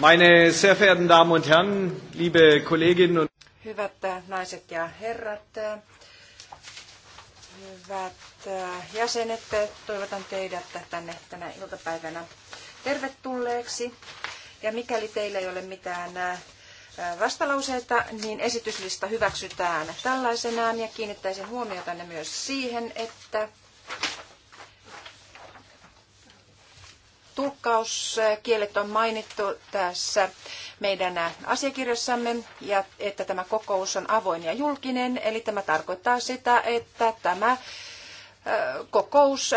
Meine sehr verehrten Damen und Herren, liebe Kolleginnen und Hyvät äh, naiset ja herrat, äh, hyvät äh, jäsenet, toivotan teidät tänne tänä iltapäivänä tervetulleeksi. Ja mikäli teillä ei ole mitään vastalauseita, niin esityslista hyväksytään tällaisenaan ja kiinnittäisin huomiota myös siihen, että tulkkauskielet on mainittu tässä meidän asiakirjassamme ja että tämä kokous on avoin ja julkinen. Eli tämä tarkoittaa sitä, että tämä kokous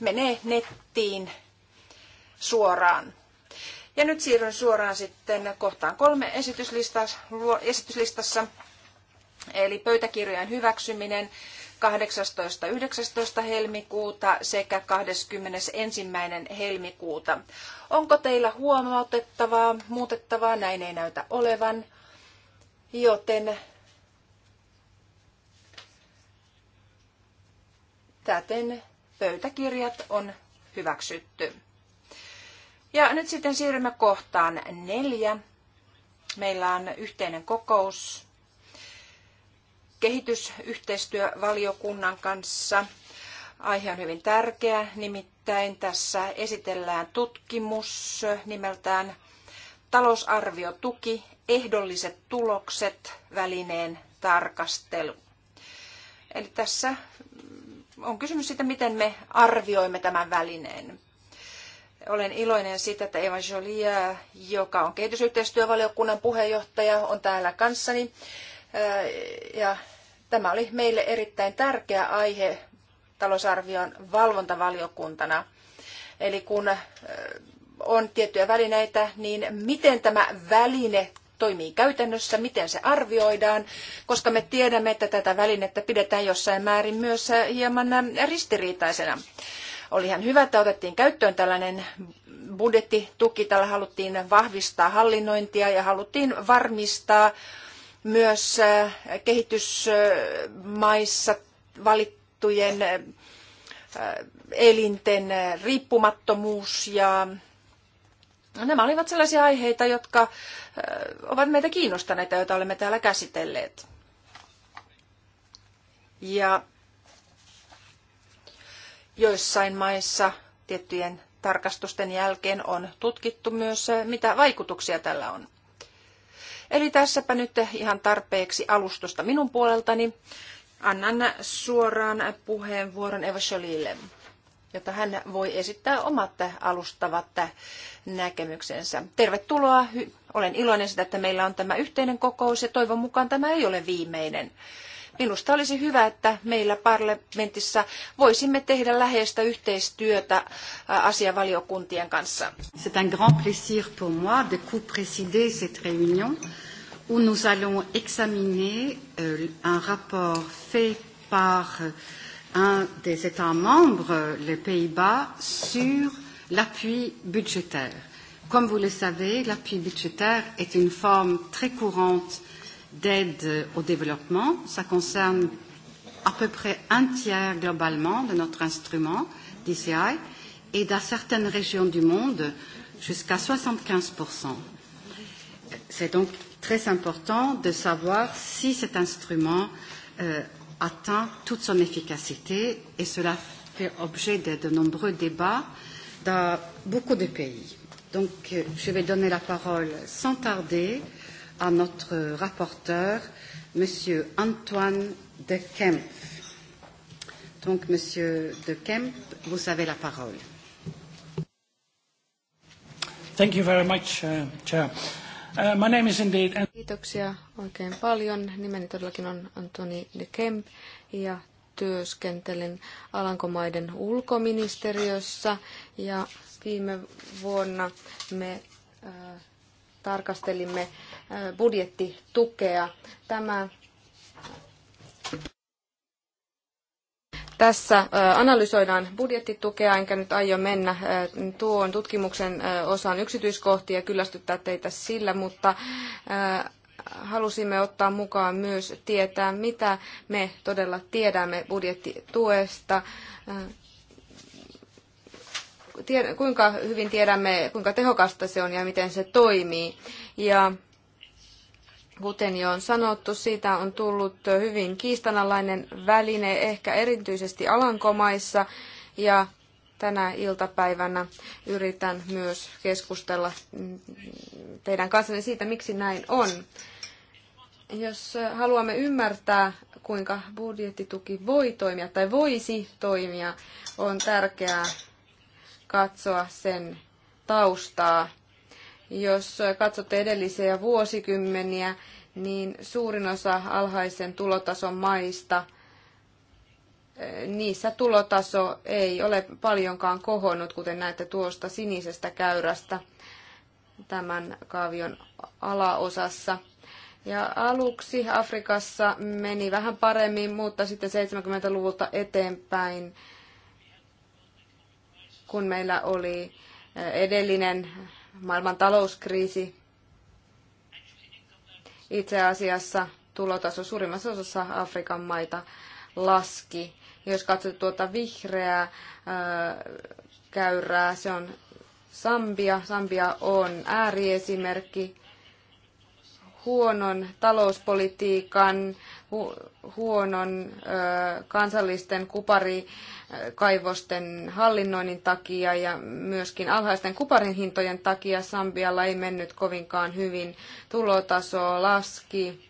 menee nettiin suoraan. Ja nyt siirryn suoraan sitten kohtaan kolme esityslistassa, esityslistassa eli pöytäkirjojen hyväksyminen 18.–19. helmikuuta sekä 21. helmikuuta. Onko teillä huomautettavaa, muutettavaa? Näin ei näytä olevan, joten täten pöytäkirjat on hyväksytty. Ja nyt sitten siirrymme kohtaan neljä. Meillä on yhteinen kokous kehitysyhteistyövaliokunnan kanssa. Aihe on hyvin tärkeä, nimittäin tässä esitellään tutkimus nimeltään Talousarviotuki, ehdolliset tulokset, välineen tarkastelu. Eli tässä on kysymys siitä, miten me arvioimme tämän välineen. Olen iloinen siitä, että Eva Jolie, joka on kehitysyhteistyövaliokunnan puheenjohtaja, on täällä kanssani. Ja tämä oli meille erittäin tärkeä aihe talousarvion valvontavaliokuntana. Eli kun on tiettyjä välineitä, niin miten tämä väline toimii käytännössä, miten se arvioidaan, koska me tiedämme, että tätä välinettä pidetään jossain määrin myös hieman ristiriitaisena. Oli ihan hyvä, että otettiin käyttöön tällainen budjettituki. Tällä haluttiin vahvistaa hallinnointia ja haluttiin varmistaa myös äh, kehitysmaissa valittujen äh, elinten äh, riippumattomuus ja no, nämä olivat sellaisia aiheita, jotka ovat meitä kiinnostaneita, joita olemme täällä käsitelleet. Ja joissain maissa tiettyjen tarkastusten jälkeen on tutkittu myös, mitä vaikutuksia tällä on. Eli tässäpä nyt ihan tarpeeksi alustusta minun puoleltani. Annan suoraan puheenvuoron Eva Scholille, jota hän voi esittää omat alustavat näkemyksensä. Tervetuloa. Olen iloinen sitä, että meillä on tämä yhteinen kokous ja toivon mukaan tämä ei ole viimeinen. Minusta olisi hyvä, että meillä parlamentissa voisimme tehdä läheistä yhteistyötä asiavaliokuntien kanssa. C'est un grand plaisir pour moi de co-présider cette réunion où nous allons examiner euh, un rapport fait par euh, un des États membres, euh, les Pays-Bas, sur l'appui budgétaire. Comme vous le savez, l'appui budgétaire est une forme très courante d'aide au développement. Ça concerne à peu près un tiers globalement de notre instrument DCI et dans certaines régions du monde jusqu'à 75%. C'est donc très important de savoir si cet instrument euh, atteint toute son efficacité et cela fait objet de, de nombreux débats dans beaucoup de pays. Donc euh, je vais donner la parole sans tarder à notre rapporteur, M. Antoine de Kemp. Donc, Monsieur de Kemp, vous avez la parole. Thank you very much, uh, Chair. Uh, my name is indeed... Kiitoksia oikein paljon. Nimeni todellakin on Antoni de Kemp ja työskentelen Alankomaiden ulkoministeriössä ja viime vuonna me äh, tarkastelimme budjettitukea. Tämä Tässä analysoidaan budjettitukea, enkä nyt aio mennä tuon tutkimuksen osan yksityiskohtia ja kyllästyttää teitä sillä, mutta halusimme ottaa mukaan myös tietää, mitä me todella tiedämme budjettituesta, kuinka hyvin tiedämme, kuinka tehokasta se on ja miten se toimii. Ja Kuten jo on sanottu, siitä on tullut hyvin kiistanalainen väline, ehkä erityisesti Alankomaissa, ja tänä iltapäivänä yritän myös keskustella teidän kanssanne siitä, miksi näin on. Jos haluamme ymmärtää, kuinka budjettituki voi toimia tai voisi toimia, on tärkeää katsoa sen taustaa jos katsotte edellisiä vuosikymmeniä, niin suurin osa alhaisen tulotason maista, eh, niissä tulotaso ei ole paljonkaan kohonnut, kuten näette tuosta sinisestä käyrästä tämän kaavion alaosassa. Ja aluksi Afrikassa meni vähän paremmin, mutta sitten 70-luvulta eteenpäin, kun meillä oli eh, edellinen maailman talouskriisi itse asiassa tulotaso suurimmassa osassa Afrikan maita laski. Jos katsot tuota vihreää ää, käyrää, se on Sambia. Sambia on ääriesimerkki huonon talouspolitiikan, hu- huonon ö, kansallisten kuparikaivosten hallinnoinnin takia ja myöskin alhaisten kuparin hintojen takia Sambialla ei mennyt kovinkaan hyvin. Tulotaso laski,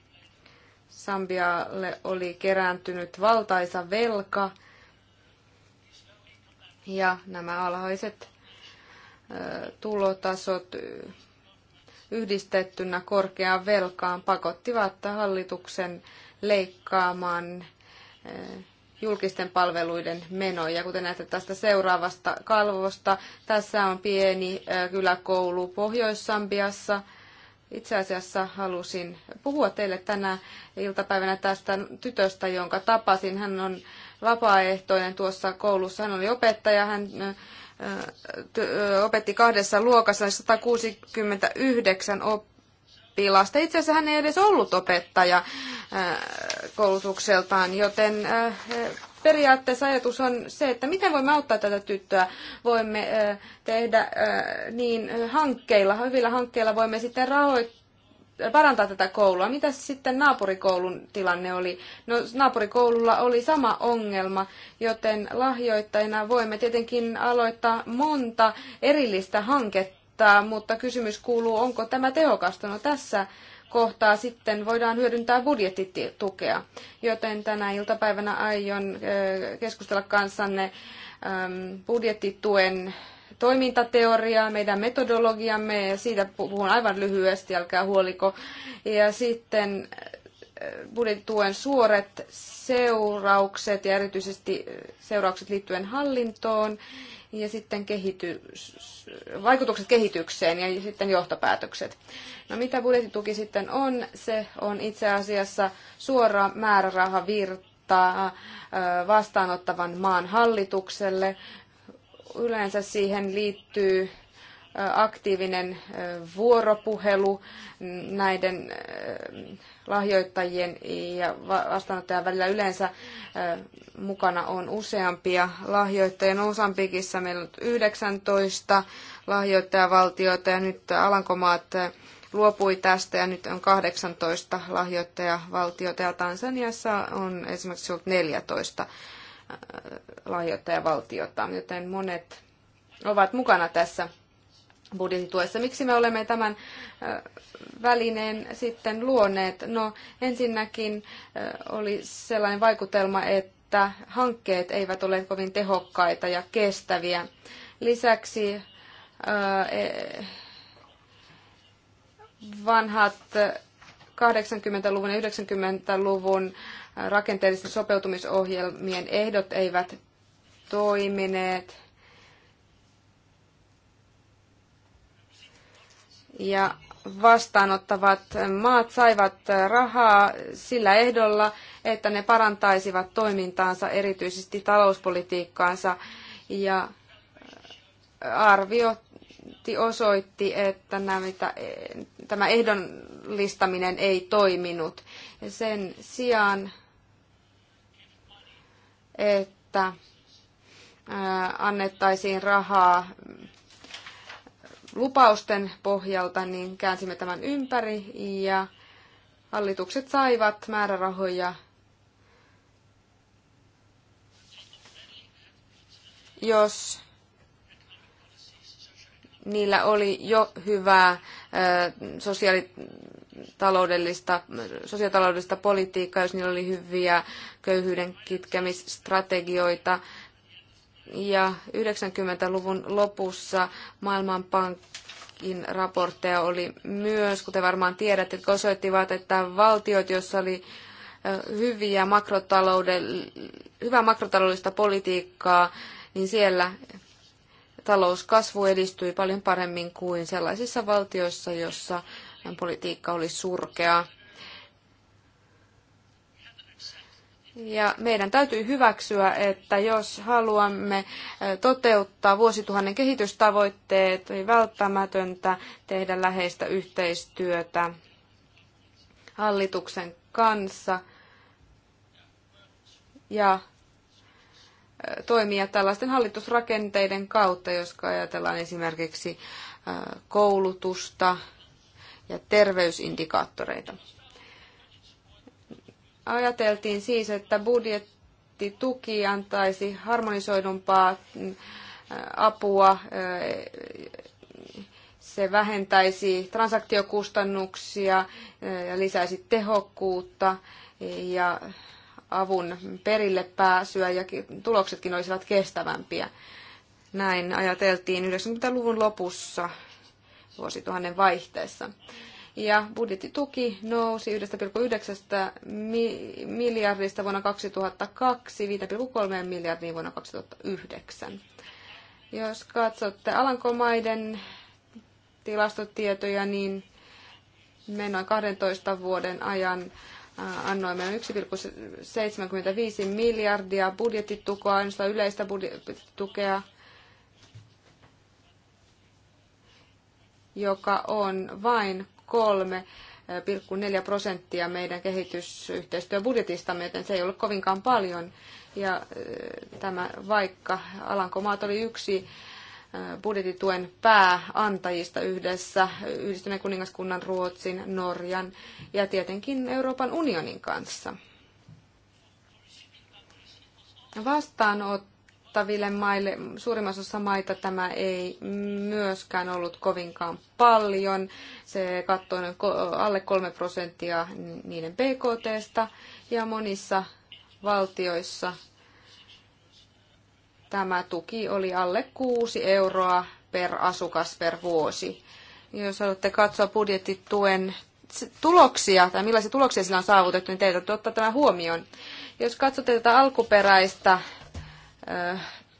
Sambialle oli kerääntynyt valtaisa velka ja nämä alhaiset ö, tulotasot yhdistettynä korkeaan velkaan pakottivat hallituksen leikkaamaan eh, julkisten palveluiden menoja. Kuten näette tästä seuraavasta kalvosta, tässä on pieni eh, kyläkoulu Pohjois-Sambiassa. Itse asiassa halusin puhua teille tänä iltapäivänä tästä tytöstä, jonka tapasin. Hän on vapaaehtoinen tuossa koulussa. Hän oli opettaja, hän eh, opetti kahdessa luokassa 169 oppilasta. Itse asiassa hän ei edes ollut opettaja koulutukseltaan, joten periaatteessa ajatus on se, että miten voimme auttaa tätä tyttöä. Voimme tehdä niin hankkeilla, hyvillä hankkeilla voimme sitten rahoittaa parantaa tätä koulua. Mitä sitten naapurikoulun tilanne oli? No naapurikoululla oli sama ongelma, joten lahjoittajina voimme tietenkin aloittaa monta erillistä hanketta, mutta kysymys kuuluu, onko tämä tehokasta? No tässä kohtaa sitten voidaan hyödyntää budjettitukea. Joten tänä iltapäivänä aion keskustella kanssanne budjettituen toimintateoriaa, meidän metodologiamme, ja siitä puhun aivan lyhyesti, älkää huoliko. Ja sitten äh, budjettituen suoret seuraukset ja erityisesti äh, seuraukset liittyen hallintoon ja sitten kehitys, vaikutukset kehitykseen ja sitten johtopäätökset. No mitä budjettituki sitten on? Se on itse asiassa suora määrärahavirta äh, vastaanottavan maan hallitukselle. Yleensä siihen liittyy aktiivinen vuoropuhelu näiden lahjoittajien ja vastaanottajan välillä. Yleensä mukana on useampia lahjoittajia. No, Osampikissa meillä on 19 lahjoittajavaltioita ja nyt Alankomaat luopui tästä ja nyt on 18 lahjoittajavaltiota ja Tansaniassa on esimerkiksi ollut 14 lahjoittajavaltiota, joten monet ovat mukana tässä budjettituessa. Miksi me olemme tämän välineen sitten luoneet? No ensinnäkin oli sellainen vaikutelma, että hankkeet eivät ole kovin tehokkaita ja kestäviä. Lisäksi e, vanhat 80-luvun ja 90-luvun rakenteellisten sopeutumisohjelmien ehdot eivät toimineet. Ja vastaanottavat maat saivat rahaa sillä ehdolla, että ne parantaisivat toimintaansa, erityisesti talouspolitiikkaansa. Ja arviointi osoitti, että nämä, tämä ehdonlistaminen ei toiminut. Sen sijaan että annettaisiin rahaa lupausten pohjalta, niin käänsimme tämän ympäri ja hallitukset saivat määrärahoja, jos niillä oli jo hyvää sosiaali- taloudellista, sosiotaloudellista politiikkaa, jos niillä oli hyviä köyhyyden kitkemisstrategioita. Ja 90-luvun lopussa Maailmanpankin raportteja oli myös, kuten varmaan tiedätte, jotka osoittivat, että valtiot, joissa oli hyviä makrotaloudellisia hyvää makrotaloudellista politiikkaa, niin siellä talouskasvu edistyi paljon paremmin kuin sellaisissa valtioissa, joissa politiikka oli surkea. Ja meidän täytyy hyväksyä, että jos haluamme toteuttaa vuosituhannen kehitystavoitteet, on välttämätöntä tehdä läheistä yhteistyötä hallituksen kanssa ja toimia tällaisten hallitusrakenteiden kautta, jos ajatellaan esimerkiksi koulutusta, ja terveysindikaattoreita. Ajateltiin siis, että budjettituki antaisi harmonisoidumpaa äh, apua, äh, se vähentäisi transaktiokustannuksia äh, ja lisäisi tehokkuutta ja avun perille pääsyä ja tuloksetkin olisivat kestävämpiä. Näin ajateltiin 90-luvun lopussa vuosituhannen vaihteessa. Ja budjettituki nousi 1,9 miljardista vuonna 2002 5,3 miljardiin vuonna 2009. Jos katsotte Alankomaiden tilastotietoja, niin me noin 12 vuoden ajan annoimme 1,75 miljardia budjettitukoa, ainoastaan yleistä budjettitukea joka on vain 3,4 eh, prosenttia meidän kehitysyhteistyöbudjetistamme, joten se ei ollut kovinkaan paljon. Ja eh, tämä vaikka Alankomaat oli yksi eh, budjetituen pääantajista yhdessä yhdistyneen kuningaskunnan Ruotsin, Norjan ja tietenkin Euroopan unionin kanssa. Vastaanot tuottaville maille. Suurimmassa osassa maita tämä ei myöskään ollut kovinkaan paljon. Se kattoi alle 3 prosenttia niiden BKTstä ja monissa valtioissa tämä tuki oli alle 6 euroa per asukas per vuosi. Jos haluatte katsoa budjettituen tuloksia tai millaisia tuloksia sillä on saavutettu, niin teitä ottaa tämä huomioon. Jos katsotte tätä alkuperäistä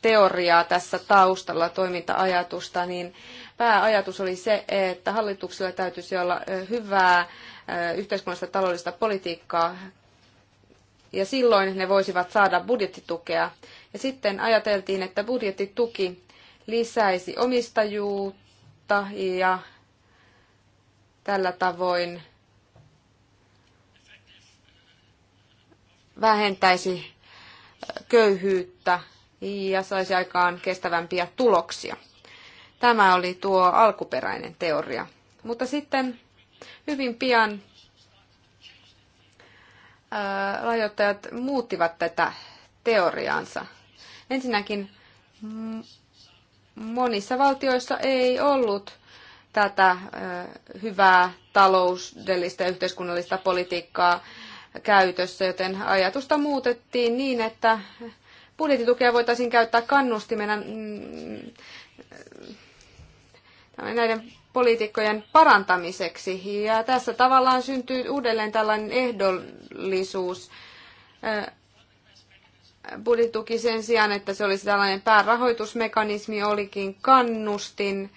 teoriaa tässä taustalla, toiminta-ajatusta, niin pääajatus oli se, että hallituksella täytyisi olla hyvää yhteiskunnallista taloudellista politiikkaa, ja silloin ne voisivat saada budjettitukea. Ja sitten ajateltiin, että budjettituki lisäisi omistajuutta ja tällä tavoin vähentäisi köyhyyttä ja saisi aikaan kestävämpiä tuloksia. Tämä oli tuo alkuperäinen teoria. Mutta sitten hyvin pian ää, rajoittajat muuttivat tätä teoriaansa. Ensinnäkin monissa valtioissa ei ollut tätä hyvää taloudellista ja yhteiskunnallista politiikkaa käytössä, joten ajatusta muutettiin niin, että budjettitukea voitaisiin käyttää kannustimena mm, mm, näiden poliitikkojen parantamiseksi. Ja tässä tavallaan syntyy uudelleen tällainen ehdollisuus. Budjettituki sen sijaan, että se olisi tällainen päärahoitusmekanismi, olikin kannustin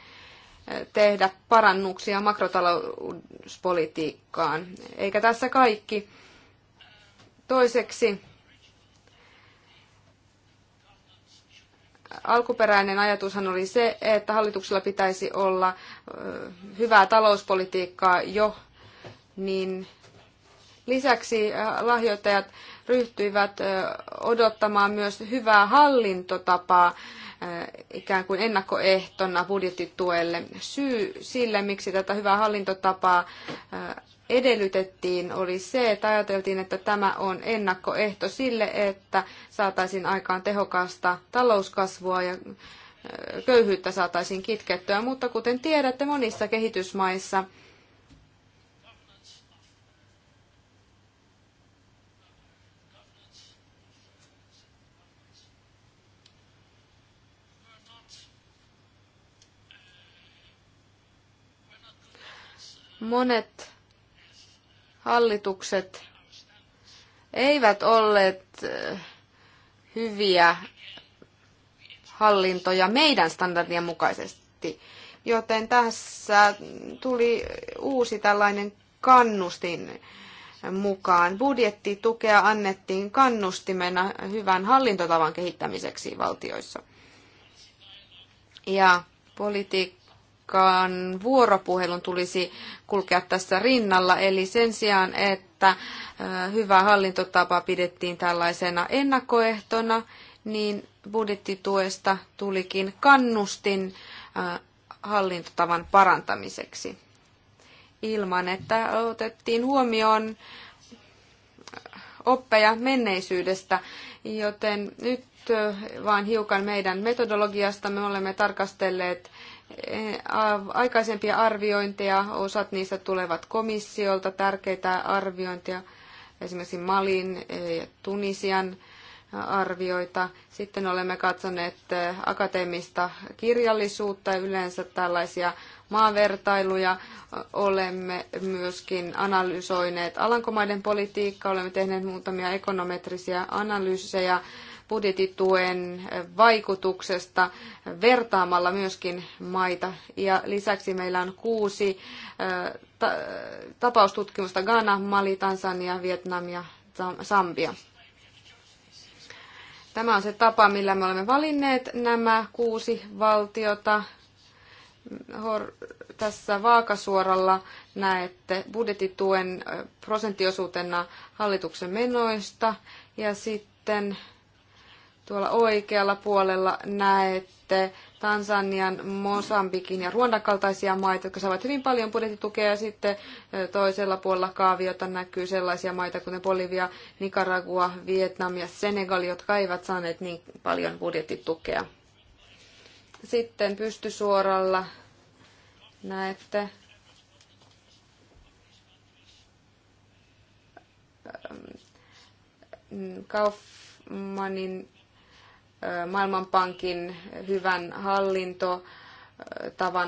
tehdä parannuksia makrotalouspolitiikkaan. Eikä tässä kaikki. Toiseksi alkuperäinen ajatushan oli se, että hallituksella pitäisi olla hyvää talouspolitiikkaa jo, niin lisäksi lahjoittajat ryhtyivät odottamaan myös hyvää hallintotapaa ikään kuin ennakkoehtona budjettituelle. Syy sille, miksi tätä hyvää hallintotapaa edellytettiin, oli se, että ajateltiin, että tämä on ennakkoehto sille, että saataisiin aikaan tehokasta talouskasvua ja köyhyyttä saataisiin kitkettyä. Mutta kuten tiedätte, monissa kehitysmaissa monet hallitukset eivät olleet hyviä hallintoja meidän standardien mukaisesti. Joten tässä tuli uusi tällainen kannustin mukaan. Budjettitukea annettiin kannustimena hyvän hallintotavan kehittämiseksi valtioissa. Ja politiikka asiakkaan vuoropuhelun tulisi kulkea tässä rinnalla. Eli sen sijaan, että hyvä hallintotapa pidettiin tällaisena ennakkoehtona, niin budjettituesta tulikin kannustin hallintotavan parantamiseksi ilman, että otettiin huomioon oppeja menneisyydestä, joten nyt vaan hiukan meidän metodologiasta me olemme tarkastelleet Eh, aikaisempia arviointeja, osat niistä tulevat komissiolta, tärkeitä arviointeja, esimerkiksi Malin eh, ja Tunisian eh, arvioita. Sitten olemme katsoneet akateemista kirjallisuutta, ja yleensä tällaisia maanvertailuja. Olemme myöskin analysoineet Alankomaiden politiikkaa, olemme tehneet muutamia ekonometrisiä analyysejä budjetituen vaikutuksesta vertaamalla myöskin maita. Ja lisäksi meillä on kuusi tapaustutkimusta Ghana, Mali, Tansania, Vietnam ja Sambia. Tämä on se tapa, millä me olemme valinneet nämä kuusi valtiota. tässä vaakasuoralla näette budjetituen prosenttiosuutena hallituksen menoista ja sitten Tuolla oikealla puolella näette Tansanian, Mosambikin ja Ruondan kaltaisia maita, jotka saavat hyvin paljon budjettitukea. Ja sitten toisella puolella kaaviota näkyy sellaisia maita kuten Bolivia, Nicaragua, Vietnam ja Senegal, jotka eivät saaneet niin paljon budjettitukea. Sitten pystysuoralla näette Kaufmanin Maailmanpankin hyvän hallinto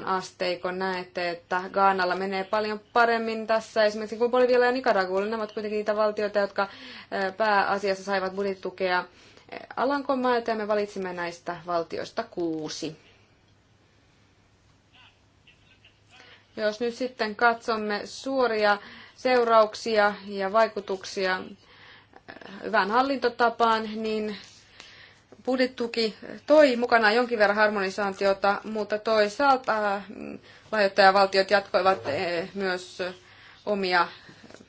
asteikon näette, että Gaanalla menee paljon paremmin tässä esimerkiksi kuin Bolivialla ja Nicaragualla. Nämä ovat kuitenkin niitä valtioita, jotka pääasiassa saivat budjettitukea Alankomailta ja me valitsimme näistä valtioista kuusi. Jos nyt sitten katsomme suoria seurauksia ja vaikutuksia hyvään hallintotapaan, niin Budjettuki toi mukanaan jonkin verran harmonisaatiota, mutta toisaalta mm, lahjoittajavaltiot jatkoivat eh, myös omia eh,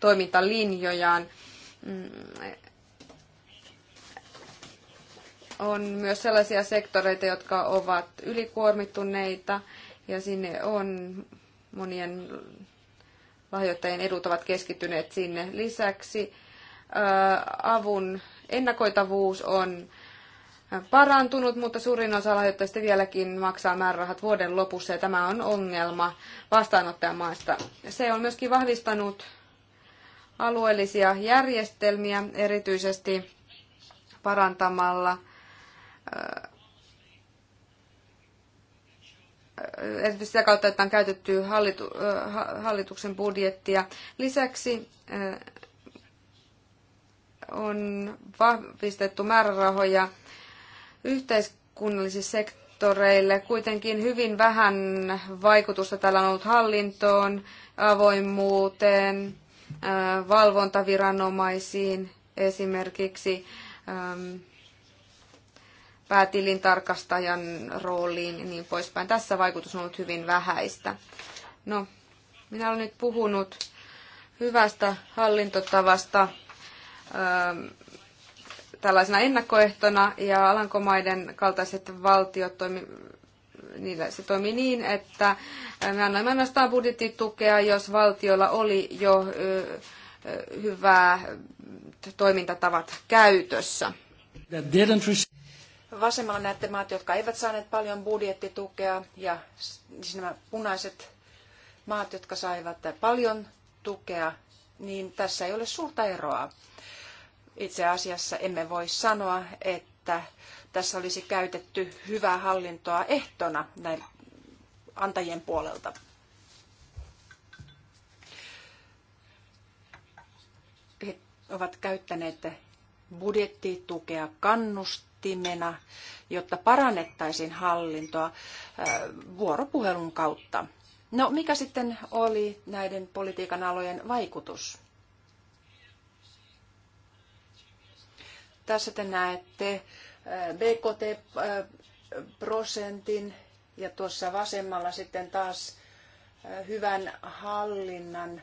toimintalinjojaan. Mm, on myös sellaisia sektoreita, jotka ovat ylikuormittuneita ja sinne on monien lahjoittajien edut ovat keskittyneet sinne. Lisäksi avun ennakoitavuus on parantunut, mutta suurin osa lahjoittajista vieläkin maksaa määrärahat vuoden lopussa ja tämä on ongelma vastaanottajamaista. Se on myöskin vahvistanut alueellisia järjestelmiä erityisesti parantamalla äh, erityisesti sitä kautta, että on käytetty hallitu, äh, hallituksen budjettia. Lisäksi äh, on vahvistettu määrärahoja yhteiskunnallisille sektoreille. Kuitenkin hyvin vähän vaikutusta tällä on ollut hallintoon, avoimuuteen, valvontaviranomaisiin esimerkiksi ähm, tarkastajan rooliin ja niin poispäin. Tässä vaikutus on ollut hyvin vähäistä. No, minä olen nyt puhunut hyvästä hallintotavasta, ähm, tällaisena ennakkoehtona ja Alankomaiden kaltaiset valtiot toimi, niillä se toimii niin, että me annoimme ainoastaan budjettitukea, jos valtiolla oli jo hyvää toimintatavat käytössä. Vasemmalla näette maat, jotka eivät saaneet paljon budjettitukea ja siis nämä punaiset maat, jotka saivat paljon tukea, niin tässä ei ole suurta eroa. Itse asiassa emme voi sanoa, että tässä olisi käytetty hyvää hallintoa ehtona näin antajien puolelta. He ovat käyttäneet budjettitukea kannustimena, jotta parannettaisiin hallintoa äh, vuoropuhelun kautta. No mikä sitten oli näiden politiikan alojen vaikutus? Tässä te näette äh, BKT-prosentin äh, ja tuossa vasemmalla sitten taas äh, hyvän hallinnan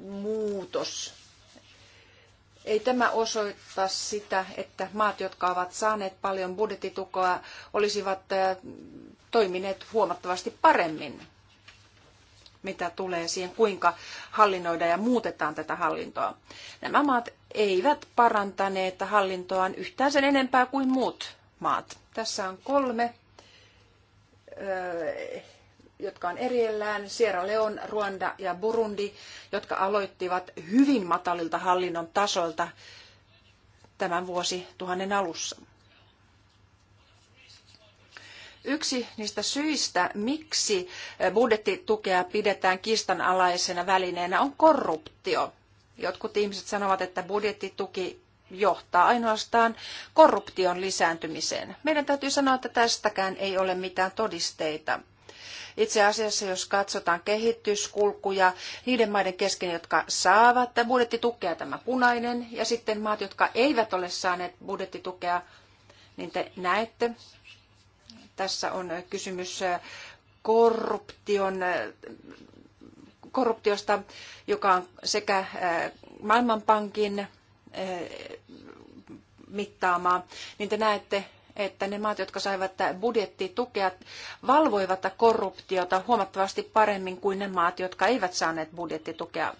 muutos. Ei tämä osoita sitä, että maat, jotka ovat saaneet paljon budjettitukoa, olisivat toimineet huomattavasti paremmin mitä tulee siihen, kuinka hallinnoidaan ja muutetaan tätä hallintoa. Nämä maat eivät parantaneet hallintoaan yhtään sen enempää kuin muut maat. Tässä on kolme, jotka on erillään, Sierra Leone, Ruanda ja Burundi, jotka aloittivat hyvin matalilta hallinnon tasolta tämän vuosituhannen alussa. Yksi niistä syistä, miksi eh, budjettitukea pidetään kiistanalaisena välineenä, on korruptio. Jotkut ihmiset sanovat, että budjettituki johtaa ainoastaan korruption lisääntymiseen. Meidän täytyy sanoa, että tästäkään ei ole mitään todisteita. Itse asiassa, jos katsotaan kehityskulkuja niiden maiden kesken, jotka saavat budjettitukea, tämä punainen, ja sitten maat, jotka eivät ole saaneet budjettitukea, niin te näette, tässä on kysymys korruption, korruptiosta, joka on sekä Maailmanpankin mittaamaa, niin te näette, että ne maat, jotka saivat budjettitukea, valvoivat korruptiota huomattavasti paremmin kuin ne maat, jotka eivät saaneet budjettitukea.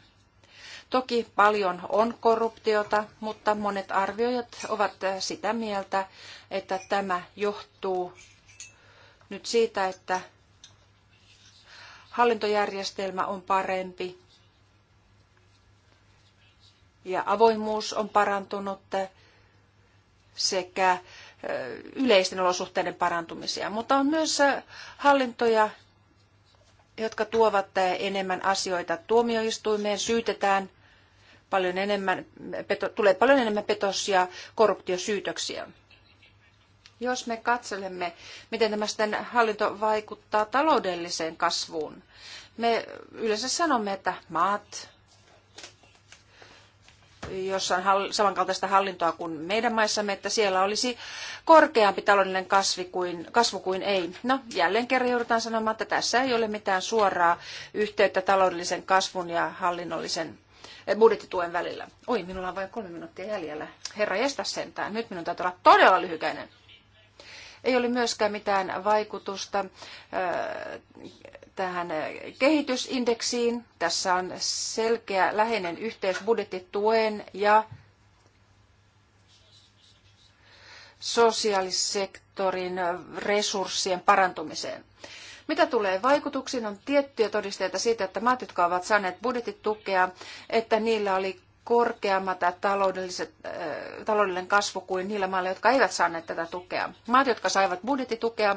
Toki paljon on korruptiota, mutta monet arvioijat ovat sitä mieltä, että tämä johtuu nyt siitä, että hallintojärjestelmä on parempi ja avoimuus on parantunut sekä yleisten olosuhteiden parantumisia, mutta on myös hallintoja, jotka tuovat enemmän asioita tuomioistuimeen, syytetään paljon enemmän, tulee paljon enemmän petos- ja korruptiosyytöksiä. Jos me katselemme, miten tämä sitten hallinto vaikuttaa taloudelliseen kasvuun, me yleensä sanomme, että maat, jossa on samankaltaista hallintoa kuin meidän maissamme, että siellä olisi korkeampi taloudellinen kasvi kuin, kasvu kuin ei. No, jälleen kerran joudutaan sanomaan, että tässä ei ole mitään suoraa yhteyttä taloudellisen kasvun ja hallinnollisen eh, budjettituen välillä. Oi, minulla on vain kolme minuuttia jäljellä. Herra, estä sentään. Nyt minun täytyy olla todella lyhykäinen. Ei ole myöskään mitään vaikutusta äh, tähän äh, kehitysindeksiin. Tässä on selkeä läheinen yhteys budjettituen ja sosiaalisektorin resurssien parantumiseen. Mitä tulee vaikutuksiin, on tiettyjä todisteita siitä, että maat, jotka ovat saaneet budjettitukea, että niillä oli korkeammat taloudelliset, äh, taloudellinen kasvu kuin niillä mailla, jotka eivät saaneet tätä tukea. Maat, jotka saivat budjettitukea,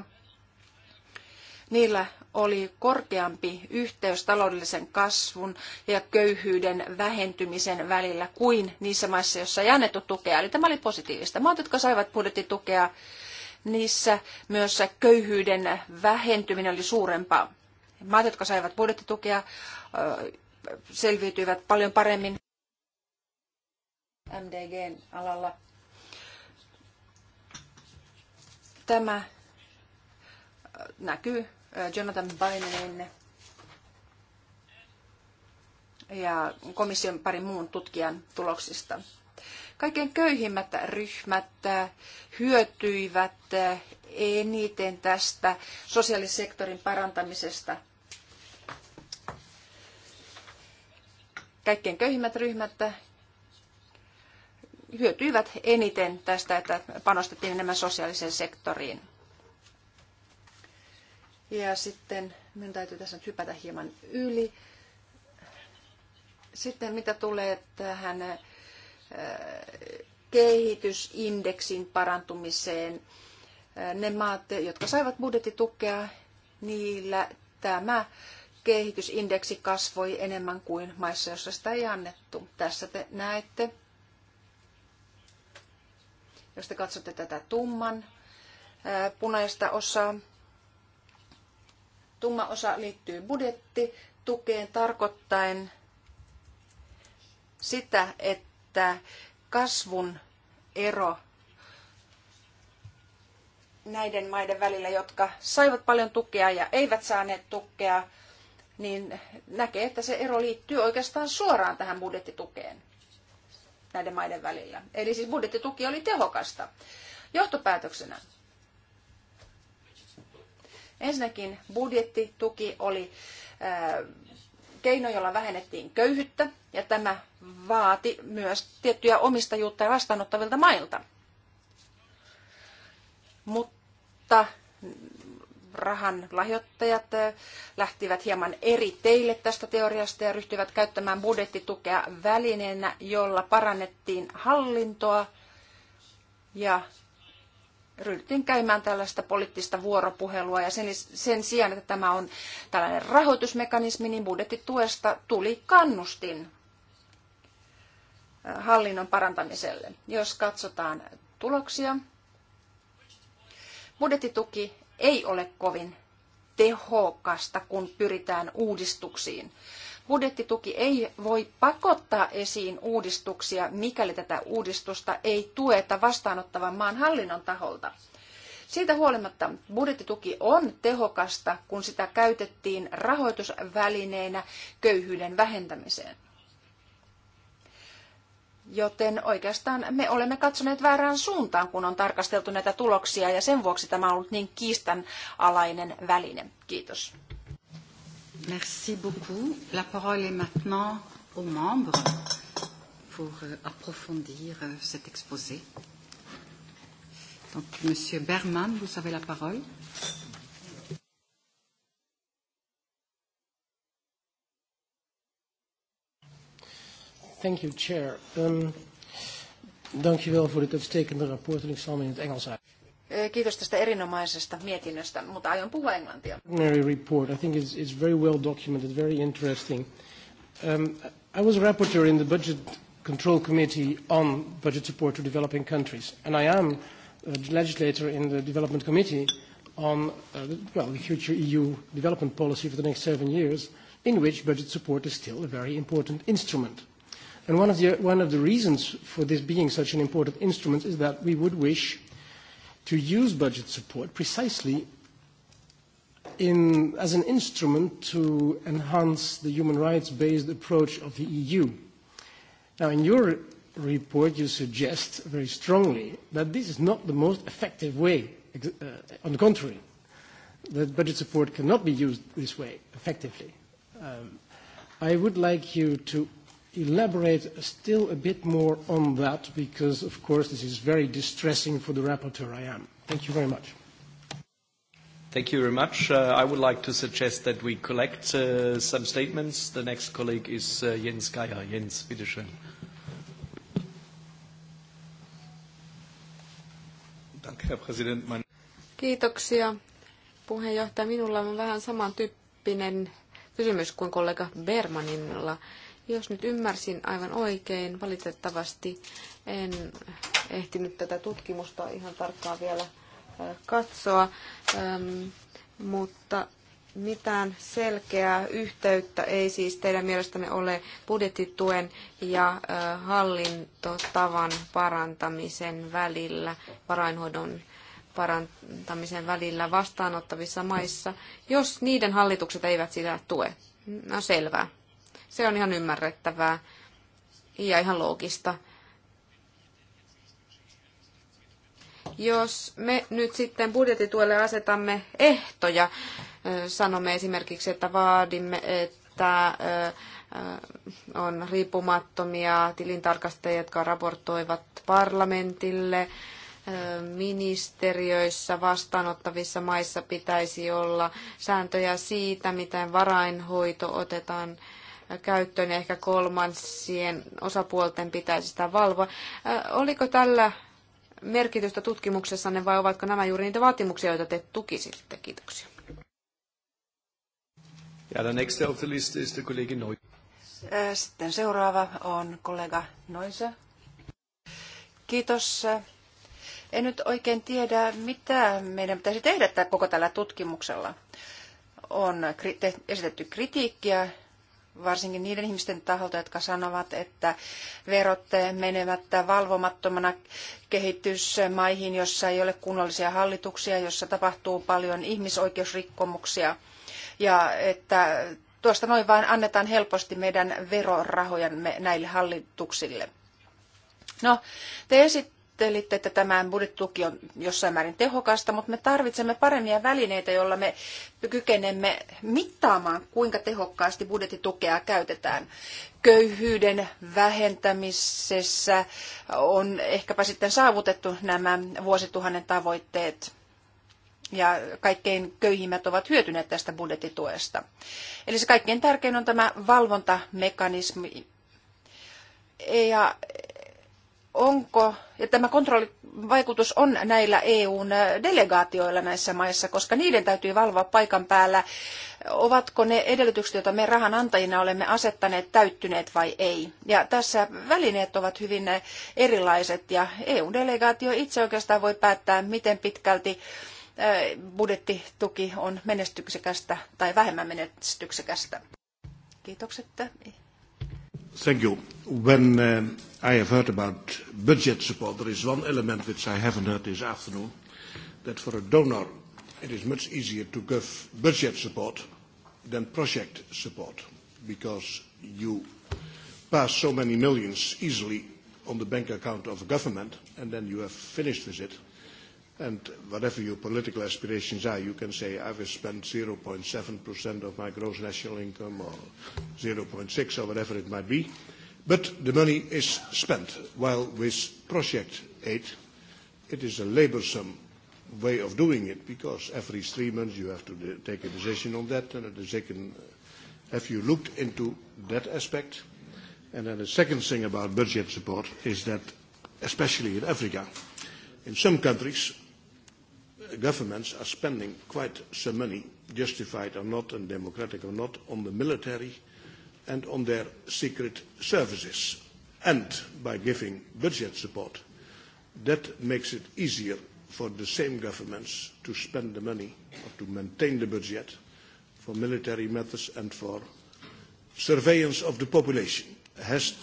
niillä oli korkeampi yhteys taloudellisen kasvun ja köyhyyden vähentymisen välillä kuin niissä maissa, joissa ei annettu tukea. Eli tämä oli positiivista. Maat, jotka saivat budjettitukea, niissä myös köyhyyden vähentyminen oli suurempaa. Maat, jotka saivat budjettitukea, selviytyivät paljon paremmin MDGn alalla. Tämä äh, näkyy äh, Jonathan Bidenin ja komission parin muun tutkijan tuloksista. Kaikkein köyhimmät ryhmät äh, hyötyivät eniten tästä sosiaalisektorin parantamisesta. Kaikkein köyhimmät ryhmät hyötyivät eniten tästä, että panostettiin enemmän sosiaaliseen sektoriin. Ja sitten minun täytyy tässä nyt hypätä hieman yli. Sitten mitä tulee tähän äh, kehitysindeksin parantumiseen, äh, ne maat, jotka saivat budjettitukea, niillä tämä kehitysindeksi kasvoi enemmän kuin maissa, joissa sitä ei annettu. Tässä te näette jos te katsotte tätä tumman punaista osaa, tumma osa liittyy budjettitukeen tarkoittaen sitä, että kasvun ero näiden maiden välillä, jotka saivat paljon tukea ja eivät saaneet tukea, niin näkee, että se ero liittyy oikeastaan suoraan tähän budjettitukeen näiden maiden välillä. Eli siis budjettituki oli tehokasta. Johtopäätöksenä. Ensinnäkin budjettituki oli keino, jolla vähennettiin köyhyyttä, ja tämä vaati myös tiettyjä omistajuutta ja vastaanottavilta mailta. Mutta rahan lahjoittajat eh, lähtivät hieman eri teille tästä teoriasta ja ryhtyivät käyttämään budjettitukea välineenä, jolla parannettiin hallintoa ja ryhdyttiin käymään tällaista poliittista vuoropuhelua ja sen, sen sijaan, että tämä on tällainen rahoitusmekanismi, niin budjettituesta tuli kannustin eh, hallinnon parantamiselle. Jos katsotaan tuloksia, budjettituki ei ole kovin tehokasta, kun pyritään uudistuksiin. Budjettituki ei voi pakottaa esiin uudistuksia, mikäli tätä uudistusta ei tueta vastaanottavan maan hallinnon taholta. Siitä huolimatta budjettituki on tehokasta, kun sitä käytettiin rahoitusvälineenä köyhyyden vähentämiseen. Joten oikeastaan me olemme katsoneet väärään suuntaan, kun on tarkasteltu näitä tuloksia, ja sen vuoksi tämä on ollut niin kiistanalainen väline. Kiitos. Merci beaucoup. La parole est maintenant aux membres pour euh, approfondir euh, cet exposé. Donc, Monsieur Berman, vous avez la parole. Thank you, Chair. Um, ehm, dankjewel voor dit uitstekende rapport en ik zal me in het Engels uit. Eh, kiitos tästä erinomaisesta mietinnöstä, mutta aion puhua englantia. report. I think it's, it's very well documented, very interesting. Um, I was a rapporteur in the Budget Control Committee on budget support to developing countries, and I am a legislator in the Development Committee on uh, well, the future EU development policy for the next seven years, in which budget support is still a very important instrument. And one of, the, one of the reasons for this being such an important instrument is that we would wish to use budget support precisely in, as an instrument to enhance the human rights-based approach of the EU. Now, in your report, you suggest very strongly that this is not the most effective way. Uh, on the contrary, that budget support cannot be used this way effectively. Um, I would like you to elaborate still a bit more on that because, of course, this is very distressing for the rapporteur I am. Thank you very much. Thank you very much. Uh, I would like to suggest that we collect uh, some statements. The next colleague is uh, Jens Geier. Jens, bitte schön. Kiitoksia. Puheenjohtaja, minulla on vähän samantyyppinen kysymys kuin kollega Bermanilla. Jos nyt ymmärsin aivan oikein, valitettavasti en ehtinyt tätä tutkimusta ihan tarkkaan vielä katsoa, mutta mitään selkeää yhteyttä ei siis teidän mielestänne ole budjettituen ja hallintotavan parantamisen välillä, varainhoidon parantamisen välillä vastaanottavissa maissa, jos niiden hallitukset eivät sitä tue. No selvää. Se on ihan ymmärrettävää ja ihan loogista. Jos me nyt sitten budjetituelle asetamme ehtoja, sanomme esimerkiksi, että vaadimme, että on riippumattomia tilintarkastajia, jotka raportoivat parlamentille, ministeriöissä vastaanottavissa maissa pitäisi olla sääntöjä siitä, miten varainhoito otetaan käyttöön ja ehkä kolmansien osapuolten pitäisi sitä valvoa. Oliko tällä merkitystä tutkimuksessanne vai ovatko nämä juuri niitä vaatimuksia, joita te tukisitte? Kiitoksia. Ja der nächste auf der Liste ist der Kollege Sitten seuraava on kollega Noise. Kiitos. En nyt oikein tiedä, mitä meidän pitäisi tehdä koko tällä tutkimuksella. On esitetty kritiikkiä varsinkin niiden ihmisten taholta, jotka sanovat, että verot menevät valvomattomana kehitysmaihin, jossa ei ole kunnollisia hallituksia, jossa tapahtuu paljon ihmisoikeusrikkomuksia ja että tuosta noin vain annetaan helposti meidän verorahojamme näille hallituksille. No, te esitte ajattelitte, että tämä budjettituki on jossain määrin tehokasta, mutta me tarvitsemme paremmia välineitä, joilla me kykenemme mittaamaan, kuinka tehokkaasti budjettitukea käytetään. Köyhyyden vähentämisessä on ehkäpä sitten saavutettu nämä vuosituhannen tavoitteet ja kaikkein köyhimmät ovat hyötyneet tästä budjettituesta. Eli se kaikkein tärkein on tämä valvontamekanismi. Ja onko, ja tämä kontrollivaikutus on näillä EUn äh, delegaatioilla näissä maissa, koska niiden täytyy valvoa paikan päällä, ovatko ne edellytykset, joita me rahan antajina olemme asettaneet, täyttyneet vai ei. Ja tässä välineet ovat hyvin äh, erilaiset, ja EU-delegaatio itse oikeastaan voi päättää, miten pitkälti äh, budjettituki on menestyksekästä tai vähemmän menestyksekästä. Kiitokset Thank you. When uh, I have heard about budget support, there is one element which I haven't heard this afternoon, that for a donor it is much easier to give budget support than project support because you pass so many millions easily on the bank account of a government and then you have finished with it. And whatever your political aspirations are, you can say, I will spend 0.7% of my gross national income or 0.6 or whatever it might be. But the money is spent, while with project aid, it is a laborsome way of doing it because every three months you have to take a decision on that and a decision. Have you looked into that aspect? And then the second thing about budget support is that, especially in Africa, in some countries, governments are spending quite some money, justified or not and democratic or not, on the military and on their secret services, and by giving budget support. That makes it easier for the same governments to spend the money or to maintain the budget for military matters and for surveillance of the population. Has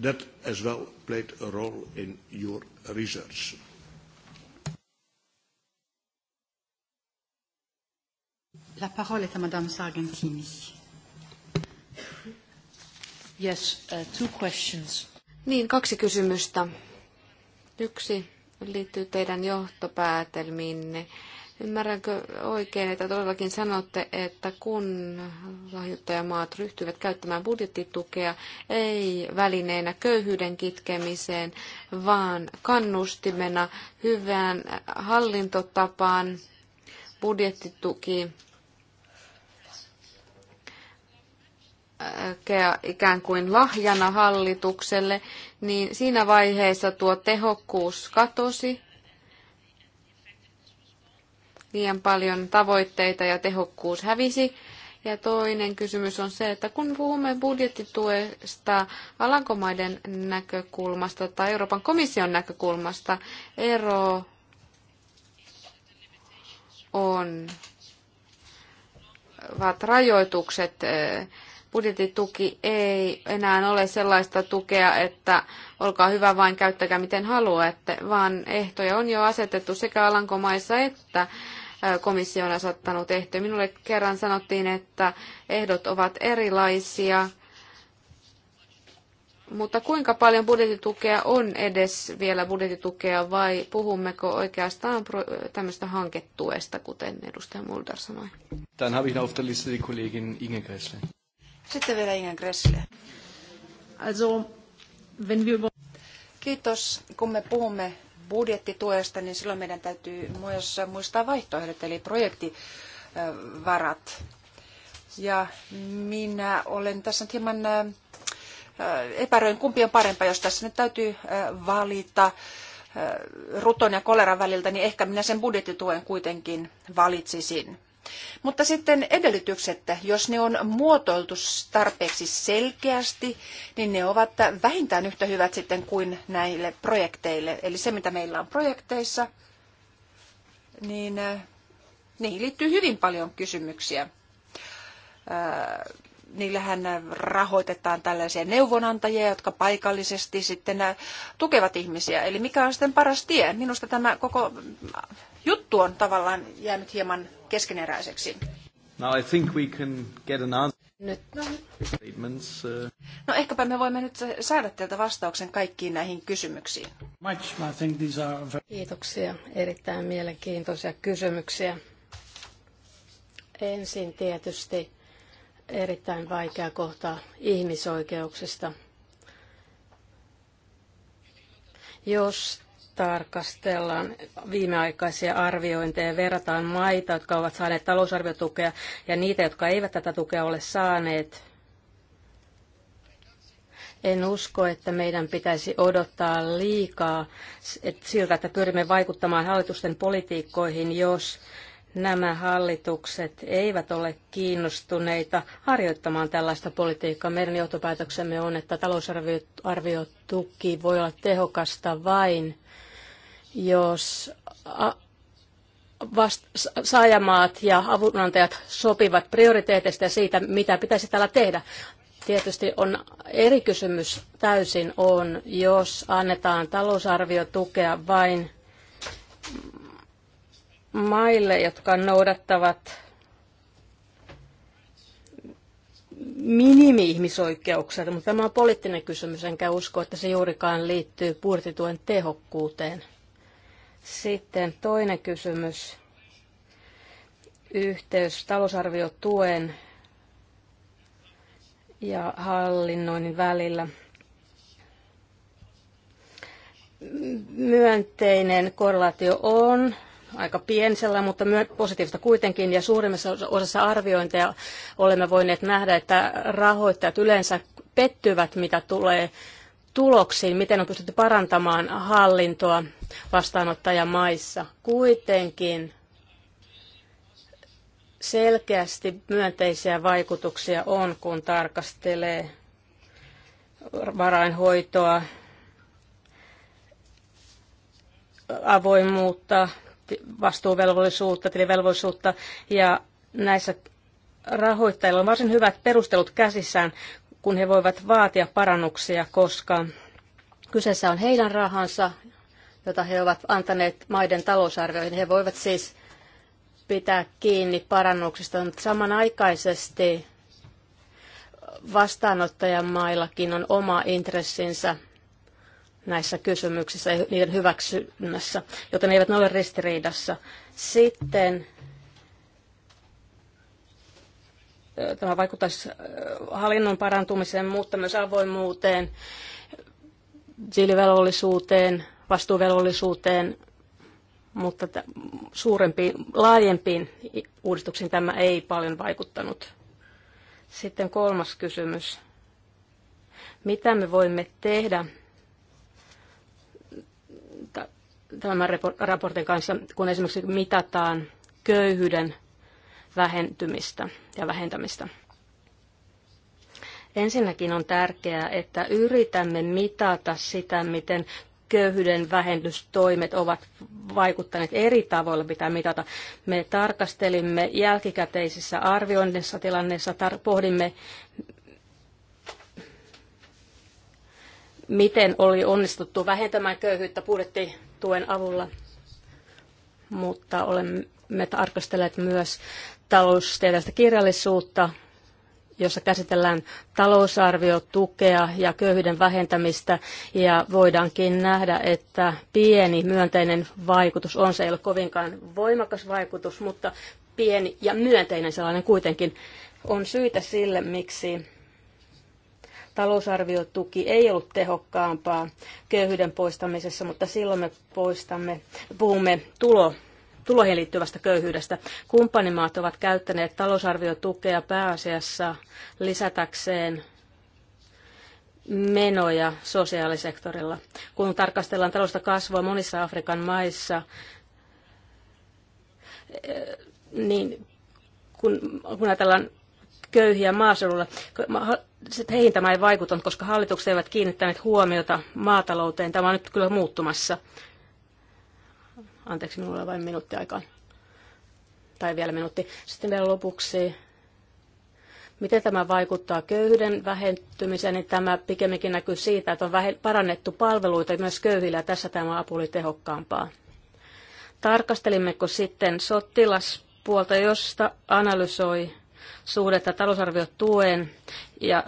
that as well played a role in your research? La parole est à Madame Sargentini. Yes, uh, two questions. Niin, kaksi kysymystä. Yksi liittyy teidän johtopäätelmiinne. Ymmärränkö oikein, että todellakin sanotte, että kun lahjoittajamaat ryhtyvät käyttämään budjettitukea ei välineenä köyhyyden kitkemiseen, vaan kannustimena hyvään hallintotapaan budjettituki ikään kuin lahjana hallitukselle, niin siinä vaiheessa tuo tehokkuus katosi. Liian paljon tavoitteita ja tehokkuus hävisi. Ja toinen kysymys on se, että kun puhumme budjettituesta Alankomaiden näkökulmasta tai Euroopan komission näkökulmasta, ero on ovat rajoitukset budjettituki ei enää ole sellaista tukea, että olkaa hyvä vain käyttäkää miten haluatte, vaan ehtoja on jo asetettu sekä Alankomaissa että komissio on asettanut ehtoja. Minulle kerran sanottiin, että ehdot ovat erilaisia, mutta kuinka paljon budjettitukea on edes vielä budjettitukea vai puhummeko oikeastaan tämmöistä hanketuesta, kuten edustaja Mulder sanoi? Dann habe ich auf der Liste die Kollegin Inge sitten vielä Inga Gressle. Also, wenn wir... Kiitos. Kun me puhumme budjettituesta, niin silloin meidän täytyy myös muistaa vaihtoehdot, eli projektivarat. Ja minä olen tässä nyt hieman äh, epäröin, kumpi on parempaa, jos tässä nyt täytyy äh, valita äh, ruton ja koleran väliltä, niin ehkä minä sen budjettituen kuitenkin valitsisin. Mutta sitten edellytykset, jos ne on muotoiltu tarpeeksi selkeästi, niin ne ovat vähintään yhtä hyvät sitten kuin näille projekteille. Eli se, mitä meillä on projekteissa, niin äh, niihin liittyy hyvin paljon kysymyksiä. Äh, niillähän rahoitetaan tällaisia neuvonantajia, jotka paikallisesti sitten äh, tukevat ihmisiä. Eli mikä on sitten paras tie? Minusta tämä koko juttu on tavallaan jäänyt hieman keskeneräiseksi. Now I think we can get an Nyt, no. Statements, uh... no ehkäpä me voimme nyt saada teiltä vastauksen kaikkiin näihin kysymyksiin. Much, I think these are very... Kiitoksia. Erittäin mielenkiintoisia kysymyksiä. Ensin tietysti erittäin vaikea kohta ihmisoikeuksista. Jos tarkastellaan viimeaikaisia arviointeja, verrataan maita, jotka ovat saaneet talousarviotukea ja niitä, jotka eivät tätä tukea ole saaneet. En usko, että meidän pitäisi odottaa liikaa siltä, että pyrimme vaikuttamaan hallitusten politiikkoihin, jos nämä hallitukset eivät ole kiinnostuneita harjoittamaan tällaista politiikkaa. Meidän johtopäätöksemme on, että talousarviotuki voi olla tehokasta vain, jos vast- saajamaat ja avunantajat sopivat prioriteeteista ja siitä, mitä pitäisi täällä tehdä. Tietysti on eri kysymys täysin on, jos annetaan talousarviotukea vain maille, jotka noudattavat minimi-ihmisoikeuksia, mutta tämä on poliittinen kysymys, enkä usko, että se juurikaan liittyy purtituen tehokkuuteen. Sitten toinen kysymys. Yhteys talousarviotuen ja hallinnoinnin välillä. Myönteinen korrelaatio on aika piensellä, mutta positiivista kuitenkin. Ja suurimmassa osassa arviointeja olemme voineet nähdä, että rahoittajat yleensä pettyvät, mitä tulee tuloksiin, miten on pystytty parantamaan hallintoa vastaanottajamaissa. Kuitenkin selkeästi myönteisiä vaikutuksia on, kun tarkastelee varainhoitoa, avoimuutta, vastuuvelvollisuutta, tilivelvollisuutta ja näissä rahoittajilla on varsin hyvät perustelut käsissään, kun he voivat vaatia parannuksia, koska kyseessä on heidän rahansa, jota he ovat antaneet maiden talousarvioihin. He voivat siis pitää kiinni parannuksista, mutta samanaikaisesti vastaanottajan maillakin on oma intressinsä näissä kysymyksissä ja niiden hyväksynnässä, joten ne eivät ole ristiriidassa. Sitten tämä vaikuttaisi hallinnon parantumiseen, mutta myös avoimuuteen, tilivelvollisuuteen, vastuuvelvollisuuteen, mutta suurempiin, laajempiin uudistuksiin tämä ei paljon vaikuttanut. Sitten kolmas kysymys. Mitä me voimme tehdä tämän raportin kanssa, kun esimerkiksi mitataan köyhyyden vähentymistä ja vähentämistä. Ensinnäkin on tärkeää, että yritämme mitata sitä, miten köyhyyden vähennystoimet ovat vaikuttaneet eri tavoilla, pitää mitata. Me tarkastelimme jälkikäteisissä arvioinnissa tilanneessa, pohdimme, miten oli onnistuttu vähentämään köyhyyttä budjettituen avulla, mutta olemme tarkastelleet myös taloustieteellistä kirjallisuutta, jossa käsitellään talousarviotukea ja köyhyyden vähentämistä, ja voidaankin nähdä, että pieni myönteinen vaikutus on, se ei ole kovinkaan voimakas vaikutus, mutta pieni ja myönteinen sellainen kuitenkin on syitä sille, miksi talousarviotuki ei ollut tehokkaampaa köyhyyden poistamisessa, mutta silloin me poistamme, puhumme tulo tuloihin liittyvästä köyhyydestä. Kumppanimaat ovat käyttäneet talousarviotukea pääasiassa lisätäkseen menoja sosiaalisektorilla. Kun tarkastellaan talousta kasvua monissa Afrikan maissa, eh, niin kun, kun ajatellaan köyhiä maaseudulla, heihin tämä ei vaikuta, koska hallitukset eivät kiinnittäneet huomiota maatalouteen. Tämä on nyt kyllä muuttumassa. Anteeksi, minulla on vain minuutti aikaa. Tai vielä minuutti. Sitten vielä lopuksi miten tämä vaikuttaa köyhyyden vähentymiseen, niin tämä pikemminkin näkyy siitä, että on parannettu palveluita myös köyhillä ja tässä tämä apu oli tehokkaampaa. Tarkastelimmeko sitten sotilaspuolta, josta analysoi suhdetta talousarviotuen ja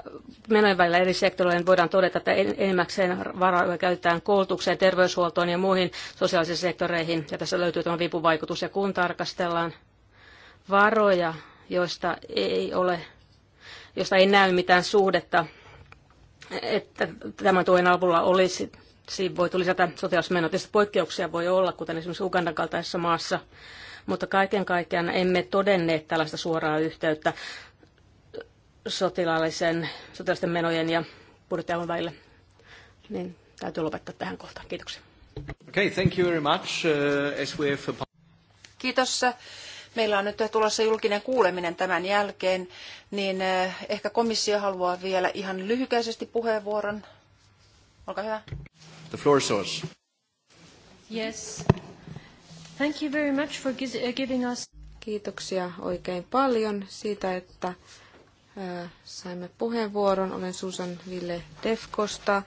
menojen välillä eri sektoreilla niin voidaan todeta, että enimmäkseen varoja käytetään koulutukseen, terveyshuoltoon ja muihin sosiaalisiin sektoreihin. Ja tässä löytyy tämä vipuvaikutus. Ja kun tarkastellaan varoja, joista ei ole, joista ei näy mitään suhdetta, että tämän tuen avulla olisi siinä voi lisätä sotilasmenot, Tietysti poikkeuksia voi olla, kuten esimerkiksi Ugandan kaltaisessa maassa, mutta kaiken kaikkiaan emme todenneet tällaista suoraa yhteyttä sotilaallisen, sotilaisten menojen ja budjettiavun välillä. Niin täytyy lopettaa tähän kohtaan. Kiitoksia. Okay, thank you very much. Uh, SWF... Kiitos. Meillä on nyt tulossa julkinen kuuleminen tämän jälkeen, niin uh, ehkä komissio haluaa vielä ihan lyhykäisesti puheenvuoron. Olkaa hyvä. The floor is yours. Yes. Thank you very much for uh, giving us... Kiitoksia oikein paljon siitä, että äh, saimme puheenvuoron. Olen Susan Ville Defkosta.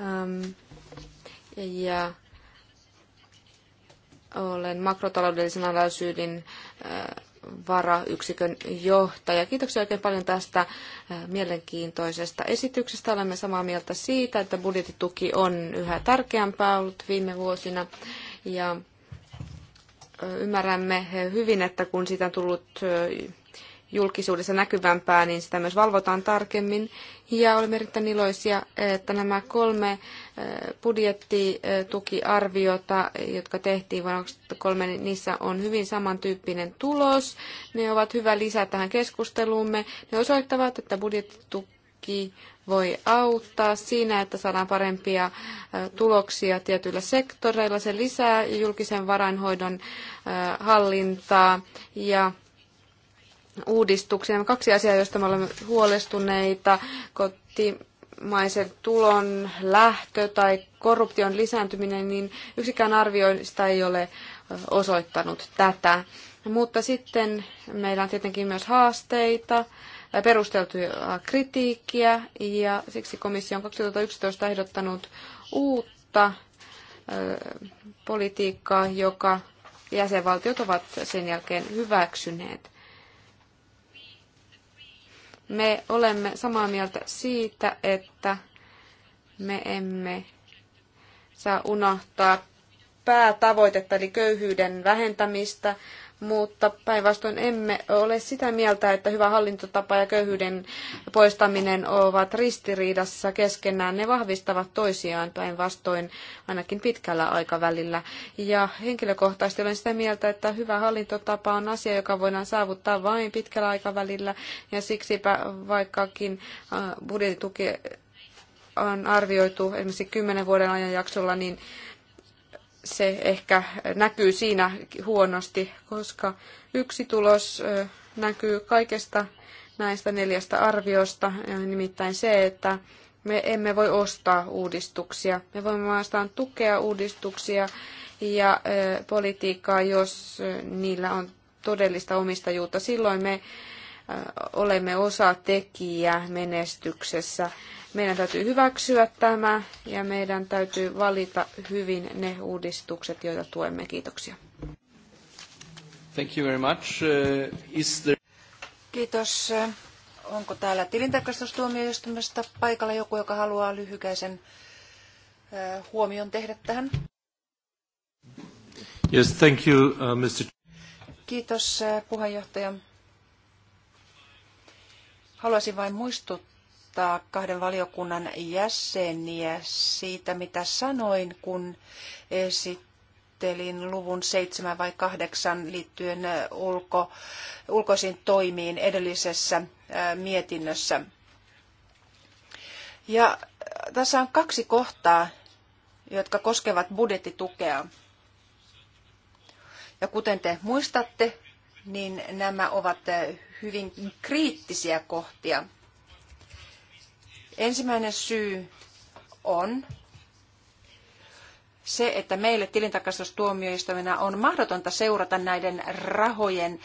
Ähm, ja olen makrotaloudellisen analyysyyden äh, varayksikön johtaja. Kiitoksia oikein paljon tästä äh, mielenkiintoisesta esityksestä. Olemme samaa mieltä siitä, että budjettituki on yhä tärkeämpää ollut viime vuosina. Ja ymmärrämme hyvin, että kun siitä on tullut julkisuudessa näkyvämpää, niin sitä myös valvotaan tarkemmin. Ja olemme erittäin iloisia, että nämä kolme budjettitukiarviota, jotka tehtiin vuonna 2003, niin niissä on hyvin samantyyppinen tulos. Ne ovat hyvä lisä tähän keskusteluumme. Ne osoittavat, että budjettituki tuki voi auttaa siinä, että saadaan parempia tuloksia tietyillä sektoreilla. Se lisää julkisen varainhoidon hallintaa ja uudistuksia. Kaksi asiaa, joista me olemme huolestuneita. maisen tulon lähtö tai korruption lisääntyminen, niin yksikään arvioista ei ole osoittanut tätä. Mutta sitten meillä on tietenkin myös haasteita perusteltua kritiikkiä ja siksi komissio on 2011 ehdottanut uutta politiikkaa, joka jäsenvaltiot ovat sen jälkeen hyväksyneet. Me olemme samaa mieltä siitä, että me emme saa unohtaa päätavoitetta eli köyhyyden vähentämistä, mutta päinvastoin emme ole sitä mieltä, että hyvä hallintotapa ja köyhyyden poistaminen ovat ristiriidassa keskenään. Ne vahvistavat toisiaan päinvastoin ainakin pitkällä aikavälillä. Ja henkilökohtaisesti olen sitä mieltä, että hyvä hallintotapa on asia, joka voidaan saavuttaa vain pitkällä aikavälillä ja siksipä vaikkakin äh, budjettituki on arvioitu esimerkiksi kymmenen vuoden ajan jaksolla, niin se ehkä näkyy siinä huonosti, koska yksi tulos näkyy kaikesta näistä neljästä arviosta, nimittäin se, että me emme voi ostaa uudistuksia. Me voimme vastaan tukea uudistuksia ja politiikkaa, jos niillä on todellista omistajuutta. Silloin me olemme osa tekijä menestyksessä. Meidän täytyy hyväksyä tämä ja meidän täytyy valita hyvin ne uudistukset, joita tuemme. Kiitoksia. Thank you very much. Uh, is there... Kiitos. Onko täällä tilintarkastustuomioistuimesta paikalla joku, joka haluaa lyhykäisen uh, huomion tehdä tähän? Yes, thank you, uh, Mr. Kiitos uh, puheenjohtaja. Haluaisin vain muistuttaa kahden valiokunnan jäseniä siitä, mitä sanoin, kun esittelin luvun seitsemän vai kahdeksan liittyen ulko, ulkoisiin toimiin edellisessä mietinnössä. Ja tässä on kaksi kohtaa, jotka koskevat budjettitukea. Ja kuten te muistatte, niin nämä ovat hyvin kriittisiä kohtia. Ensimmäinen syy on se, että meille tilintarkastustuomioistuimena on mahdotonta seurata näiden rahojen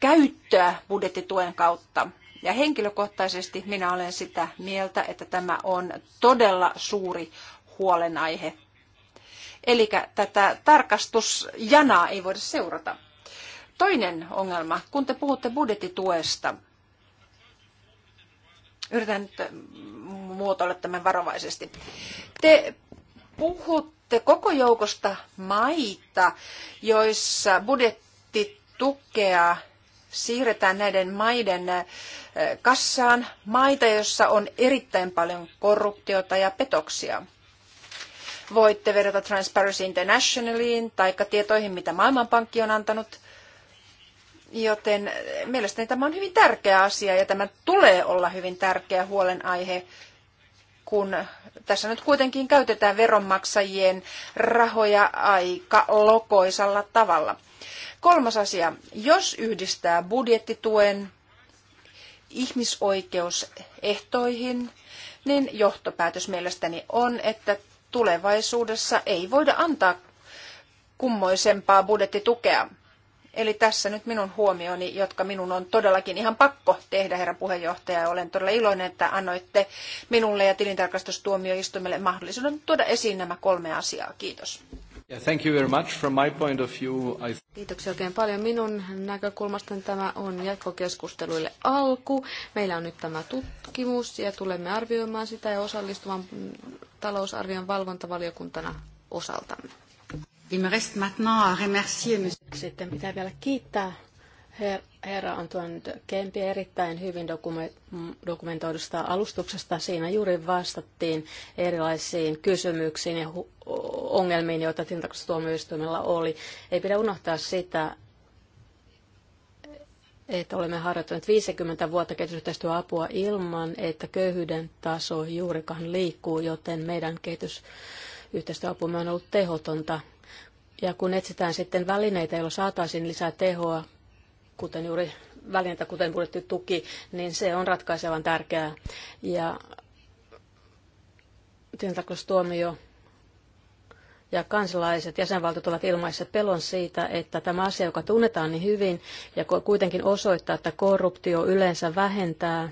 käyttöä budjettituen kautta. Ja henkilökohtaisesti minä olen sitä mieltä, että tämä on todella suuri huolenaihe. Eli tätä tarkastusjanaa ei voida seurata. Toinen ongelma, kun te puhutte budjettituesta, yritän nyt äh, muotoilla tämän varovaisesti. Te puhutte koko joukosta maita, joissa budjettitukea siirretään näiden maiden äh, kassaan maita, joissa on erittäin paljon korruptiota ja petoksia. Voitte verrata Transparency Internationaliin tai tietoihin, mitä Maailmanpankki on antanut. Joten mielestäni tämä on hyvin tärkeä asia ja tämä tulee olla hyvin tärkeä huolenaihe, kun tässä nyt kuitenkin käytetään veronmaksajien rahoja aika lokoisalla tavalla. Kolmas asia, jos yhdistää budjettituen ihmisoikeusehtoihin, niin johtopäätös mielestäni on, että tulevaisuudessa ei voida antaa kummoisempaa budjettitukea Eli tässä nyt minun huomioni, jotka minun on todellakin ihan pakko tehdä, herra puheenjohtaja. Olen todella iloinen, että annoitte minulle ja tilintarkastustuomioistuimelle mahdollisuuden tuoda esiin nämä kolme asiaa. Kiitos. Kiitoksia oikein paljon. Minun näkökulmastani tämä on jatkokeskusteluille alku. Meillä on nyt tämä tutkimus ja tulemme arvioimaan sitä ja osallistuvan talousarvion valvontavaliokuntana osaltamme. Sitten pitää vielä kiittää herra Antoine Kempi erittäin hyvin dokumentoidusta alustuksesta. Siinä juuri vastattiin erilaisiin kysymyksiin ja ongelmiin, joita tintakustuomioistuimella oli. Ei pidä unohtaa sitä, että olemme harjoittaneet 50 vuotta kehitysyhteistyöapua ilman, että köyhyyden taso juurikaan liikkuu, joten meidän kehitysyhteistyöapumme on ollut tehotonta ja kun etsitään sitten välineitä, joilla saataisiin lisää tehoa, kuten juuri välineitä, kuten budjettituki, niin se on ratkaisevan tärkeää. Ja tuomio ja kansalaiset, jäsenvaltiot ovat ilmaisseet pelon siitä, että tämä asia, joka tunnetaan niin hyvin ja kuitenkin osoittaa, että korruptio yleensä vähentää,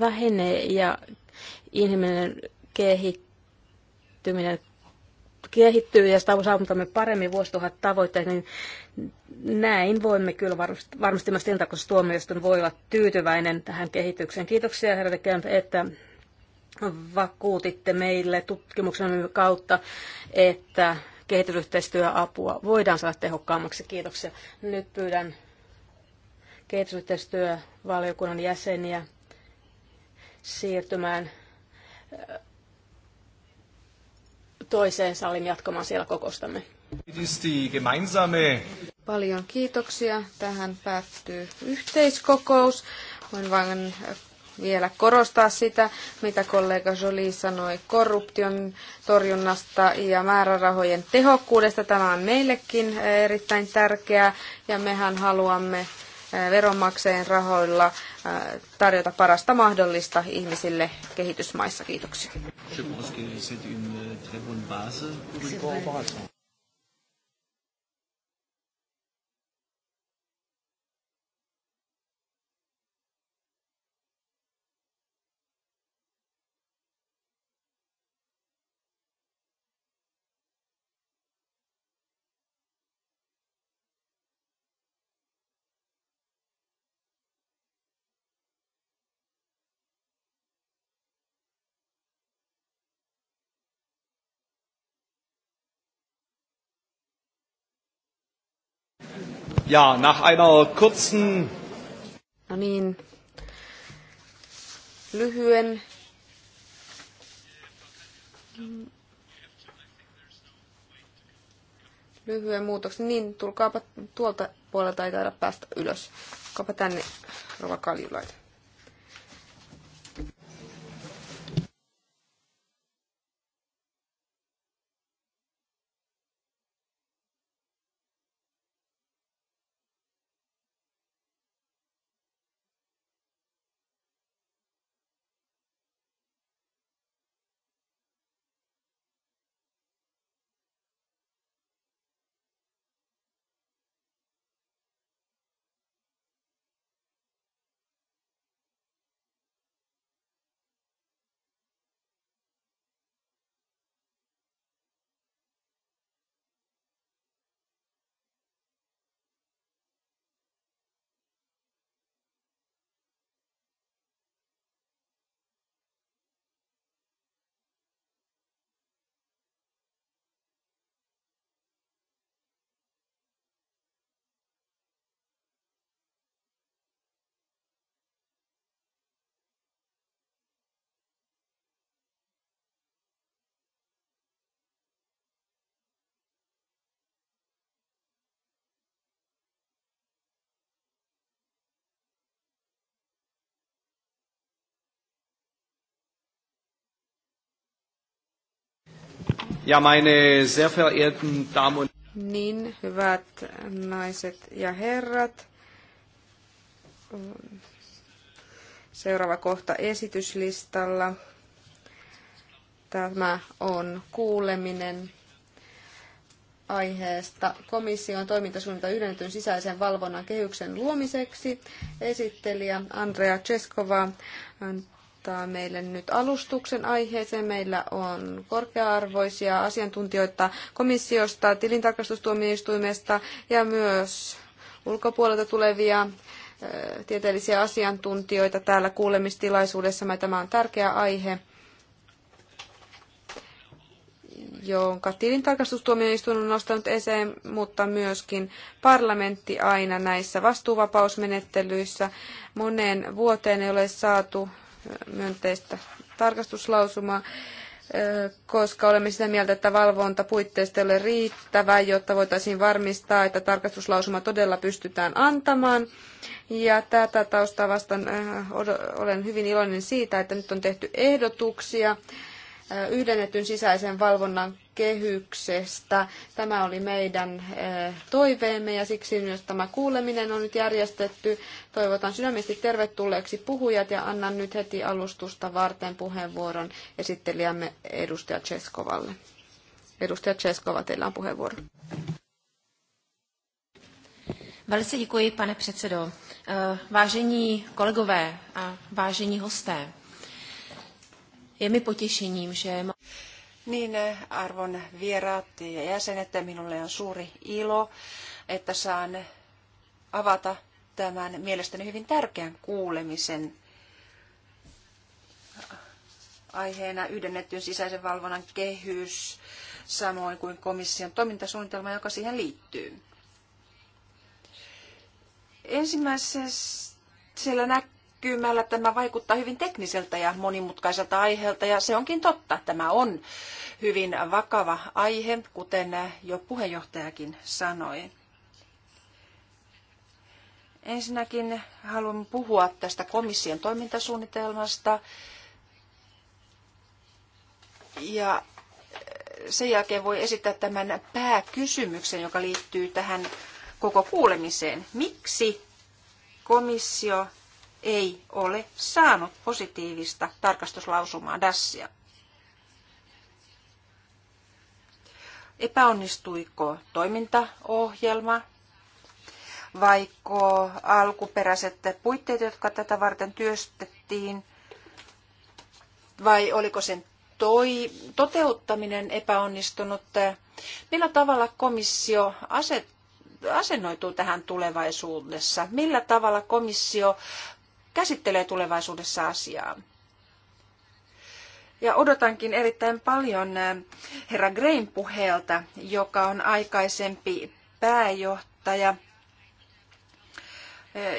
vähenee ja inhimillinen kehittyminen kehittyy ja saavutamme paremmin vuosituhat tavoitteet, niin näin voimme kyllä varmasti, varmasti myös tilintarkastustuomioistuin voi olla tyytyväinen tähän kehitykseen. Kiitoksia herra Kemp, että vakuutitte meille tutkimuksen kautta, että kehitysyhteistyöapua voidaan saada tehokkaammaksi. Kiitoksia. Nyt pyydän kehitysyhteistyövaliokunnan jäseniä siirtymään toiseen saliin jatkamaan siellä kokostamme. Paljon kiitoksia. Tähän päättyy yhteiskokous. Voin vain äh, vielä korostaa sitä, mitä kollega Jolie sanoi korruption torjunnasta ja määrärahojen tehokkuudesta. Tämä on meillekin äh, erittäin tärkeää ja mehän haluamme veronmaksajien rahoilla tarjota parasta mahdollista ihmisille kehitysmaissa. Kiitoksia. Ja, nach einer kurzen... No niin, lyhyen lyhyen muutoksen. Niin, tulkaapa tuolta puolelta, ei taida päästä ylös. Tulkaapa tänne, Rova Kaljulaita. Ja meine sehr verehrten Damen und Niin, hyvät naiset ja herrat. Seuraava kohta esityslistalla. Tämä on kuuleminen aiheesta komission toimintasuunnitelma yhdennetyn sisäisen valvonnan kehyksen luomiseksi. Esittelijä Andrea Cheskova, antaa meille nyt alustuksen aiheeseen. Meillä on korkea-arvoisia asiantuntijoita komissiosta, tilintarkastustuomioistuimesta ja myös ulkopuolelta tulevia tieteellisiä asiantuntijoita täällä kuulemistilaisuudessa. Tämä on tärkeä aihe, jonka tilintarkastustuomioistuin on nostanut esiin, mutta myöskin parlamentti aina näissä vastuuvapausmenettelyissä. Moneen vuoteen ei ole saatu myönteistä tarkastuslausumaa, koska olemme sitä mieltä, että valvonta puitteista ei ole riittävä, jotta voitaisiin varmistaa, että tarkastuslausuma todella pystytään antamaan. Ja tätä taustaa vastaan olen hyvin iloinen siitä, että nyt on tehty ehdotuksia yhdennetyn sisäisen valvonnan kehyksestä. Tämä oli meidän eh, toiveemme ja siksi myös tämä kuuleminen on nyt järjestetty. Toivotan sydämesti tervetulleeksi puhujat ja annan nyt heti alustusta varten puheenvuoron esittelijämme edustaja Cheskovalle. Edustaja Cheskova, teillä on puheenvuoro. Velice děkuji, pane předsedo. Eh, vážení kolegové a vážení hosté, Je mi potěšením, že... Niin, arvon vieraat ja jäsenet, minulle on suuri ilo, että saan avata tämän mielestäni hyvin tärkeän kuulemisen aiheena yhdennettyyn sisäisen valvonnan kehys, samoin kuin komission toimintasuunnitelma, joka siihen liittyy. Ensimmäisessä siellä näkyy, näkymällä tämä vaikuttaa hyvin tekniseltä ja monimutkaiselta aiheelta ja se onkin totta. Tämä on hyvin vakava aihe, kuten jo puheenjohtajakin sanoi. Ensinnäkin haluan puhua tästä komission toimintasuunnitelmasta ja sen jälkeen voi esittää tämän pääkysymyksen, joka liittyy tähän koko kuulemiseen. Miksi komissio ei ole saanut positiivista tarkastuslausumaa DASSia. Epäonnistuiko toimintaohjelma Vaikko alkuperäiset puitteet, jotka tätä varten työstettiin, vai oliko sen toi, toteuttaminen epäonnistunut? Millä tavalla komissio aset, asennoituu tähän tulevaisuudessa? Millä tavalla komissio käsittelee tulevaisuudessa asiaa. Ja odotankin erittäin paljon äh, herra Grain puheelta, joka on aikaisempi pääjohtaja. Äh,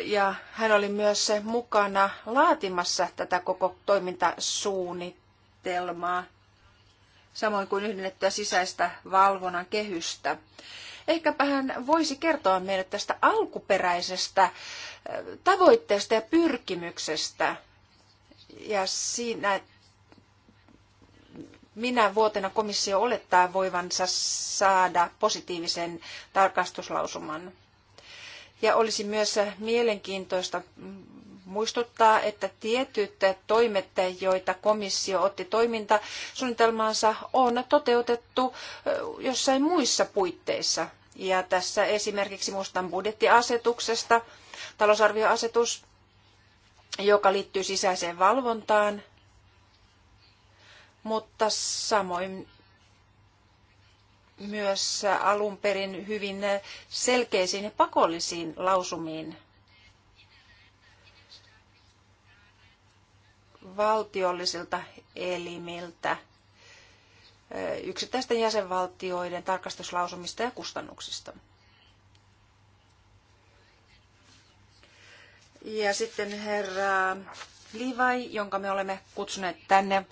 ja hän oli myös mukana laatimassa tätä koko toimintasuunnitelmaa, samoin kuin yhdennettyä sisäistä valvonnan kehystä. Ehkäpä hän voisi kertoa meille tästä alkuperäisestä tavoitteesta ja pyrkimyksestä. Ja siinä minä vuotena komissio olettaa voivansa saada positiivisen tarkastuslausuman. Ja olisi myös mielenkiintoista muistuttaa, että tietyt toimet, joita komissio otti toimintasuunnitelmaansa, on toteutettu jossain muissa puitteissa. Ja tässä esimerkiksi mustan budjettiasetuksesta, talousarvioasetus, joka liittyy sisäiseen valvontaan, mutta samoin myös alun perin hyvin selkeisiin ja pakollisiin lausumiin valtiollisilta elimiltä – Eh, yksittäisten jäsenvaltioiden tarkastuslausumista ja kustannuksista. Ja sitten herra Levi, jonka me olemme kutsuneet tänne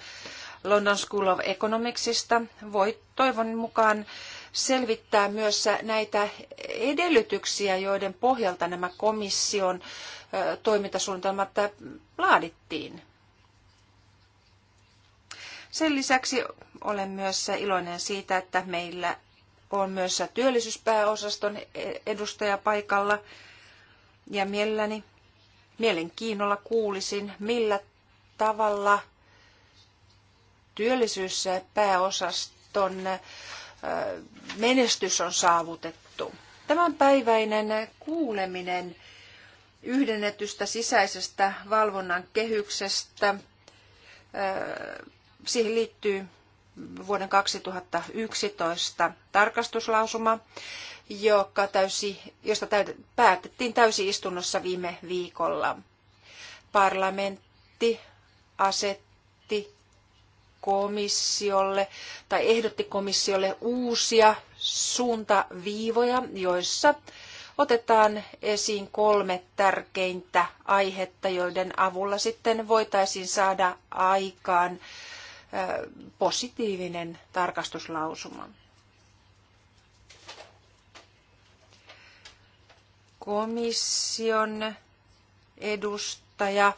London School of Economicsista, voi toivon mukaan selvittää myös näitä edellytyksiä, joiden pohjalta nämä komission eh, toimintasuunnitelmat laadittiin. Sen lisäksi olen myös iloinen siitä, että meillä on myös työllisyyspääosaston edustaja paikalla. Ja mielelläni, mielenkiinnolla kuulisin, millä tavalla työllisyyspääosaston menestys on saavutettu. Tämänpäiväinen kuuleminen yhdennetystä sisäisestä valvonnan kehyksestä siihen liittyy vuoden 2011 tarkastuslausuma, joka täysi, josta täyt, päätettiin täysistunnossa viime viikolla. Parlamentti asetti komissiolle tai ehdotti komissiolle uusia suuntaviivoja, joissa otetaan esiin kolme tärkeintä aihetta, joiden avulla sitten voitaisiin saada aikaan positiivinen tarkastuslausuma. Komission edustaja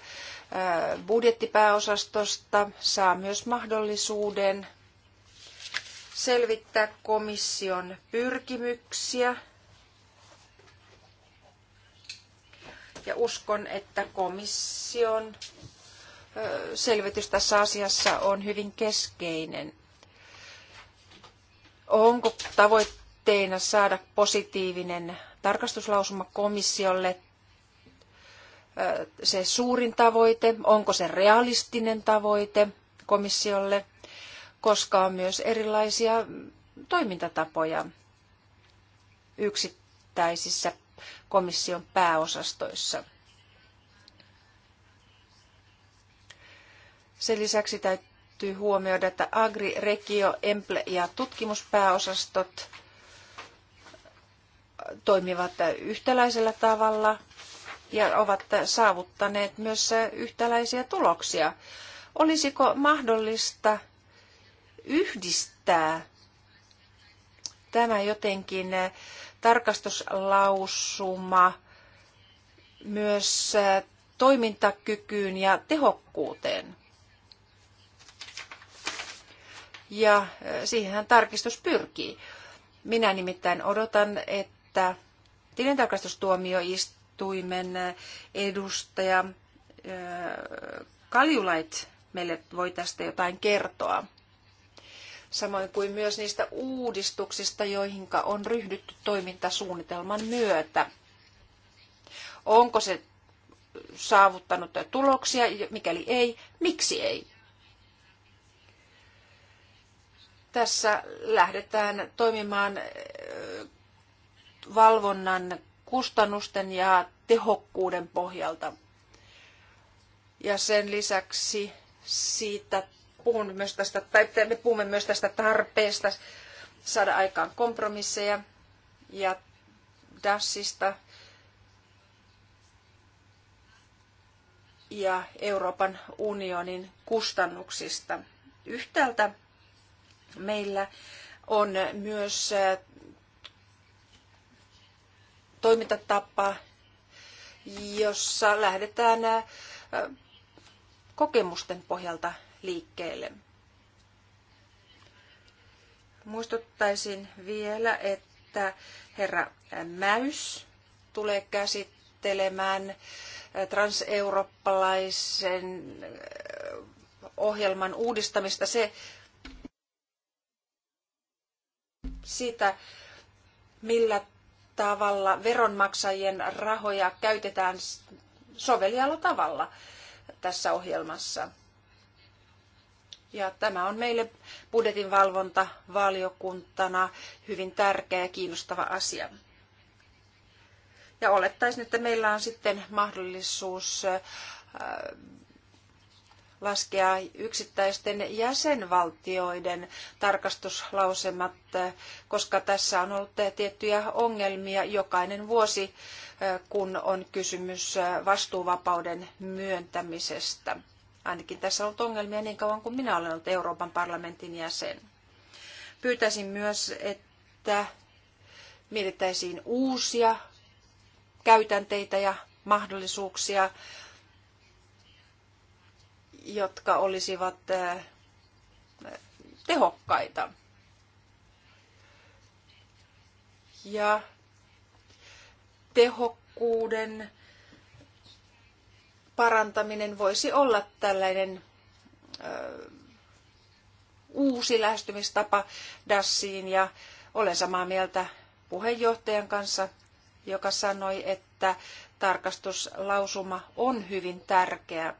budjettipääosastosta saa myös mahdollisuuden selvittää komission pyrkimyksiä. Ja uskon, että komission selvitys tässä asiassa on hyvin keskeinen. Onko tavoitteena saada positiivinen tarkastuslausuma komissiolle se suurin tavoite, onko se realistinen tavoite komissiolle, koska on myös erilaisia toimintatapoja yksittäisissä komission pääosastoissa. Sen lisäksi täytyy huomioida, että Agri, Regio, Emple ja tutkimuspääosastot toimivat yhtäläisellä tavalla ja ovat saavuttaneet myös yhtäläisiä tuloksia. Olisiko mahdollista yhdistää tämä jotenkin tarkastuslausuma myös toimintakykyyn ja tehokkuuteen? ja äh, siihenhän tarkistus pyrkii. Minä nimittäin odotan, että tilintarkastustuomioistuimen äh, edustaja äh, Kaljulait meille voi tästä jotain kertoa. Samoin kuin myös niistä uudistuksista, joihinka on ryhdytty toimintasuunnitelman myötä. Onko se saavuttanut tuloksia? Mikäli ei, miksi ei? Tässä lähdetään toimimaan valvonnan kustannusten ja tehokkuuden pohjalta. Ja sen lisäksi siitä puhun myös tästä, tai me puhumme myös tästä tarpeesta saada aikaan kompromisseja ja DASista ja Euroopan unionin kustannuksista. Yhtäältä Meillä on myös toimintatapa, jossa lähdetään kokemusten pohjalta liikkeelle. Muistuttaisin vielä, että herra Mäys tulee käsittelemään transeurooppalaisen ohjelman uudistamista. Se sitä, millä tavalla veronmaksajien rahoja käytetään sovelialla tavalla tässä ohjelmassa. Ja tämä on meille budjetin valvonta valiokuntana hyvin tärkeä ja kiinnostava asia. Ja olettaisin, että meillä on sitten mahdollisuus äh, laskea yksittäisten jäsenvaltioiden tarkastuslausemat, koska tässä on ollut tiettyjä ongelmia jokainen vuosi, kun on kysymys vastuuvapauden myöntämisestä. Ainakin tässä on ollut ongelmia niin kauan kuin minä olen ollut Euroopan parlamentin jäsen. Pyytäisin myös, että mietittäisiin uusia käytänteitä ja mahdollisuuksia jotka olisivat eh, tehokkaita. Ja tehokkuuden parantaminen voisi olla tällainen ö, eh, uusi lähestymistapa Dassiin. ja olen samaa mieltä puheenjohtajan kanssa, joka sanoi, että tarkastuslausuma on hyvin tärkeä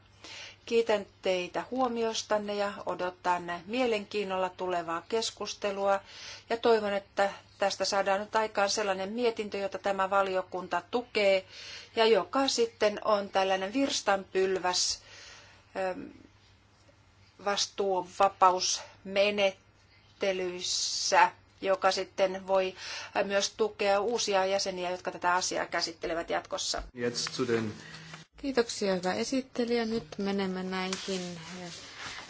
Kiitän teitä huomiostanne ja odotan mielenkiinnolla tulevaa keskustelua ja toivon, että tästä saadaan nyt aikaan sellainen mietintö, jota tämä valiokunta tukee ja joka sitten on tällainen virstanpylväs ähm, vastuuvapausmenettelyissä, joka sitten voi äh, myös tukea uusia jäseniä, jotka tätä asiaa käsittelevät jatkossa. Jetzt zu den Kiitoksia, hyvä esittelijä. Nyt menemme näihin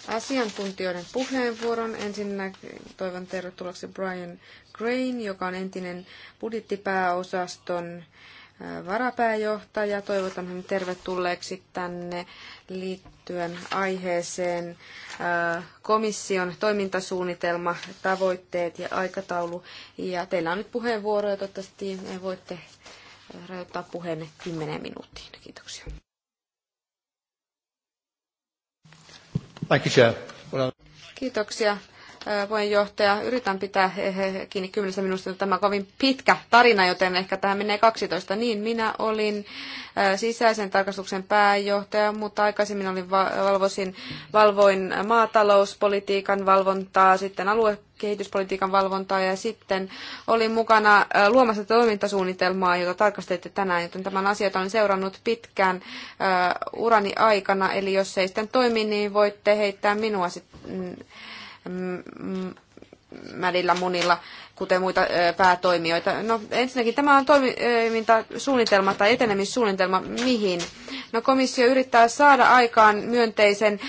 asiantuntijoiden puheenvuoron. Ensinnä toivon tervetulleeksi Brian Grain, joka on entinen budjettipääosaston varapääjohtaja. Toivotan hänet tervetulleeksi tänne liittyen aiheeseen komission toimintasuunnitelma, tavoitteet ja aikataulu. Ja teillä on nyt puheenvuoro ja toivottavasti voitte rajoittaa puheenne 10 minuuttiin. Kiitoksia. Kiitoksia puheenjohtaja. Yritän pitää kiinni kymmenestä minuutista, tämä on kovin pitkä tarina, joten ehkä tähän menee 12. Niin, minä olin sisäisen tarkastuksen pääjohtaja, mutta aikaisemmin olin valvosin, valvoin maatalouspolitiikan valvontaa, sitten alue kehityspolitiikan valvontaa ja sitten olin mukana luomassa toimintasuunnitelmaa, jota tarkastelitte tänään, joten tämän asian olen seurannut pitkään urani aikana, eli jos ei sitten toimi, niin voitte heittää minua sitten Mädillä munilla, kuten muita päätoimijoita. No ensinnäkin tämä on toimintasuunnitelma tai etenemissuunnitelma mihin? No komissio yrittää saada aikaan myönteisen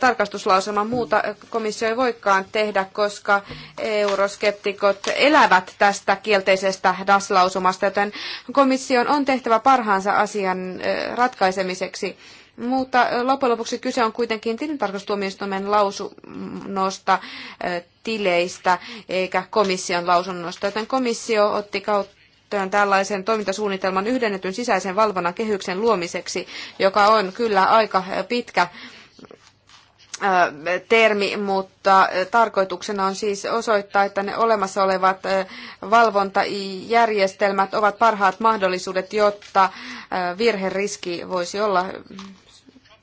tarkastuslauselman. Muuta komissio ei voikaan tehdä, koska euroskeptikot elävät tästä kielteisestä DAS-lausumasta, joten komission on tehtävä parhaansa asian ratkaisemiseksi mutta loppujen lopuksi kyse on kuitenkin tilintarkastustuomioistuimen lausunnosta tileistä eikä komission lausunnosta, joten komissio otti kautta käyttöön tällaisen toimintasuunnitelman yhdennetyn sisäisen valvonnan kehyksen luomiseksi, joka on kyllä aika pitkä termi, mutta tarkoituksena on siis osoittaa, että ne olemassa olevat valvontajärjestelmät ovat parhaat mahdollisuudet, jotta virheriski voisi olla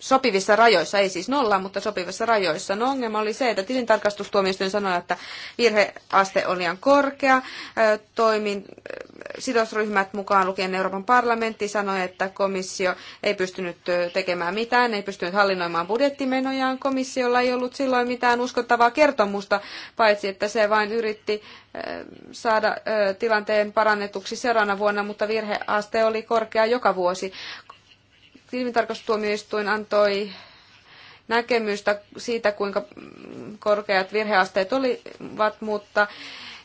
sopivissa rajoissa, ei siis nolla, mutta sopivissa rajoissa. No ongelma oli se, että tilintarkastustuomioistuin sanoi, että virheaste on liian korkea. Toimin, sidosryhmät mukaan lukien Euroopan parlamentti sanoi, että komissio ei pystynyt tekemään mitään, ei pystynyt hallinnoimaan budjettimenojaan. Komissiolla ei ollut silloin mitään uskottavaa kertomusta, paitsi että se vain yritti saada tilanteen parannetuksi seuraavana vuonna, mutta virheaste oli korkea joka vuosi. Tilintarkastustuomioistuin antoi näkemystä siitä, kuinka korkeat virheasteet olivat, mutta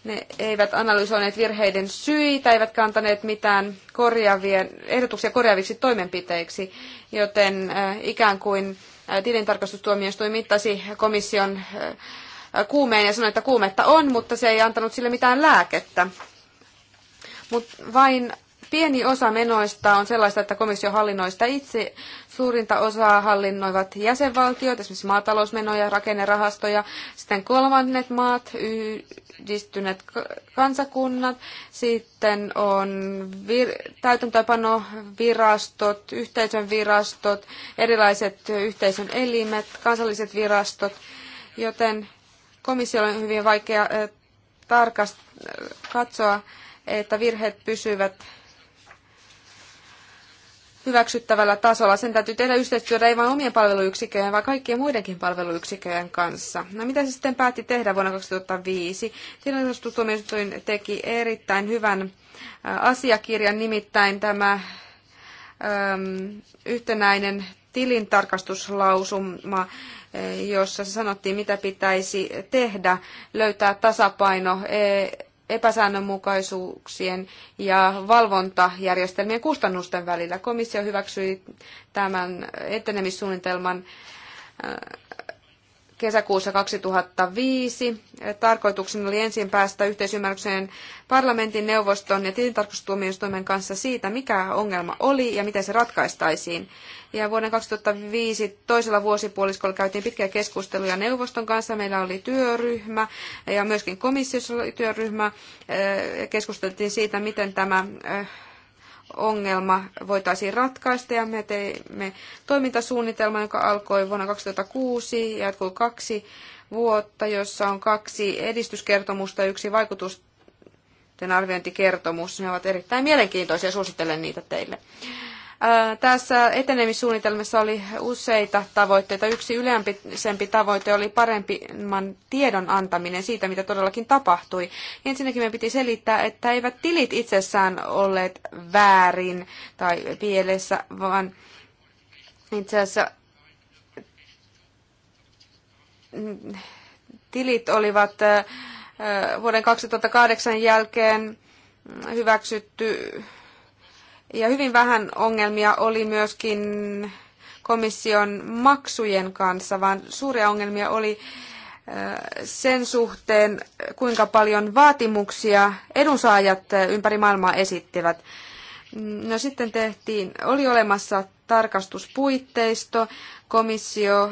ne eivät analysoineet virheiden syitä, eivätkä antaneet mitään korjaavien, ehdotuksia korjaaviksi toimenpiteiksi, joten äh, ikään kuin äh, tilintarkastustuomioistuin mittasi komission äh, kuumeen ja sanoi, että kuumetta on, mutta se ei antanut sille mitään lääkettä. Mutta vain Pieni osa menoista on sellaista, että komissio hallinnoi sitä itse. Suurinta osaa hallinnoivat jäsenvaltiot, esimerkiksi maatalousmenoja, rakennerahastoja, sitten kolmannet maat, yhdistyneet kansakunnat, sitten on vir- täytäntöönpanovirastot, yhteisön virastot, erilaiset yhteisön elimet, kansalliset virastot, joten komissiolla on hyvin vaikea eh, tarkast- katsoa, että virheet pysyvät hyväksyttävällä tasolla. Sen täytyy tehdä yhteistyötä ei vain omien palveluyksiköjen, vaan kaikkien muidenkin palveluyksiköjen kanssa. No mitä se sitten päätti tehdä vuonna 2005? Tilintarkastustuomioistuin teki erittäin hyvän asiakirjan, nimittäin tämä äm, yhtenäinen tilintarkastuslausuma, e, jossa sanottiin, mitä pitäisi tehdä, löytää tasapaino e, epäsäännönmukaisuuksien ja valvontajärjestelmien kustannusten välillä. Komissio hyväksyi tämän etenemissuunnitelman äh, kesäkuussa 2005. Tarkoituksena oli ensin päästä yhteisymmärrykseen parlamentin, neuvoston ja tilintarkastustuomioistuimen kanssa siitä, mikä ongelma oli ja miten se ratkaistaisiin. Ja vuoden 2005 toisella vuosipuoliskolla käytiin pitkiä keskusteluja neuvoston kanssa. Meillä oli työryhmä ja myöskin komissiossa oli työryhmä. Keskusteltiin siitä, miten tämä ongelma voitaisiin ratkaista ja me teimme toimintasuunnitelman, joka alkoi vuonna 2006 ja jatkui kaksi vuotta, jossa on kaksi edistyskertomusta ja yksi vaikutusten arviointikertomus. Ne ovat erittäin mielenkiintoisia, suosittelen niitä teille. Tässä etenemissuunnitelmassa oli useita tavoitteita. Yksi ylempisempi tavoite oli paremman tiedon antaminen siitä, mitä todellakin tapahtui. Ensinnäkin me piti selittää, että eivät tilit itsessään olleet väärin tai pielessä, vaan itse asiassa tilit olivat vuoden 2008 jälkeen hyväksytty ja hyvin vähän ongelmia oli myöskin komission maksujen kanssa, vaan suuria ongelmia oli sen suhteen, kuinka paljon vaatimuksia edunsaajat ympäri maailmaa esittivät. No sitten tehtiin, oli olemassa tarkastuspuitteisto, komissio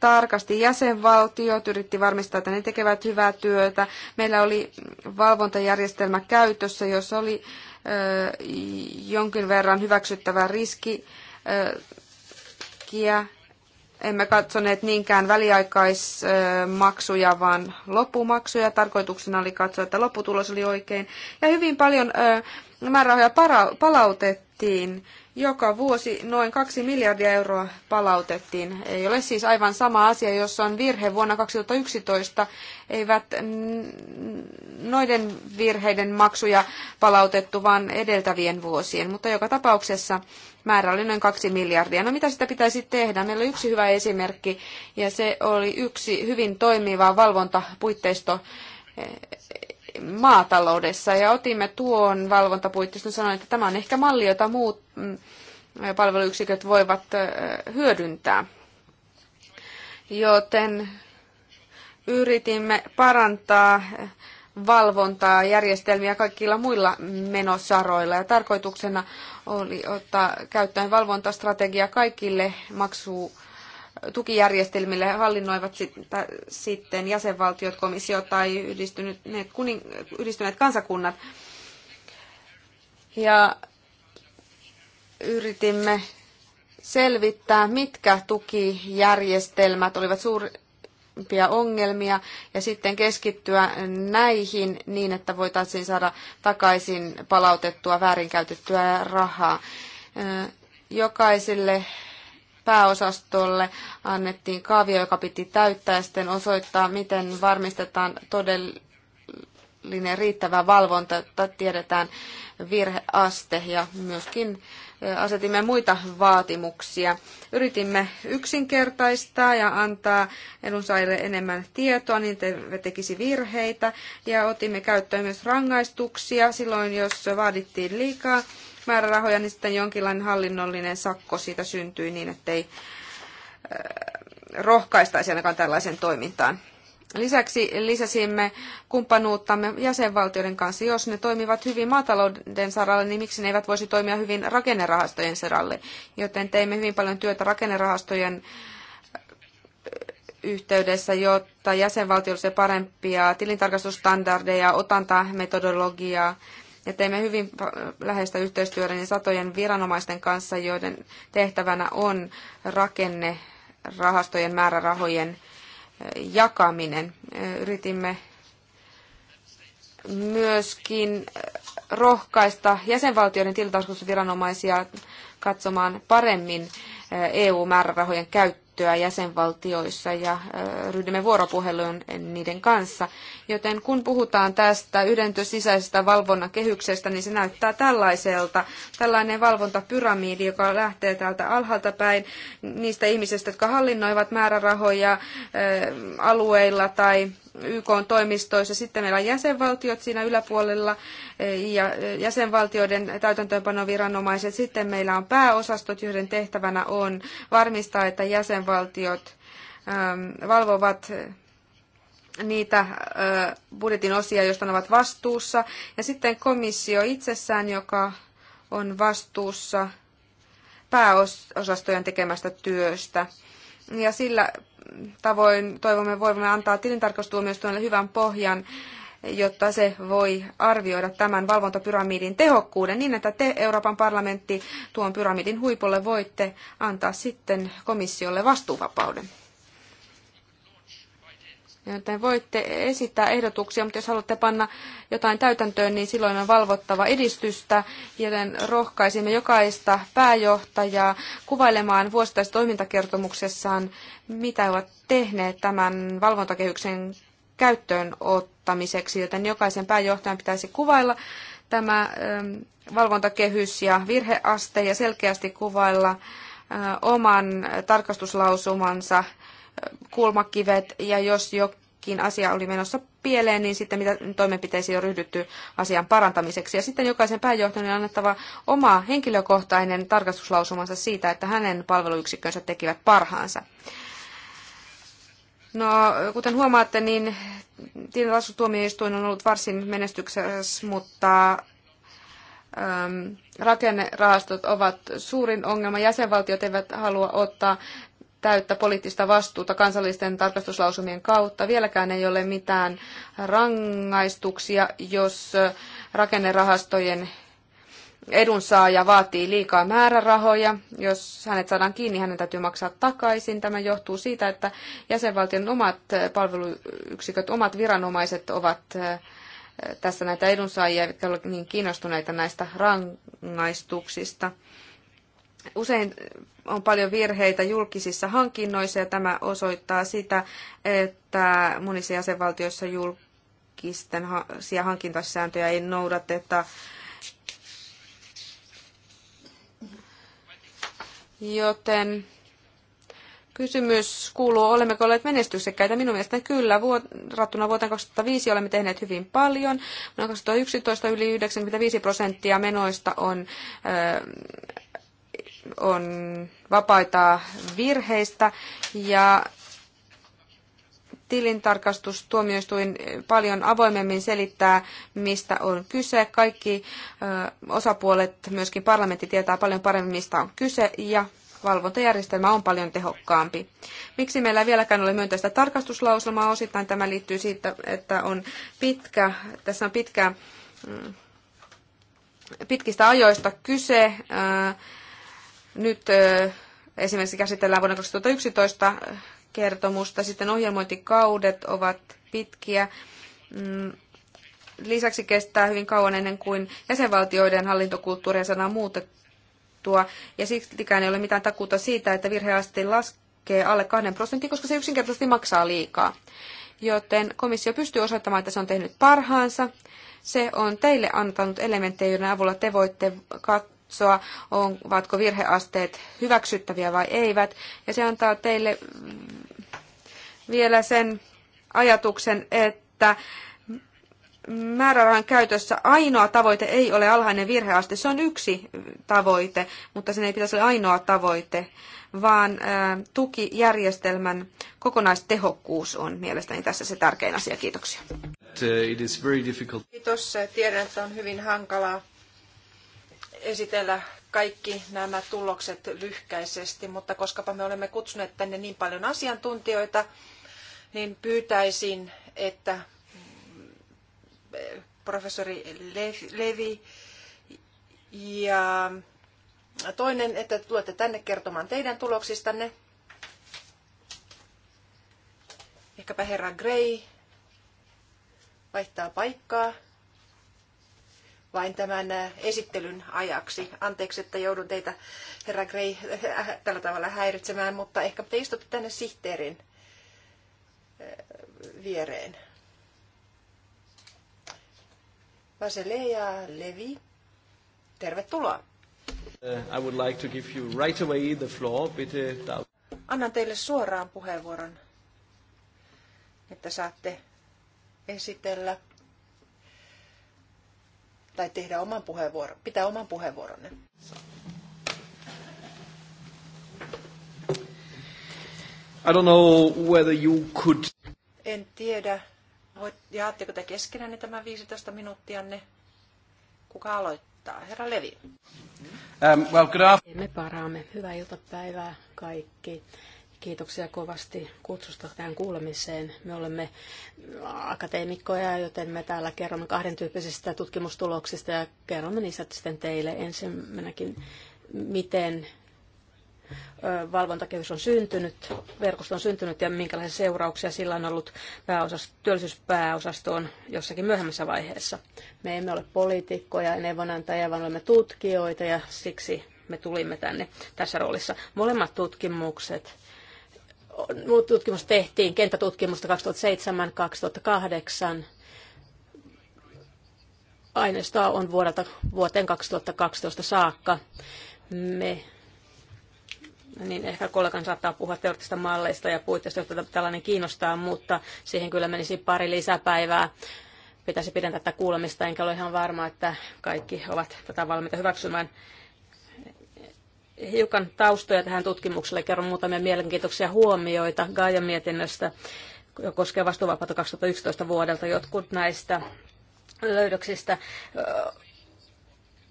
tarkasti jäsenvaltiot, yritti varmistaa, että ne tekevät hyvää työtä. Meillä oli valvontajärjestelmä käytössä, jossa oli jonkin verran hyväksyttävää riskiä. Emme katsoneet niinkään väliaikaismaksuja, vaan loppumaksuja. Tarkoituksena oli katsoa, että lopputulos oli oikein. Ja hyvin paljon määrärahoja palautettiin joka vuosi noin 2 miljardia euroa palautettiin. Ei ole siis aivan sama asia, jos on virhe vuonna 2011. Eivät noiden virheiden maksuja palautettu, vaan edeltävien vuosien. Mutta joka tapauksessa määrä oli noin 2 miljardia. No mitä sitä pitäisi tehdä? Meillä on yksi hyvä esimerkki, ja se oli yksi hyvin toimiva valvontapuitteisto maataloudessa ja otimme tuon valvontapuitteiston sanoin, että tämä on ehkä malli, jota muut mm, palveluyksiköt voivat hyödyntää. Joten yritimme parantaa valvontaa järjestelmiä kaikilla muilla menosaroilla. Ja tarkoituksena oli ottaa käyttöön valvontastrategia kaikille maksuu tukijärjestelmille hallinnoivat sitten jäsenvaltiot, komissio tai yhdistyneet, kuning, yhdistyneet kansakunnat. Ja yritimme selvittää, mitkä tukijärjestelmät olivat suurimpia ongelmia ja sitten keskittyä näihin niin, että voitaisiin saada takaisin palautettua väärinkäytettyä rahaa. Jokaiselle pääosastolle annettiin kaavio, joka piti täyttää ja sitten osoittaa, miten varmistetaan todellinen riittävä valvonta, että tiedetään virheaste ja myöskin asetimme muita vaatimuksia. Yritimme yksinkertaistaa ja antaa edunsaajille enemmän tietoa, niin te tekisi virheitä ja otimme käyttöön myös rangaistuksia silloin, jos vaadittiin liikaa määrärahoja, niin sitten jonkinlainen hallinnollinen sakko siitä syntyi niin, ettei rohkaistaisi ainakaan tällaisen toimintaan. Lisäksi lisäsimme kumppanuuttamme jäsenvaltioiden kanssa. Jos ne toimivat hyvin maatalouden saralla, niin miksi ne eivät voisi toimia hyvin rakennerahastojen saralle? Joten teimme hyvin paljon työtä rakennerahastojen yhteydessä, jotta jäsenvaltioille parempia tilintarkastustandardeja, otantametodologiaa, metodologiaa ja teimme hyvin läheistä yhteistyötä niin satojen viranomaisten kanssa, joiden tehtävänä on rakenne rahastojen määrärahojen eh, jakaminen. Eh, yritimme myöskin eh, rohkaista jäsenvaltioiden tilitarkastusviranomaisia katsomaan paremmin EU-määrärahojen e käyttöä käyttöä jäsenvaltioissa ja ryhdymme vuoropuheluun niiden kanssa. Joten kun puhutaan tästä yhdentö sisäisestä valvonnan kehyksestä, niin se näyttää tällaiselta. Tällainen valvontapyramiidi, joka lähtee täältä alhaalta päin niistä ihmisistä, jotka hallinnoivat määrärahoja alueilla tai YK-toimistoissa. Sitten meillä on jäsenvaltiot siinä yläpuolella eh, ja eh, jäsenvaltioiden täytäntöönpanoviranomaiset. Sitten meillä on pääosastot, joiden tehtävänä on varmistaa, että jäsenvaltiot valvovat niitä äh, budjetin osia, joista ne ovat vastuussa. Ja sitten komissio itsessään, joka on vastuussa pääosastojen tekemästä työstä. Ja sillä tavoin toivomme voivamme antaa tilintarkastustuomioistuimelle hyvän pohjan, jotta se voi arvioida tämän valvontapyramidin tehokkuuden niin, että te Euroopan parlamentti tuon pyramidin huipulle voitte antaa sitten komissiolle vastuuvapauden. Joten voitte esittää ehdotuksia, mutta jos haluatte panna jotain täytäntöön, niin silloin on valvottava edistystä, joten rohkaisimme jokaista pääjohtajaa kuvailemaan vuosittaisessa toimintakertomuksessaan, mitä ovat tehneet tämän valvontakehyksen käyttöön ottamiseksi, joten jokaisen pääjohtajan pitäisi kuvailla tämä ähm, valvontakehys ja virheaste ja selkeästi kuvailla äh, oman tarkastuslausumansa kulmakivet ja jos jokin asia oli menossa pieleen, niin sitten mitä toimenpiteisiin on ryhdytty asian parantamiseksi. Ja sitten jokaisen pääjohtajan on annettava oma henkilökohtainen tarkastuslausumansa siitä, että hänen palveluyksikkönsä tekivät parhaansa. No, kuten huomaatte, niin tilintarkastustuomioistuin on ollut varsin menestyksessä, mutta rakennerahastot ovat suurin ongelma. Jäsenvaltiot eivät halua ottaa täyttä poliittista vastuuta kansallisten tarkastuslausumien kautta. Vieläkään ei ole mitään rangaistuksia, jos rakennerahastojen edunsaaja vaatii liikaa määrärahoja. Jos hänet saadaan kiinni, hänen täytyy maksaa takaisin. Tämä johtuu siitä, että jäsenvaltion omat palveluyksiköt, omat viranomaiset ovat tässä näitä edunsaajia, jotka ovat niin kiinnostuneita näistä rangaistuksista. Usein on paljon virheitä julkisissa hankinnoissa ja tämä osoittaa sitä, että monissa jäsenvaltioissa julkisia hankintasääntöjä ei noudateta. Joten Kysymys kuuluu, olemmeko olleet menestyksekkäitä? Minun mielestäni kyllä. Verrattuna vuoteen 2005 olemme tehneet hyvin paljon. Vuonna 2011 yli 95 prosenttia menoista on on vapaita virheistä ja tilintarkastustuomioistuin paljon avoimemmin selittää, mistä on kyse. Kaikki osapuolet, myöskin parlamentti tietää paljon paremmin, mistä on kyse ja valvontajärjestelmä on paljon tehokkaampi. Miksi meillä ei vieläkään ole myönteistä tarkastuslauselmaa? Osittain tämä liittyy siitä, että on pitkä, tässä on pitkä, mm, pitkistä ajoista kyse. Ää, nyt esimerkiksi käsitellään vuonna 2011 kertomusta, sitten ohjelmointikaudet ovat pitkiä. Mm, lisäksi kestää hyvin kauan ennen kuin jäsenvaltioiden hallintokulttuuria saadaan muutettua, ja siksikään ei ole mitään takuuta siitä, että virheasti laskee alle 2 prosenttia, koska se yksinkertaisesti maksaa liikaa. Joten komissio pystyy osoittamaan, että se on tehnyt parhaansa. Se on teille antanut elementtejä, joiden avulla te voitte katsoa, katsoa, ovatko virheasteet hyväksyttäviä vai eivät. Ja se antaa teille vielä sen ajatuksen, että määrärahan käytössä ainoa tavoite ei ole alhainen virheaste. Se on yksi tavoite, mutta sen ei pitäisi olla ainoa tavoite, vaan tukijärjestelmän kokonaistehokkuus on mielestäni tässä se tärkein asia. Kiitoksia. Kiitos. Tiedän, että on hyvin hankalaa esitellä kaikki nämä tulokset lyhkäisesti, mutta koska me olemme kutsuneet tänne niin paljon asiantuntijoita, niin pyytäisin, että professori Levi ja toinen, että tulette tänne kertomaan teidän tuloksistanne. Ehkäpä herra Gray vaihtaa paikkaa vain tämän äh, esittelyn ajaksi. Anteeksi, että joudun teitä, herra Gray, äh, äh, tällä tavalla häiritsemään, mutta ehkä te istutte tänne sihteerin viereen. Vaseleja Levi, tervetuloa. Uh, I would like to give you right away the floor. Bitte. Annan teille suoraan puheenvuoron, että saatte esitellä tai tehdä oman puheenvuoro, pitää oman puheenvuoronne. I don't know whether you could... En tiedä, voit, jaatteko te keskenään tämän 15 minuuttianne? Kuka aloittaa? Herra Levi. Um, well, good afternoon. Me paraamme. Hyvää iltapäivää kaikki. Kiitoksia kovasti kutsusta tähän kuulemiseen. Me olemme akateemikkoja, joten me täällä kerromme kahden tyyppisistä tutkimustuloksista ja kerromme niistä sitten teille ensimmäinenkin, miten valvontakehys on syntynyt, verkosto on syntynyt ja minkälaisia seurauksia sillä on ollut pääosast- työllisyyspääosastoon jossakin myöhemmässä vaiheessa. Me emme ole poliitikkoja, neuvonantajia, vaan olemme tutkijoita ja siksi me tulimme tänne tässä roolissa. Molemmat tutkimukset tutkimus tehtiin, kenttätutkimusta 2007-2008. Aineistoa on vuodelta vuoteen 2012 saakka. Me niin ehkä kollegan saattaa puhua teoreettisista malleista ja puitteista, joita tällainen kiinnostaa, mutta siihen kyllä menisi pari lisäpäivää. Pitäisi pidentää tätä kuulemista, enkä ole ihan varma, että kaikki ovat tätä valmiita hyväksymään hiukan taustoja tähän tutkimukselle. Kerron muutamia mielenkiintoisia huomioita Gaia-mietinnöstä, joka koskee vastuuvapautta 2011 vuodelta. Jotkut näistä löydöksistä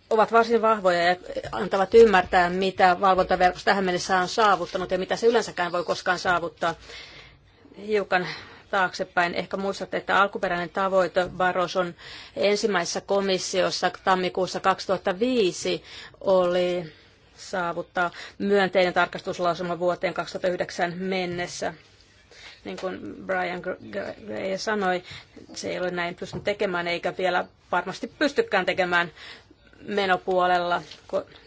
ovat varsin vahvoja ja antavat ymmärtää, mitä valvontaverkosto tähän mennessä on saavuttanut ja mitä se yleensäkään voi koskaan saavuttaa. Hiukan taaksepäin. Ehkä muistatte, että alkuperäinen tavoite Baroson ensimmäisessä komissiossa tammikuussa 2005 oli saavuttaa myönteinen tarkastuslausuma vuoteen 2009 mennessä. Niin kuin Brian Gray sanoi, se ei ole näin pystynyt tekemään eikä vielä varmasti pystykään tekemään menopuolella,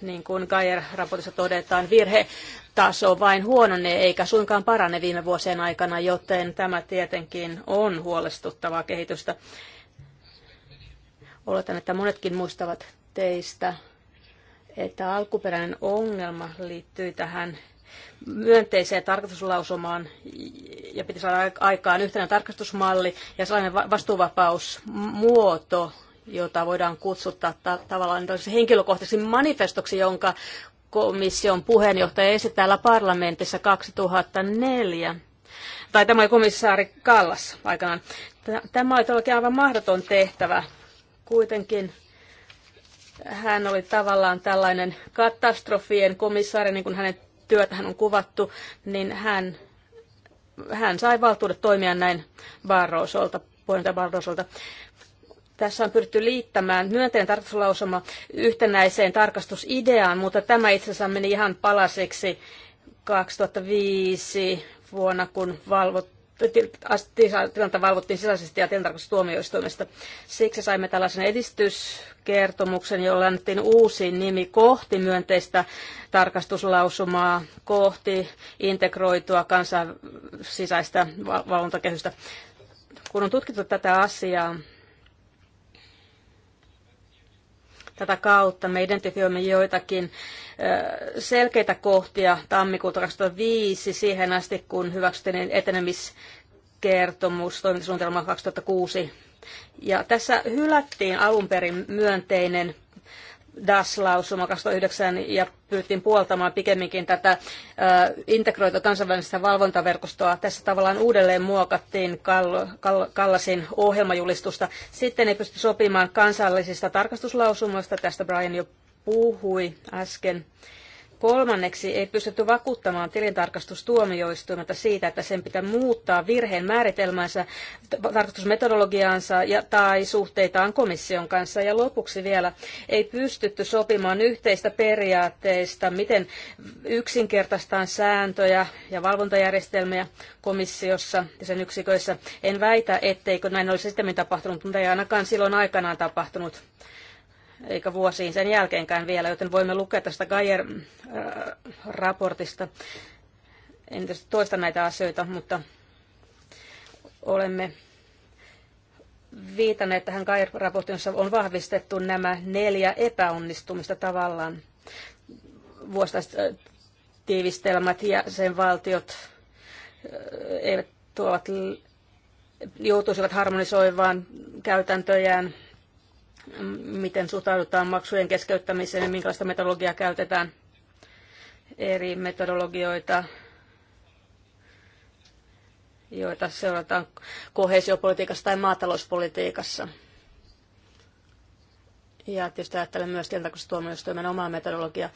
niin kuin Gajer-raportissa todetaan, virhetaso vain huononee eikä suinkaan parane viime vuosien aikana, joten tämä tietenkin on huolestuttavaa kehitystä. Oletan, että monetkin muistavat teistä että alkuperäinen ongelma liittyy tähän myönteiseen tarkastuslausumaan ja piti saada aikaan yhtenä tarkastusmalli ja sellainen vastuuvapausmuoto, jota voidaan kutsuttaa ta- tavallaan henkilökohtaiseksi manifestoksi, jonka komission puheenjohtaja esitti täällä parlamentissa 2004. Tai tämä oli komissaari Kallas aikanaan. Tämä oli todellakin aivan mahdoton tehtävä. Kuitenkin hän oli tavallaan tällainen katastrofien komissaari, niin kuin hänen työtähän on kuvattu, niin hän, hän sai valtuudet toimia näin Barrosolta, puheenjohtaja Barrosolta. Tässä on pyritty liittämään myönteinen tarkastuslausuma yhtenäiseen tarkastusideaan, mutta tämä itse asiassa meni ihan palaseksi 2005 vuonna, kun valvottiin tilannetta valvottiin sisäisesti ja tilintarkastustuomioistuimesta. Siksi saimme tällaisen edistyskertomuksen, jolla annettiin uusi nimi kohti myönteistä tarkastuslausumaa, kohti integroitua kansan sisäistä valvontakehystä. Kun on tutkittu tätä asiaa, Tätä kautta me identifioimme joitakin selkeitä kohtia tammikuuta 2005 siihen asti, kun hyväksyttiin etenemiskertomus toimintasuunnitelma 2006. Ja tässä hylättiin alun perin myönteinen DAS-lausuma 2009 ja pyyttiin puoltamaan pikemminkin tätä integroita kansainvälistä valvontaverkostoa. Tässä tavallaan uudelleen muokattiin Kallasin ohjelmajulistusta. Sitten ei pysty sopimaan kansallisista tarkastuslausumoista, tästä Brian jo puhui äsken. Kolmanneksi ei pystytty vakuuttamaan tilintarkastustuomioistuimelta siitä, että sen pitää muuttaa virheen määritelmänsä, tarkastusmetodologiaansa ja, tai suhteitaan komission kanssa. Ja lopuksi vielä ei pystytty sopimaan yhteistä periaatteista, miten yksinkertaistaan sääntöjä ja valvontajärjestelmiä komissiossa ja sen yksiköissä. En väitä, etteikö näin olisi sitten tapahtunut, mutta ei ainakaan silloin aikanaan tapahtunut eikä vuosiin sen jälkeenkään vielä, joten voimme lukea tästä geyer äh, raportista En tietysti toista näitä asioita, mutta olemme viitanneet tähän geyer raportin jossa on vahvistettu nämä neljä epäonnistumista tavallaan vuosittaiset tiivistelmät ja sen valtiot äh, eivät tuovat, joutuisivat harmonisoivaan käytäntöjään miten suhtaudutaan maksujen keskeyttämiseen ja minkälaista metodologiaa käytetään eri metodologioita, joita seurataan kohesiopolitiikassa tai maatalouspolitiikassa. Ja tietysti ajattelen myös tilintarkastustuomioistuimen omaa metodologiaa.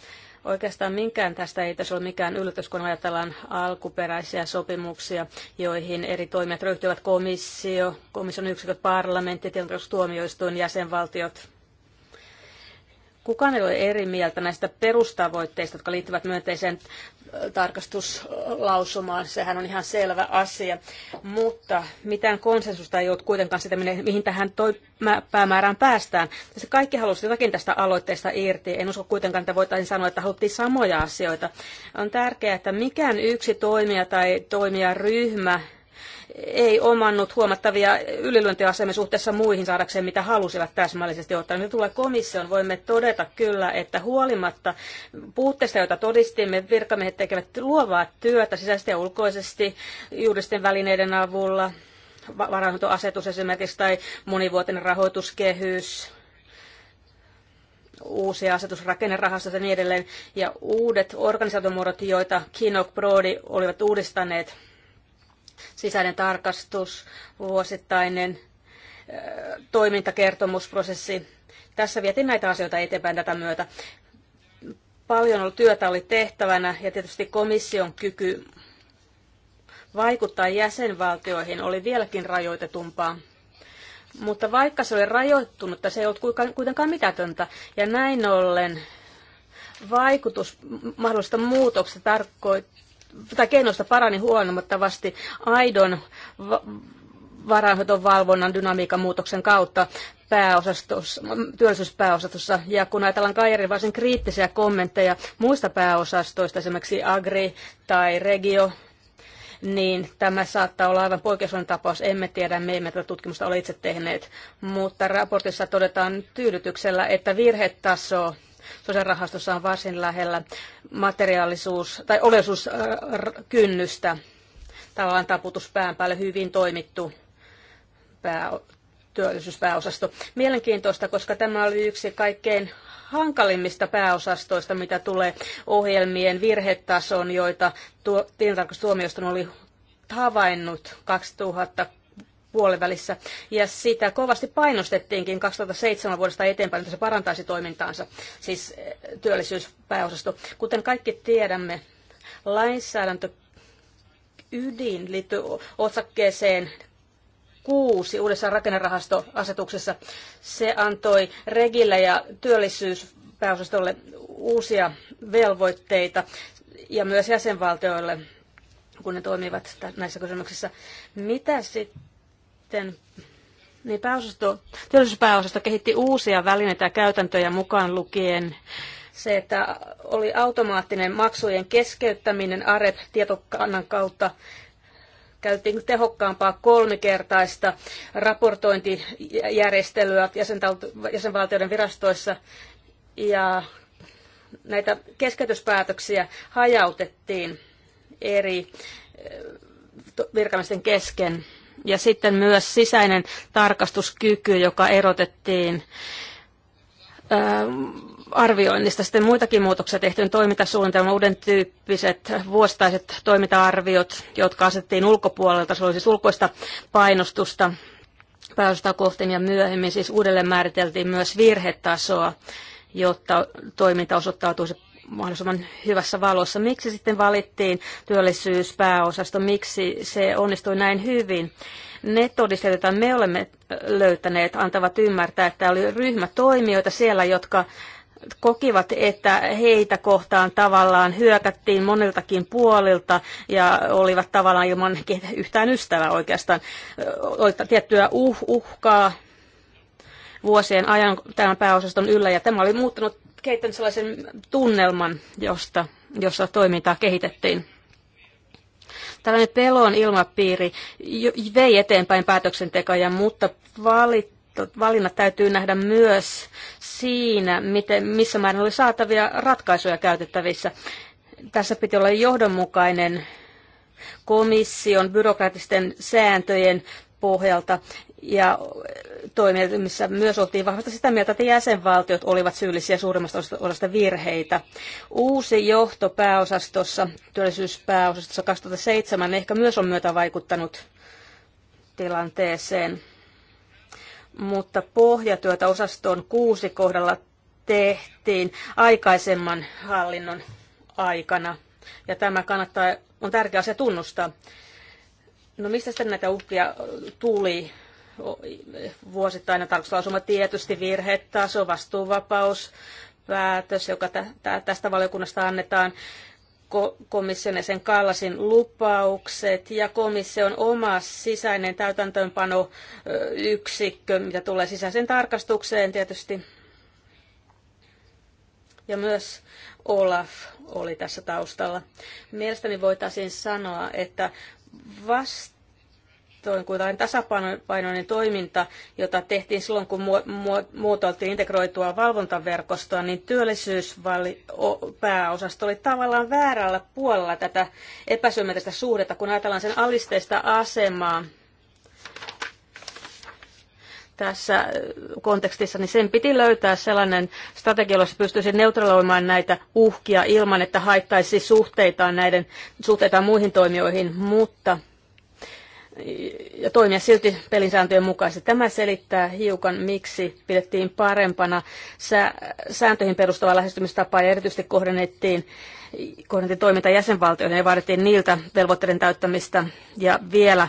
Oikeastaan minkään tästä ei tässä ole mikään yllätys, kun ajatellaan alkuperäisiä sopimuksia, joihin eri toimijat ryhtyvät komissio, komission yksiköt, parlamentti, tuomioistuin, jäsenvaltiot Kukaan ei ole eri mieltä näistä perustavoitteista, jotka liittyvät myönteiseen äh, tarkastuslausumaan. Sehän on ihan selvä asia. Mutta mitään konsensusta ei ole kuitenkaan sitä, mihin tähän toi päämäärään päästään. Tässä kaikki halusivat jotakin tästä aloitteesta irti. En usko kuitenkaan, että voitaisiin sanoa, että haluttiin samoja asioita. On tärkeää, että mikään yksi toimija tai toimijaryhmä ei omannut huomattavia ylilyöntiasemia suhteessa muihin saadakseen, mitä halusivat täsmällisesti ottaa. Nyt tulee komission, voimme todeta kyllä, että huolimatta puutteista, joita todistimme, virkamiehet tekevät luovaa työtä sisäisesti ja ulkoisesti juuristen välineiden avulla, varainhoitoasetus esimerkiksi tai monivuotinen rahoituskehys, uusi asetus rakennerahastosta ja niin edelleen, ja uudet organisaatiomuodot, joita Kinok Brody olivat uudistaneet sisäinen tarkastus, vuosittainen toimintakertomusprosessi. Tässä vietiin näitä asioita eteenpäin tätä myötä. Paljon työtä oli tehtävänä ja tietysti komission kyky vaikuttaa jäsenvaltioihin oli vieläkin rajoitetumpaa. Mutta vaikka se oli rajoittunut, se ei ollut kuitenkaan mitätöntä. Ja näin ollen vaikutus mahdollisesta muutoksesta tarkoittaa tai keinoista parani huonomattavasti aidon va- valvonnan dynamiikan muutoksen kautta työllisyyspääosastossa. Ja kun ajatellaan Kairin varsin kriittisiä kommentteja muista pääosastoista, esimerkiksi Agri tai Regio, niin tämä saattaa olla aivan poikkeuksellinen tapaus. Emme tiedä, me emme tätä tutkimusta ole itse tehneet, mutta raportissa todetaan tyydytyksellä, että virhetaso sosiaalirahastossa on varsin lähellä materiaalisuus- tai oleellisuuskynnystä. Tavallaan taputus pään päälle hyvin toimittu pää, työllisyyspääosasto. Mielenkiintoista, koska tämä oli yksi kaikkein hankalimmista pääosastoista, mitä tulee ohjelmien virhetason, joita tuo, tilintarkastustuomioistuin oli havainnut 2000 puolivälissä. Ja sitä kovasti painostettiinkin 2007 vuodesta eteenpäin, että se parantaisi toimintaansa, siis eh, työllisyyspääosasto. Kuten kaikki tiedämme, lainsäädäntö ydin liittyy otsakkeeseen kuusi uudessa rakennerahastoasetuksessa. Se antoi Regille ja työllisyyspääosastolle uusia velvoitteita ja myös jäsenvaltioille, kun ne toimivat näissä kysymyksissä. Mitä sitten sitten niin pääosasto, työllisyyspääosasto kehitti uusia välineitä ja käytäntöjä mukaan lukien se, että oli automaattinen maksujen keskeyttäminen AREP-tietokannan kautta käytiin tehokkaampaa kolmikertaista raportointijärjestelyä jäsenvaltioiden virastoissa ja näitä keskeytyspäätöksiä hajautettiin eri eh, virkamiesten kesken ja sitten myös sisäinen tarkastuskyky, joka erotettiin arvioinnista. Sitten muitakin muutoksia tehtyyn toimintasuunnitelma, uuden tyyppiset vuostaiset toimintaarviot, jotka asettiin ulkopuolelta. Se oli siis ulkoista painostusta kohteen ja myöhemmin siis uudelleen määriteltiin myös virhetasoa, jotta toiminta osoittautuisi mahdollisimman hyvässä valossa. Miksi sitten valittiin työllisyyspääosasto? Miksi se onnistui näin hyvin? Ne todisteet, joita me olemme löytäneet, antavat ymmärtää, että oli ryhmä toimijoita siellä, jotka kokivat, että heitä kohtaan tavallaan hyökättiin moniltakin puolilta ja olivat tavallaan ilman yhtään ystävää oikeastaan. tiettyä uh, uhkaa vuosien ajan tämän pääosaston yllä, ja tämä oli muuttanut, kehittänyt sellaisen tunnelman, josta, jossa toimintaa kehitettiin. Tällainen pelon ilmapiiri vei eteenpäin päätöksentekoja, mutta valit valinnat täytyy nähdä myös siinä, miten, missä määrin oli saatavia ratkaisuja käytettävissä. Tässä piti olla johdonmukainen komission byrokraattisten sääntöjen pohjalta ja toimielimissä myös oltiin vahvasti sitä mieltä, että jäsenvaltiot olivat syyllisiä suurimmasta osasta virheitä. Uusi johto pääosastossa, työllisyyspääosastossa 2007 ehkä myös on myötä vaikuttanut tilanteeseen. Mutta pohjatyötä osaston kuusi kohdalla tehtiin aikaisemman hallinnon aikana. Ja tämä kannattaa, on tärkeä asia tunnustaa. No mistä sitten näitä uhkia tuli? vuosittainen tarkastuslausuma tietysti virhetaso, vastuuvapaus, päätös, joka tästä valiokunnasta annetaan, komission ja sen Kallasin lupaukset ja komission oma sisäinen täytäntöönpano yksikkö, mitä tulee sisäiseen tarkastukseen tietysti. Ja myös Olaf oli tässä taustalla. Mielestäni voitaisiin sanoa, että vasta jotain tasapainoinen toiminta, jota tehtiin silloin, kun muotoiltiin integroitua valvontaverkostoa, niin työllisyyspääosasto oli tavallaan väärällä puolella tätä epäsymmetristä suhdetta, kun ajatellaan sen alisteista asemaa tässä kontekstissa, niin sen piti löytää sellainen strategia, jossa pystyisi neutraloimaan näitä uhkia ilman, että haittaisi suhteitaan näiden suhteitaan muihin toimijoihin, mutta ja toimia silti pelinsääntöjen mukaisesti. Tämä selittää hiukan, miksi pidettiin parempana sääntöihin perustuvaa lähestymistapaa ja erityisesti kohdennettiin kohdennettiin toiminta jäsenvaltioihin ja vaadittiin niiltä velvoitteiden täyttämistä ja vielä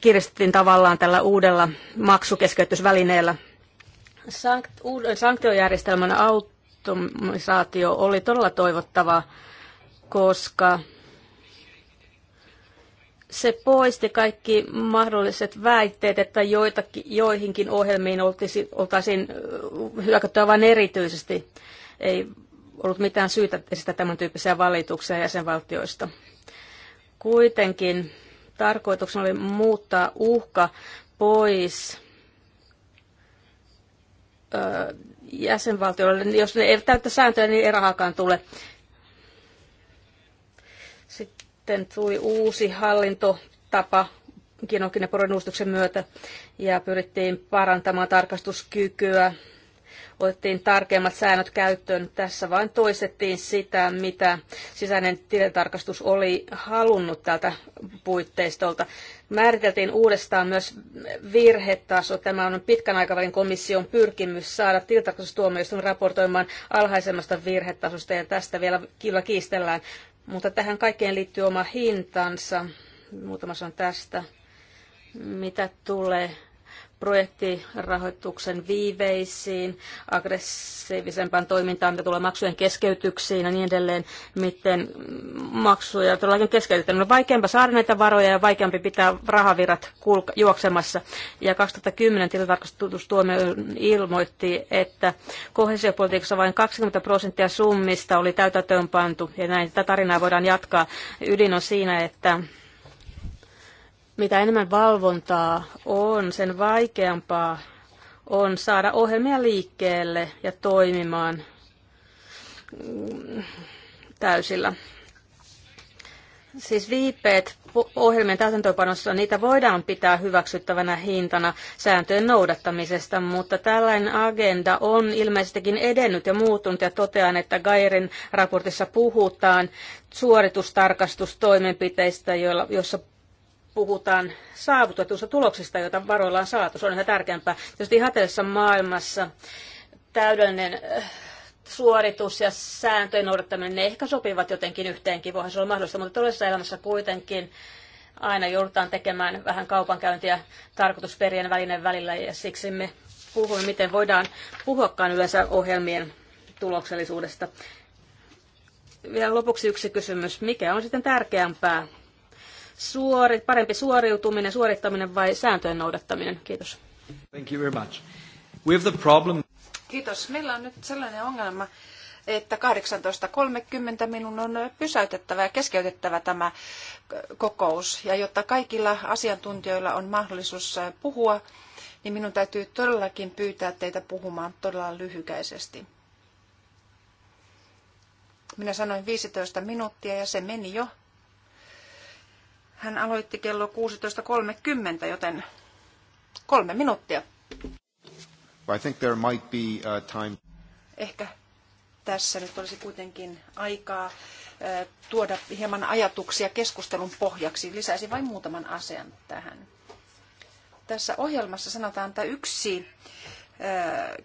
kiristettiin tavallaan tällä uudella maksukeskeytysvälineellä. Sankt- uuden sanktiojärjestelmän automisaatio oli todella toivottavaa, koska se poisti kaikki mahdolliset väitteet, että joitakin, joihinkin ohjelmiin oltaisiin, oltaisiin hyökättyä vain erityisesti. Ei ollut mitään syytä esittää tämän tyyppisiä valituksia jäsenvaltioista. Kuitenkin tarkoituksena oli muuttaa uhka pois öö, jäsenvaltioille. Jos ne eivät täyttä sääntöjä, niin ei rahakaan tule. Sitten sitten tuli uusi hallintotapa Kinokin ja myötä ja pyrittiin parantamaan tarkastuskykyä. Otettiin tarkemmat säännöt käyttöön. Tässä vain toistettiin sitä, mitä sisäinen tilintarkastus oli halunnut tältä puitteistolta. Määriteltiin uudestaan myös virhetaso. Tämä on pitkän aikavälin komission pyrkimys saada tilintarkastustuomioistuin raportoimaan alhaisemmasta virhetasosta ja tästä vielä kyllä kiistellään. Mutta tähän kaikkeen liittyy oma hintansa. Muutama sanon tästä. Mitä tulee projektirahoituksen viiveisiin, aggressiivisempaan toimintaan, mitä tulee maksujen keskeytyksiin ja niin edelleen, miten maksuja todellakin keskeytetään. On no vaikeampi saada näitä varoja ja vaikeampi pitää rahavirrat kulka- juoksemassa. Ja 2010 tilintarkastustuomio ilmoitti, että kohesiopolitiikassa vain 20 prosenttia summista oli täytäntöönpantu ja näin tätä tarinaa voidaan jatkaa. Ydin on siinä, että mitä enemmän valvontaa on, sen vaikeampaa on saada ohjelmia liikkeelle ja toimimaan täysillä. Siis viipeet ohjelmien täytäntöönpanossa, niitä voidaan pitää hyväksyttävänä hintana sääntöjen noudattamisesta, mutta tällainen agenda on ilmeisestikin edennyt ja muuttunut ja totean, että Gairin raportissa puhutaan suoritustarkastustoimenpiteistä, joilla, jossa puhutaan saavutetuista tuloksista, joita varoilla on saatu. Se on yhä tärkeämpää. Tietysti ihateellisessa maailmassa täydellinen äh, suoritus ja sääntöjen noudattaminen, ne ehkä sopivat jotenkin yhteenkin, voihan se olla mahdollista, mutta todellisessa elämässä kuitenkin aina joudutaan tekemään vähän kaupankäyntiä tarkoitusperien välinen välillä ja siksi me puhumme, miten voidaan puhuakaan yleensä ohjelmien tuloksellisuudesta. Vielä lopuksi yksi kysymys. Mikä on sitten tärkeämpää suori, parempi suoriutuminen, suorittaminen vai sääntöjen noudattaminen? Kiitos. Thank you very much. We have the problem. Kiitos. Meillä on nyt sellainen ongelma, että 18.30 minun on pysäytettävä ja keskeytettävä tämä kokous. Ja jotta kaikilla asiantuntijoilla on mahdollisuus puhua, niin minun täytyy todellakin pyytää teitä puhumaan todella lyhykäisesti. Minä sanoin 15 minuuttia ja se meni jo. Hän aloitti kello 16.30, joten kolme minuuttia. I think there might be, uh, time. Ehkä tässä nyt olisi kuitenkin aikaa uh, tuoda hieman ajatuksia keskustelun pohjaksi. Lisäisin vain muutaman asian tähän. Tässä ohjelmassa sanotaan, että yksi uh,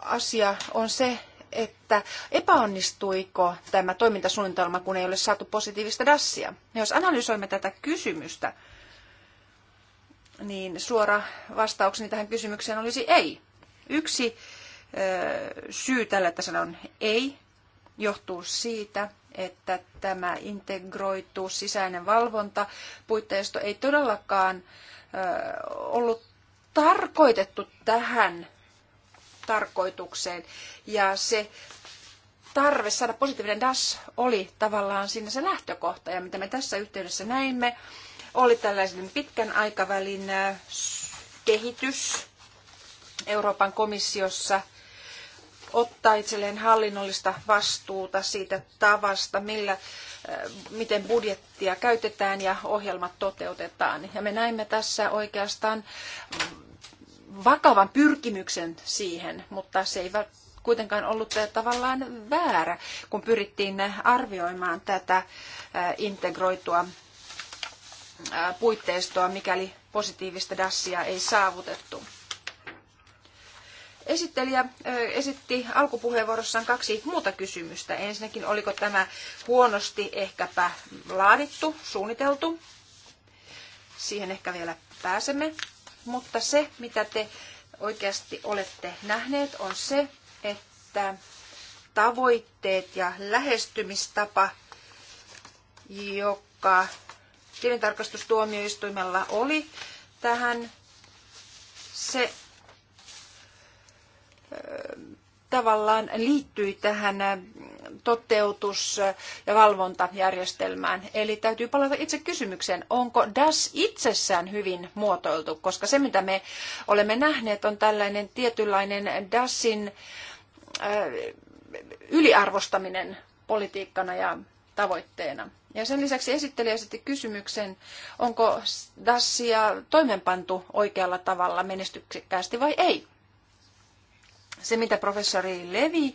asia on se, että epäonnistuiko tämä toimintasuunnitelma, kun ei ole saatu positiivista dassia. Ja jos analysoimme tätä kysymystä, niin suora vastaukseni tähän kysymykseen olisi ei. Yksi syy tällä, että sanon ei, johtuu siitä, että tämä integroitu sisäinen valvonta puitteisto ei todellakaan ollut tarkoitettu tähän tarkoitukseen. Ja se tarve saada positiivinen DAS oli tavallaan siinä se lähtökohta. Ja mitä me tässä yhteydessä näimme, oli tällaisen pitkän aikavälin äh, kehitys Euroopan komissiossa ottaa itselleen hallinnollista vastuuta siitä tavasta, millä, äh, miten budjettia käytetään ja ohjelmat toteutetaan. Ja me näimme tässä oikeastaan vakavan pyrkimyksen siihen, mutta se ei kuitenkaan ollut tavallaan väärä, kun pyrittiin arvioimaan tätä integroitua puitteistoa, mikäli positiivista dassia ei saavutettu. Esittelijä esitti alkupuheenvuorossaan kaksi muuta kysymystä. Ensinnäkin, oliko tämä huonosti ehkäpä laadittu, suunniteltu? Siihen ehkä vielä pääsemme. Mutta se, mitä te oikeasti olette nähneet, on se, että tavoitteet ja lähestymistapa, joka tilintarkastustuomioistuimella oli tähän, se tavallaan liittyi tähän toteutus- ja valvontajärjestelmään. Eli täytyy palata itse kysymykseen, onko DAS itsessään hyvin muotoiltu, koska se mitä me olemme nähneet on tällainen tietynlainen DASin yliarvostaminen politiikkana ja tavoitteena. Ja sen lisäksi esittelijä esitti kysymyksen, onko DASia toimenpantu oikealla tavalla menestyksekkäästi vai ei. Se, mitä professori Levi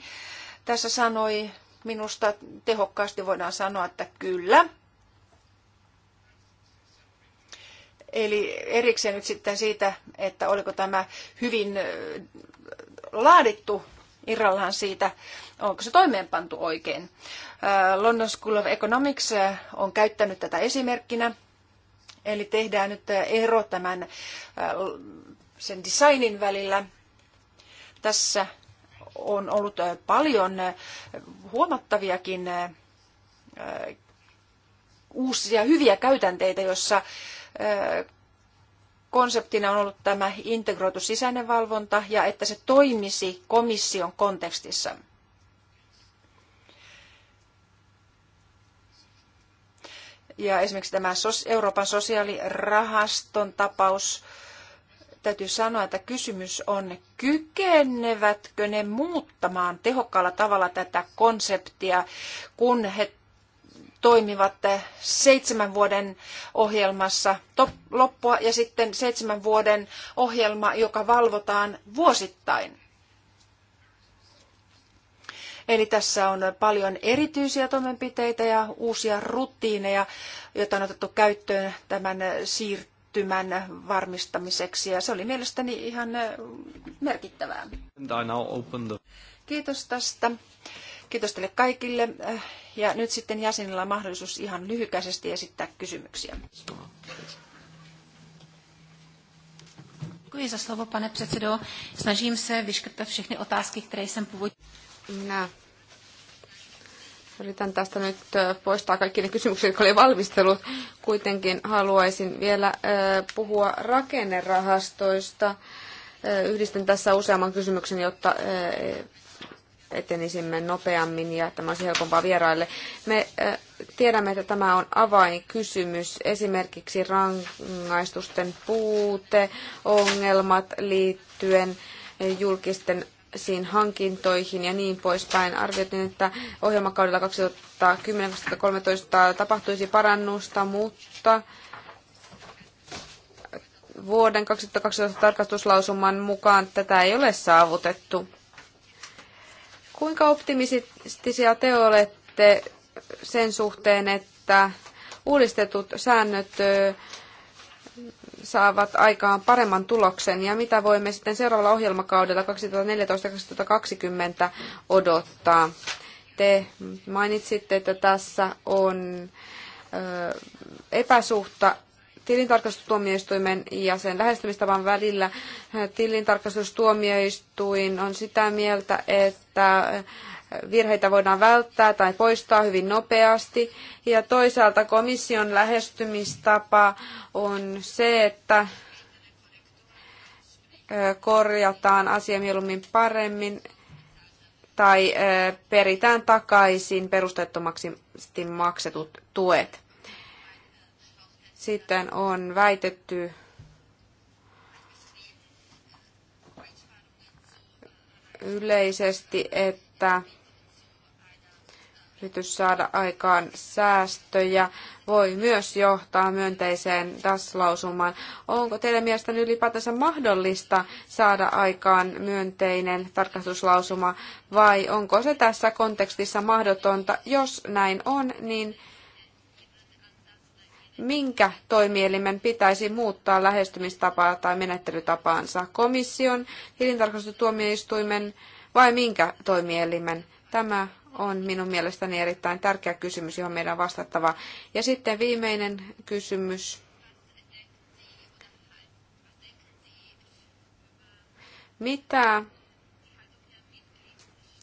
tässä sanoi, minusta tehokkaasti voidaan sanoa, että kyllä. Eli erikseen nyt sitten siitä, että oliko tämä hyvin laadittu irrallaan siitä, onko se toimeenpantu oikein. London School of Economics on käyttänyt tätä esimerkkinä. Eli tehdään nyt ero tämän sen designin välillä tässä on ollut äh, paljon äh, huomattaviakin äh, uusia hyviä käytänteitä, jossa konseptina on ollut tämä integroitu sisäinen valvonta ja että se toimisi komission kontekstissa. Ja esimerkiksi tämä Euroopan sosiaalirahaston tapaus täytyy sanoa, että kysymys on, kykenevätkö ne muuttamaan tehokkaalla tavalla tätä konseptia, kun he toimivat seitsemän vuoden ohjelmassa top, loppua ja sitten seitsemän vuoden ohjelma, joka valvotaan vuosittain. Eli tässä on paljon erityisiä toimenpiteitä ja uusia rutiineja, joita on otettu käyttöön tämän siirtymisen siirtymän varmistamiseksi ja se oli mielestäni ihan merkittävää. Kiitos tästä. Kiitos teille kaikille ja nyt sitten jäsenillä on mahdollisuus ihan lyhykäisesti esittää kysymyksiä. Děkuji za slovo, pane předsedo. Snažím se vyškrtat všechny otázky, které jsem původně... Minä Yritän tästä nyt poistaa kaikki ne kysymykset, jotka oli valmistellut. Kuitenkin haluaisin vielä puhua rakennerahastoista. Yhdistän tässä useamman kysymyksen, jotta etenisimme nopeammin ja tämä olisi helpompaa vieraille. Me tiedämme, että tämä on avainkysymys. Esimerkiksi rangaistusten puute, ongelmat liittyen julkisten julkisiin hankintoihin ja niin poispäin. Arvioitiin, että ohjelmakaudella 2010-2013 tapahtuisi parannusta, mutta vuoden 2012 tarkastuslausuman mukaan tätä ei ole saavutettu. Kuinka optimistisia te olette sen suhteen, että uudistetut säännöt saavat aikaan paremman tuloksen ja mitä voimme sitten seuraavalla ohjelmakaudella 2014-2020 odottaa. Te mainitsitte, että tässä on epäsuhta tilintarkastustuomioistuimen ja sen lähestymistavan välillä. Tilintarkastustuomioistuin on sitä mieltä, että virheitä voidaan välttää tai poistaa hyvin nopeasti. Ja toisaalta komission lähestymistapa on se, että korjataan asia mieluummin paremmin tai peritään takaisin perusteettomaksi maksetut tuet. Sitten on väitetty yleisesti, että yritys saada aikaan säästöjä voi myös johtaa myönteiseen taslausumaan. Onko teidän mielestänne ylipäätänsä mahdollista saada aikaan myönteinen tarkastuslausuma vai onko se tässä kontekstissa mahdotonta? Jos näin on, niin minkä toimielimen pitäisi muuttaa lähestymistapaa tai menettelytapaansa? Komission, tilintarkastustuomioistuimen vai minkä toimielimen? Tämä on minun mielestäni erittäin tärkeä kysymys, johon meidän on vastattava. Ja sitten viimeinen kysymys. Mitä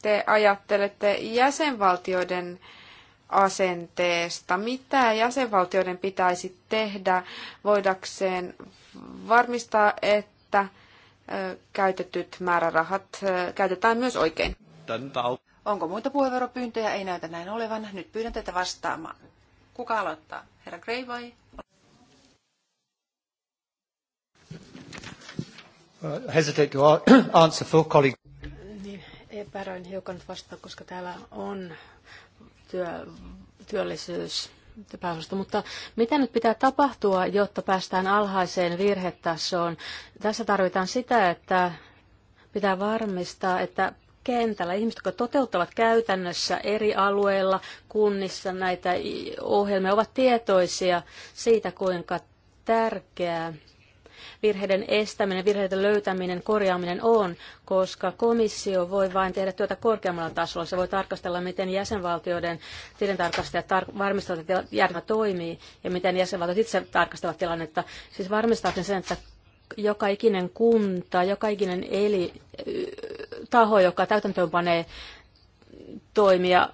te ajattelette jäsenvaltioiden asenteesta? Mitä jäsenvaltioiden pitäisi tehdä voidakseen varmistaa, että käytetyt määrärahat käytetään myös oikein? Onko muita puheenvuoropyyntöjä? Ei näytä näin olevan. Nyt pyydän teitä vastaamaan. Kuka aloittaa? Herra Gray vai? Uh, hesitate to answer for colleague. Niin, epäröin hiukan vastata, koska täällä on työ, työllisyys pääosasta, mutta mitä nyt pitää tapahtua, jotta päästään alhaiseen virhetasoon? Tässä tarvitaan sitä, että pitää varmistaa, että kentällä. Ihmiset, jotka toteuttavat käytännössä eri alueilla, kunnissa näitä ohjelmia, ovat tietoisia siitä, kuinka tärkeää virheiden estäminen, virheiden löytäminen, korjaaminen on, koska komissio voi vain tehdä työtä korkeammalla tasolla. Se voi tarkastella, miten jäsenvaltioiden tilintarkastajat tar- varmistavat, että järjestelmä toimii ja miten jäsenvaltiot itse tarkastavat tilannetta. Siis varmistaakseen sen, että joka ikinen kunta, joka ikinen eli, taho, joka panee toimia,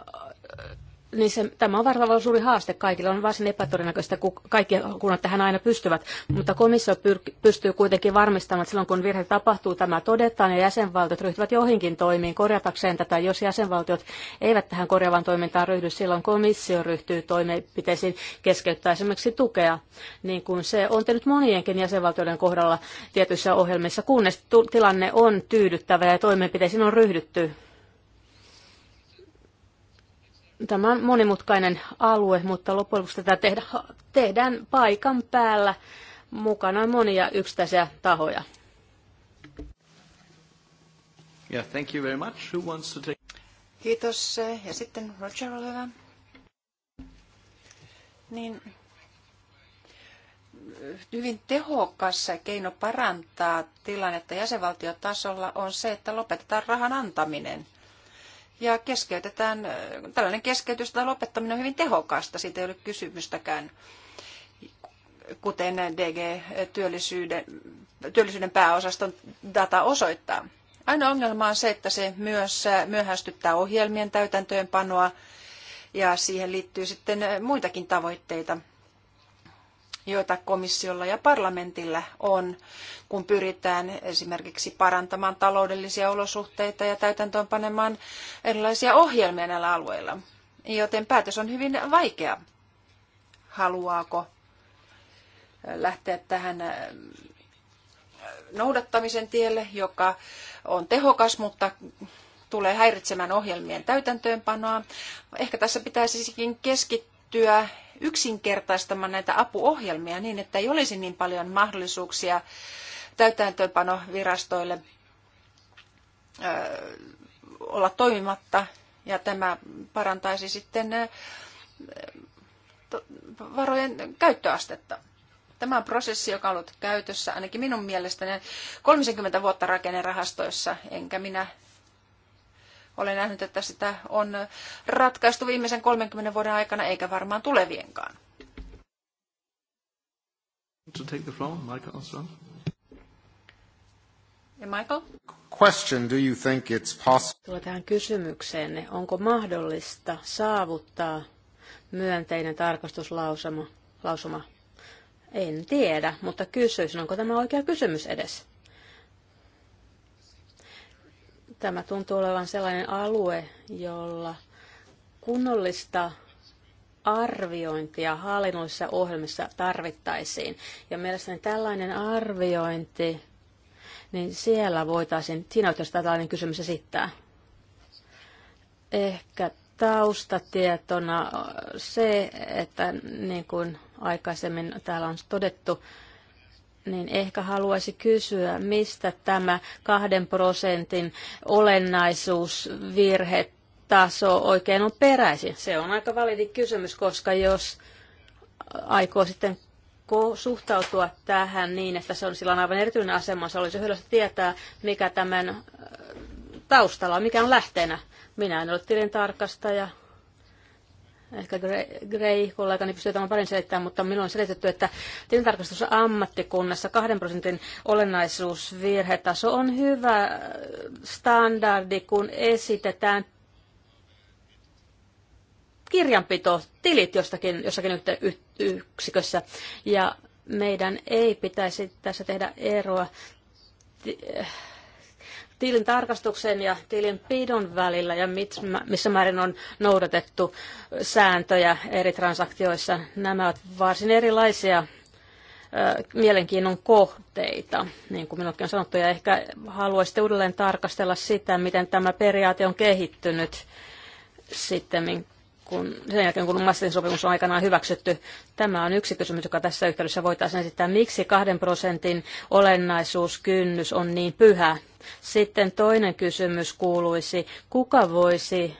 niin se, tämä on varmaan suuri haaste kaikille. On varsin epätodennäköistä, kun kaikki kunnat tähän aina pystyvät, mutta komissio pyr- pystyy kuitenkin varmistamaan, että silloin kun virhe tapahtuu, tämä todetaan ja jäsenvaltiot ryhtyvät johonkin toimiin korjatakseen tätä. Jos jäsenvaltiot eivät tähän korjaavaan toimintaan ryhdy, silloin komissio ryhtyy toimenpiteisiin keskeyttää esimerkiksi tukea, niin kuin se on tehnyt monienkin jäsenvaltioiden kohdalla tietyissä ohjelmissa, kunnes tilanne on tyydyttävä ja toimenpiteisiin on ryhdytty. Tämä on monimutkainen alue, mutta loppujen lopuksi tätä tehdä, tehdään paikan päällä. Mukana monia yksittäisiä tahoja. Yeah, thank you very much. Who wants to take... Kiitos. Ja sitten Roger, ole hyvä. Niin, hyvin tehokas keino parantaa tilannetta jäsenvaltiotasolla on se, että lopetetaan rahan antaminen ja keskeytetään, äh, tällainen keskeytys tai lopettaminen on hyvin tehokasta, siitä ei ole kysymystäkään, kuten DG työllisyyden, työllisyyden pääosaston data osoittaa. Ainoa ongelma on se, että se myös äh, myöhästyttää ohjelmien täytäntöönpanoa ja siihen liittyy sitten äh, muitakin tavoitteita, joita komissiolla ja parlamentilla on, kun pyritään esimerkiksi parantamaan taloudellisia olosuhteita ja täytäntöönpanemaan erilaisia ohjelmia näillä alueilla. Joten päätös on hyvin vaikea. Haluaako lähteä tähän noudattamisen tielle, joka on tehokas, mutta tulee häiritsemään ohjelmien täytäntöönpanoa. Ehkä tässä pitäisikin keskittyä pystyttyä yksinkertaistamaan näitä apuohjelmia niin, että ei olisi niin paljon mahdollisuuksia täytäntöönpanovirastoille olla toimimatta ja tämä parantaisi sitten varojen käyttöastetta. Tämä on prosessi, joka on ollut käytössä ainakin minun mielestäni 30 vuotta rakennerahastoissa, enkä minä olen nähnyt, että sitä on ratkaistu viimeisen 30 vuoden aikana, eikä varmaan tulevienkaan. To take the floor, Michael Ja Michael? Question, do you think it's possible? Tulee tähän kysymykseen, onko mahdollista saavuttaa myönteinen tarkastuslausuma? Lausuma? En tiedä, mutta kysyisin, onko tämä oikea kysymys edes? Tämä tuntuu olevan sellainen alue, jolla kunnollista arviointia hallinnollisissa ohjelmissa tarvittaisiin. Ja mielestäni tällainen arviointi, niin siellä voitaisiin, siinä yhteydessä tällainen kysymys esittää. Ehkä taustatietona se, että niin kuin aikaisemmin täällä on todettu, niin ehkä haluaisi kysyä, mistä tämä kahden prosentin olennaisuusvirhetaso oikein on peräisin. Se on aika validi kysymys, koska jos aikoo sitten suhtautua tähän niin, että se on silloin aivan erityinen asema, se olisi hyödyllistä tietää, mikä tämän äh, taustalla on, mikä on lähteenä. Minä en ole tilintarkastaja, ehkä Gray niin pystyy tämän parin selittämään, mutta minulla on selitetty, että tilintarkastus ammattikunnassa kahden prosentin olennaisuusvirhetaso on hyvä standardi, kun esitetään kirjanpito, tilit jostakin, jossakin yksikössä. Ja meidän ei pitäisi tässä tehdä eroa tilin tarkastuksen ja tilin pidon välillä ja missä määrin on noudatettu sääntöjä eri transaktioissa. Nämä ovat varsin erilaisia mielenkiinnon kohteita, niin kuin minullekin on sanottu, ja ehkä haluaisitte uudelleen tarkastella sitä, miten tämä periaate on kehittynyt sitten kun, sen jälkeen, kun Maastrichtin sopimus on aikanaan hyväksytty. Tämä on yksi kysymys, joka tässä yhteydessä voitaisiin esittää. Miksi kahden prosentin olennaisuuskynnys on niin pyhä? Sitten toinen kysymys kuuluisi, kuka voisi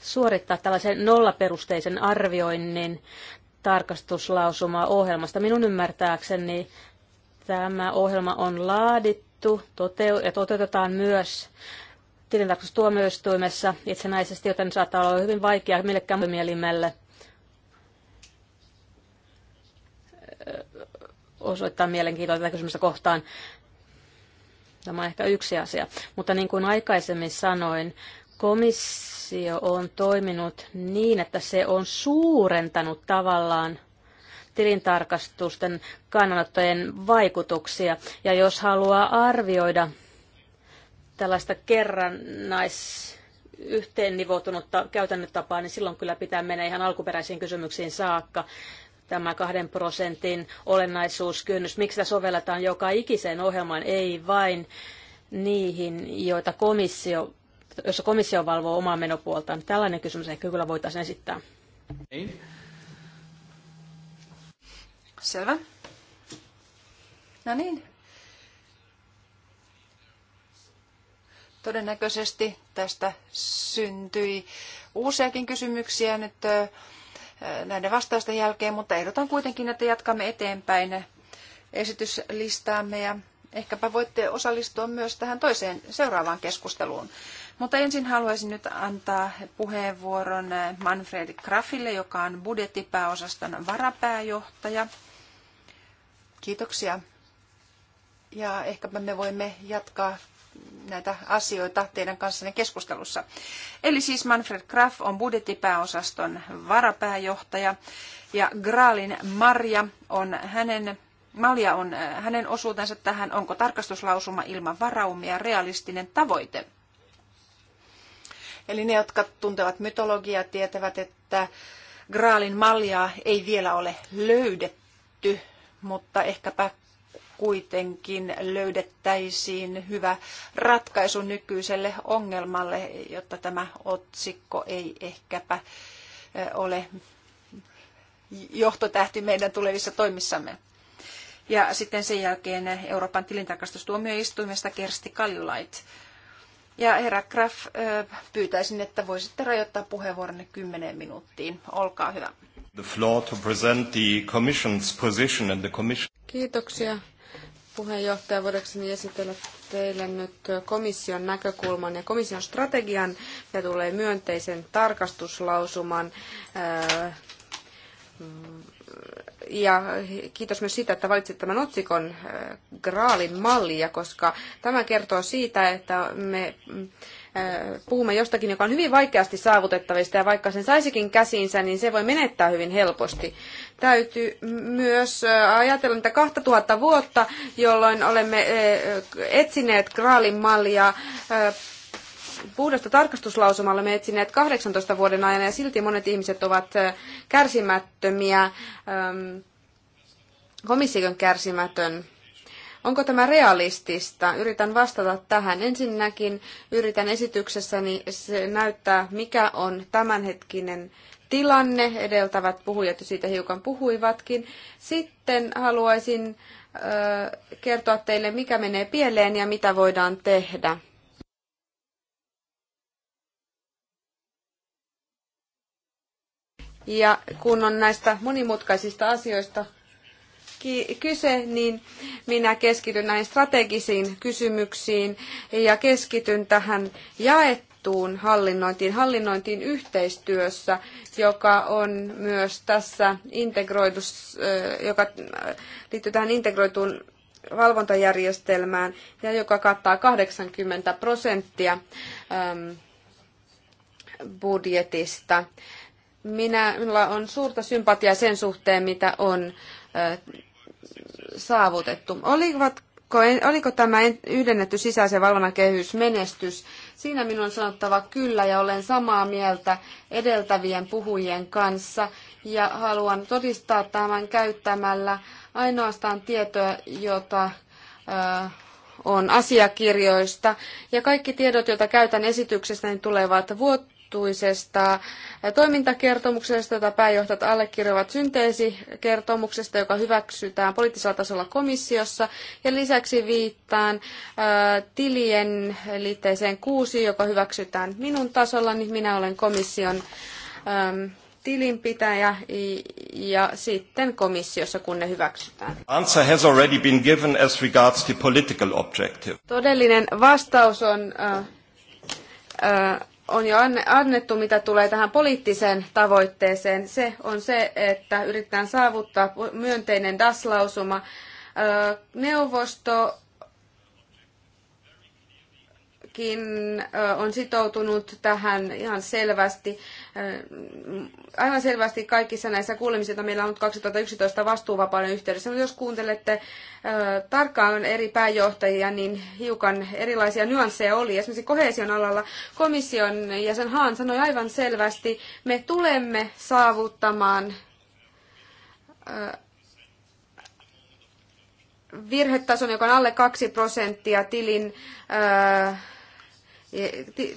suorittaa tällaisen nollaperusteisen arvioinnin tarkastuslausumaa ohjelmasta. Minun ymmärtääkseni tämä ohjelma on laadittu toteu- ja toteutetaan myös tilintarkastustuomioistuimessa itsenäisesti, joten saattaa olla hyvin vaikea millekään mielimelle osoittaa mielenkiintoa tätä kysymystä kohtaan. Tämä on ehkä yksi asia. Mutta niin kuin aikaisemmin sanoin, komissio on toiminut niin, että se on suurentanut tavallaan tilintarkastusten kannanottojen vaikutuksia. Ja jos haluaa arvioida tällaista kerrannais yhteen nivoutunutta tapaa, niin silloin kyllä pitää mennä ihan alkuperäisiin kysymyksiin saakka tämä kahden prosentin olennaisuuskynnys. Miksi sitä sovelletaan joka ikiseen ohjelmaan, ei vain niihin, joita komissio, jossa komissio valvoo omaa menopuoltaan. Tällainen kysymys ehkä kyllä voitaisiin esittää. Ei. Niin. Selvä. No niin, Todennäköisesti tästä syntyi uusiakin kysymyksiä nyt näiden vastausten jälkeen, mutta ehdotan kuitenkin, että jatkamme eteenpäin esityslistaamme ja ehkäpä voitte osallistua myös tähän toiseen seuraavaan keskusteluun. Mutta ensin haluaisin nyt antaa puheenvuoron Manfred Graffille, joka on budjettipääosaston varapääjohtaja. Kiitoksia. Ja ehkäpä me voimme jatkaa näitä asioita teidän kanssanne keskustelussa. Eli siis Manfred Graf on budjettipääosaston varapääjohtaja ja Graalin Marja on hänen Malja on äh, hänen osuutensa tähän, onko tarkastuslausuma ilman varaumia realistinen tavoite. Eli ne, jotka tuntevat mytologiaa, tietävät, että Graalin maljaa ei vielä ole löydetty, mutta ehkäpä kuitenkin löydettäisiin hyvä ratkaisu nykyiselle ongelmalle, jotta tämä otsikko ei ehkäpä ole johtotähti meidän tulevissa toimissamme. Ja sitten sen jälkeen Euroopan tilintarkastustuomioistuimesta Kersti Kaljulait. Ja herra Graf, pyytäisin, että voisitte rajoittaa puheenvuoronne kymmeneen minuuttiin. Olkaa hyvä. The floor to present the commission's position and the commission... Kiitoksia puheenjohtaja, voidakseni esitellä teille nyt komission näkökulman ja komission strategian, ja tulee myönteisen tarkastuslausuman. Äh, ja kiitos myös siitä, että valitsit tämän otsikon äh, Graalin mallia, koska tämä kertoo siitä, että me äh, puhumme jostakin, joka on hyvin vaikeasti saavutettavista ja vaikka sen saisikin käsiinsä, niin se voi menettää hyvin helposti täytyy myös ajatella niitä 2000 vuotta, jolloin olemme etsineet Graalin mallia puhdasta tarkastuslausumalla me etsineet 18 vuoden ajan ja silti monet ihmiset ovat kärsimättömiä. Komission kärsimätön. Onko tämä realistista? Yritän vastata tähän. Ensinnäkin yritän esityksessäni näyttää, mikä on tämänhetkinen tilanne. Edeltävät puhujat siitä hiukan puhuivatkin. Sitten haluaisin kertoa teille, mikä menee pieleen ja mitä voidaan tehdä. Ja kun on näistä monimutkaisista asioista kyse, niin minä keskityn näihin strategisiin kysymyksiin ja keskityn tähän jaettuun jaettuun hallinnointiin, hallinnointiin yhteistyössä, joka on myös tässä integroidus, joka liittyy tähän integroituun valvontajärjestelmään ja joka kattaa 80 prosenttia budjetista. Minä, minulla on suurta sympatiaa sen suhteen, mitä on saavutettu. oliko tämä yhdennetty sisäisen valvonnan kehys menestys? Siinä minun on sanottava kyllä ja olen samaa mieltä edeltävien puhujien kanssa ja haluan todistaa tämän käyttämällä ainoastaan tietoa, jota on asiakirjoista. Ja kaikki tiedot, joita käytän esityksestäni, niin tulevat vuotta vuotuisesta toimintakertomuksesta, jota pääjohtajat allekirjoivat synteesikertomuksesta, joka hyväksytään poliittisella tasolla komissiossa. Ja lisäksi viittaan tilien liitteeseen kuusi, joka hyväksytään minun tasolla, niin minä olen komission tilinpitäjä ja sitten komissiossa, kun ne hyväksytään. Answer has already been given as regards the political objective. Todellinen vastaus on on jo annettu, mitä tulee tähän poliittiseen tavoitteeseen. Se on se, että yritetään saavuttaa myönteinen DAS-lausuma. Neuvosto Suomikin on sitoutunut tähän ihan selvästi. Aivan selvästi kaikissa näissä kuulemisissa, joita meillä on nyt 2011 vastuuvapauden yhteydessä. Mutta jos kuuntelette tarkkaan eri pääjohtajia, niin hiukan erilaisia nyansseja oli. Esimerkiksi kohesion alalla komission jäsen Haan sanoi aivan selvästi, me tulemme saavuttamaan virhetason, joka on alle kaksi prosenttia tilin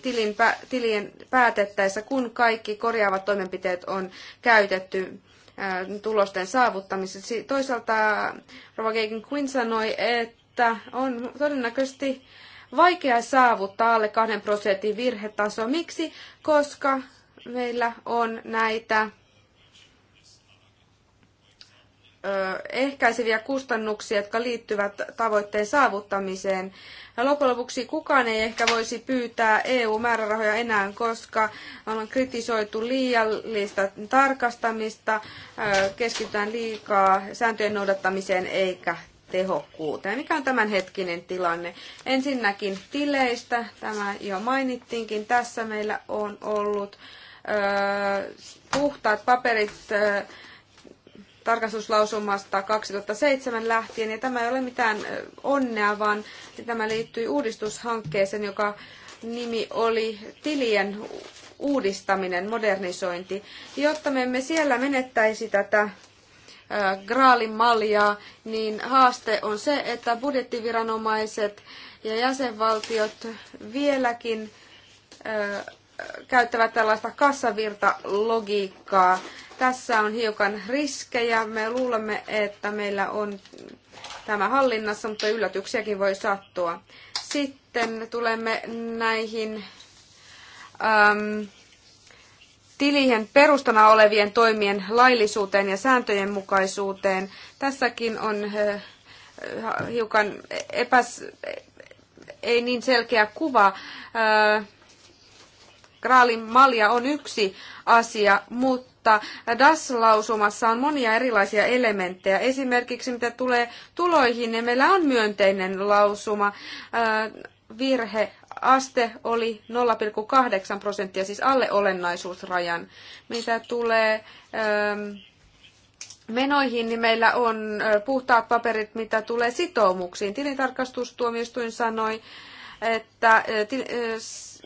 tilin, tilien päätettäessä, kun kaikki korjaavat toimenpiteet on käytetty tulosten saavuttamiseksi. Toisaalta Rova Geigen Quinn sanoi, että on todennäköisesti vaikea saavuttaa alle 2 prosentin virhetaso. Miksi? Koska meillä on näitä ehkäiseviä kustannuksia, jotka liittyvät tavoitteen saavuttamiseen. Ja loppujen lopuksi kukaan ei ehkä voisi pyytää EU-määrärahoja enää, koska on kritisoitu liiallista tarkastamista, keskitytään liikaa sääntöjen noudattamiseen eikä tehokkuuteen. Mikä on tämänhetkinen tilanne? Ensinnäkin tileistä, tämä jo mainittiinkin, tässä meillä on ollut puhtaat paperit tarkastuslausumasta 2007 lähtien. Ja tämä ei ole mitään onnea, vaan tämä liittyi uudistushankkeeseen, joka nimi oli tilien uudistaminen, modernisointi. Jotta me emme siellä menettäisi tätä graalin maljaa, niin haaste on se, että budjettiviranomaiset ja jäsenvaltiot vieläkin käyttävät tällaista kassavirtalogiikkaa tässä on hiukan riskejä. Me luulemme, että meillä on tämä hallinnassa, mutta yllätyksiäkin voi sattua. Sitten tulemme näihin äm, tilien perustana olevien toimien laillisuuteen ja sääntöjen mukaisuuteen. Tässäkin on äh, äh, hiukan epäs, ei niin selkeä kuva. Äh, Kraalin malja on yksi asia, mutta DAS-lausumassa on monia erilaisia elementtejä. Esimerkiksi mitä tulee tuloihin, niin meillä on myönteinen lausuma. Äh, virheaste oli 0,8 prosenttia, siis alle olennaisuusrajan. Mitä tulee ähm, menoihin, niin meillä on äh, puhtaat paperit, mitä tulee sitoumuksiin. Tilintarkastustuomioistuin sanoi, että äh,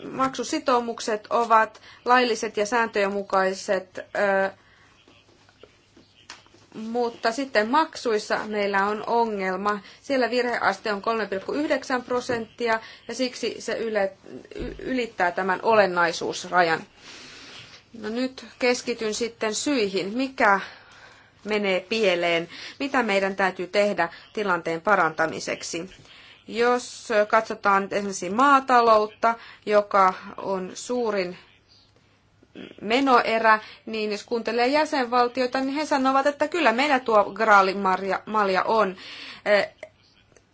maksusitoumukset ovat lailliset ja sääntöjen mukaiset, mutta sitten maksuissa meillä on ongelma. Siellä virheaste on 3,9 prosenttia ja siksi se ylittää tämän olennaisuusrajan. No nyt keskityn sitten syihin. Mikä menee pieleen? Mitä meidän täytyy tehdä tilanteen parantamiseksi? Jos katsotaan nyt esimerkiksi maataloutta, joka on suurin menoerä, niin jos kuuntelee jäsenvaltioita, niin he sanovat, että kyllä meillä tuo graalimalja on.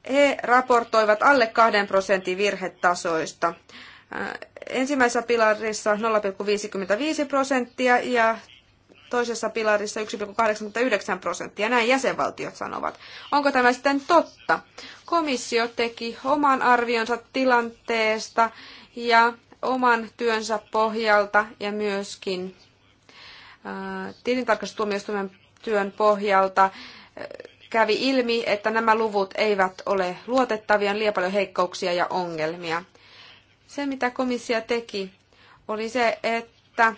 He raportoivat alle 2 prosentin virhetasoista ensimmäisessä pilarissa 0,55 prosenttia ja toisessa pilarissa 1,89 prosenttia. Näin jäsenvaltiot sanovat. Onko tämä sitten totta? Komissio teki oman arvionsa tilanteesta ja oman työnsä pohjalta ja myöskin äh, tilintarkastustuomioistuimen työn pohjalta äh, kävi ilmi, että nämä luvut eivät ole luotettavia, on liian paljon heikkouksia ja ongelmia. Se, mitä komissio teki, oli se, että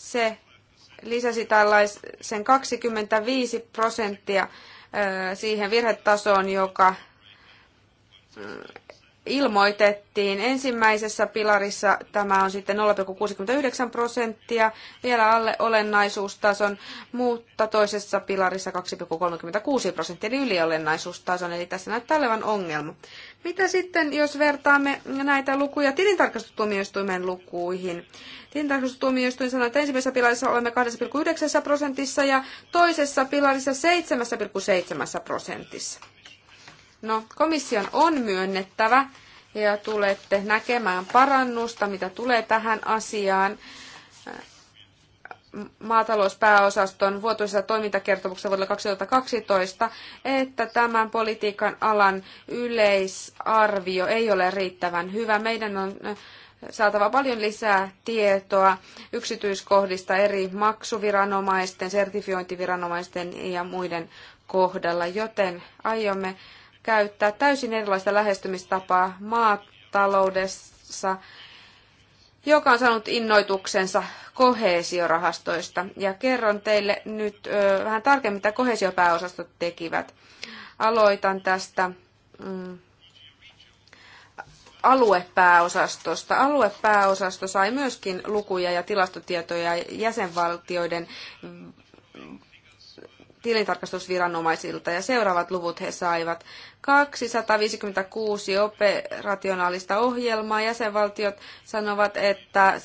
se lisäsi tällaisen 25 prosenttia siihen virhetasoon, joka ilmoitettiin. Ensimmäisessä pilarissa tämä on sitten 0,69 prosenttia, vielä alle olennaisuustason, mutta toisessa pilarissa 2,36 prosenttia, eli olennaisuustason, eli tässä näyttää olevan ongelma. Mitä sitten, jos vertaamme näitä lukuja tilintarkastustuomioistuimen lukuihin? Tilintarkastustuomioistuin sanoi, että ensimmäisessä pilarissa olemme 2,9 prosentissa ja toisessa pilarissa 7,7 prosentissa. No, komission on myönnettävä ja tulette näkemään parannusta, mitä tulee tähän asiaan maatalouspääosaston vuotuisessa toimintakertomuksessa vuodelle 2012, että tämän politiikan alan yleisarvio ei ole riittävän hyvä. Meidän on äh, saatava paljon lisää tietoa yksityiskohdista eri maksuviranomaisten, sertifiointiviranomaisten ja muiden kohdalla, joten aiomme käyttää täysin erilaista lähestymistapaa maataloudessa, joka on saanut innoituksensa kohesiorahastoista. Ja kerron teille nyt ö, vähän tarkemmin, mitä kohesiopääosastot tekivät. Aloitan tästä mm, aluepääosastosta. Aluepääosasto sai myöskin lukuja ja tilastotietoja jäsenvaltioiden tilintarkastusviranomaisilta ja seuraavat luvut he saivat. 256 operationaalista ohjelmaa. Jäsenvaltiot sanovat, että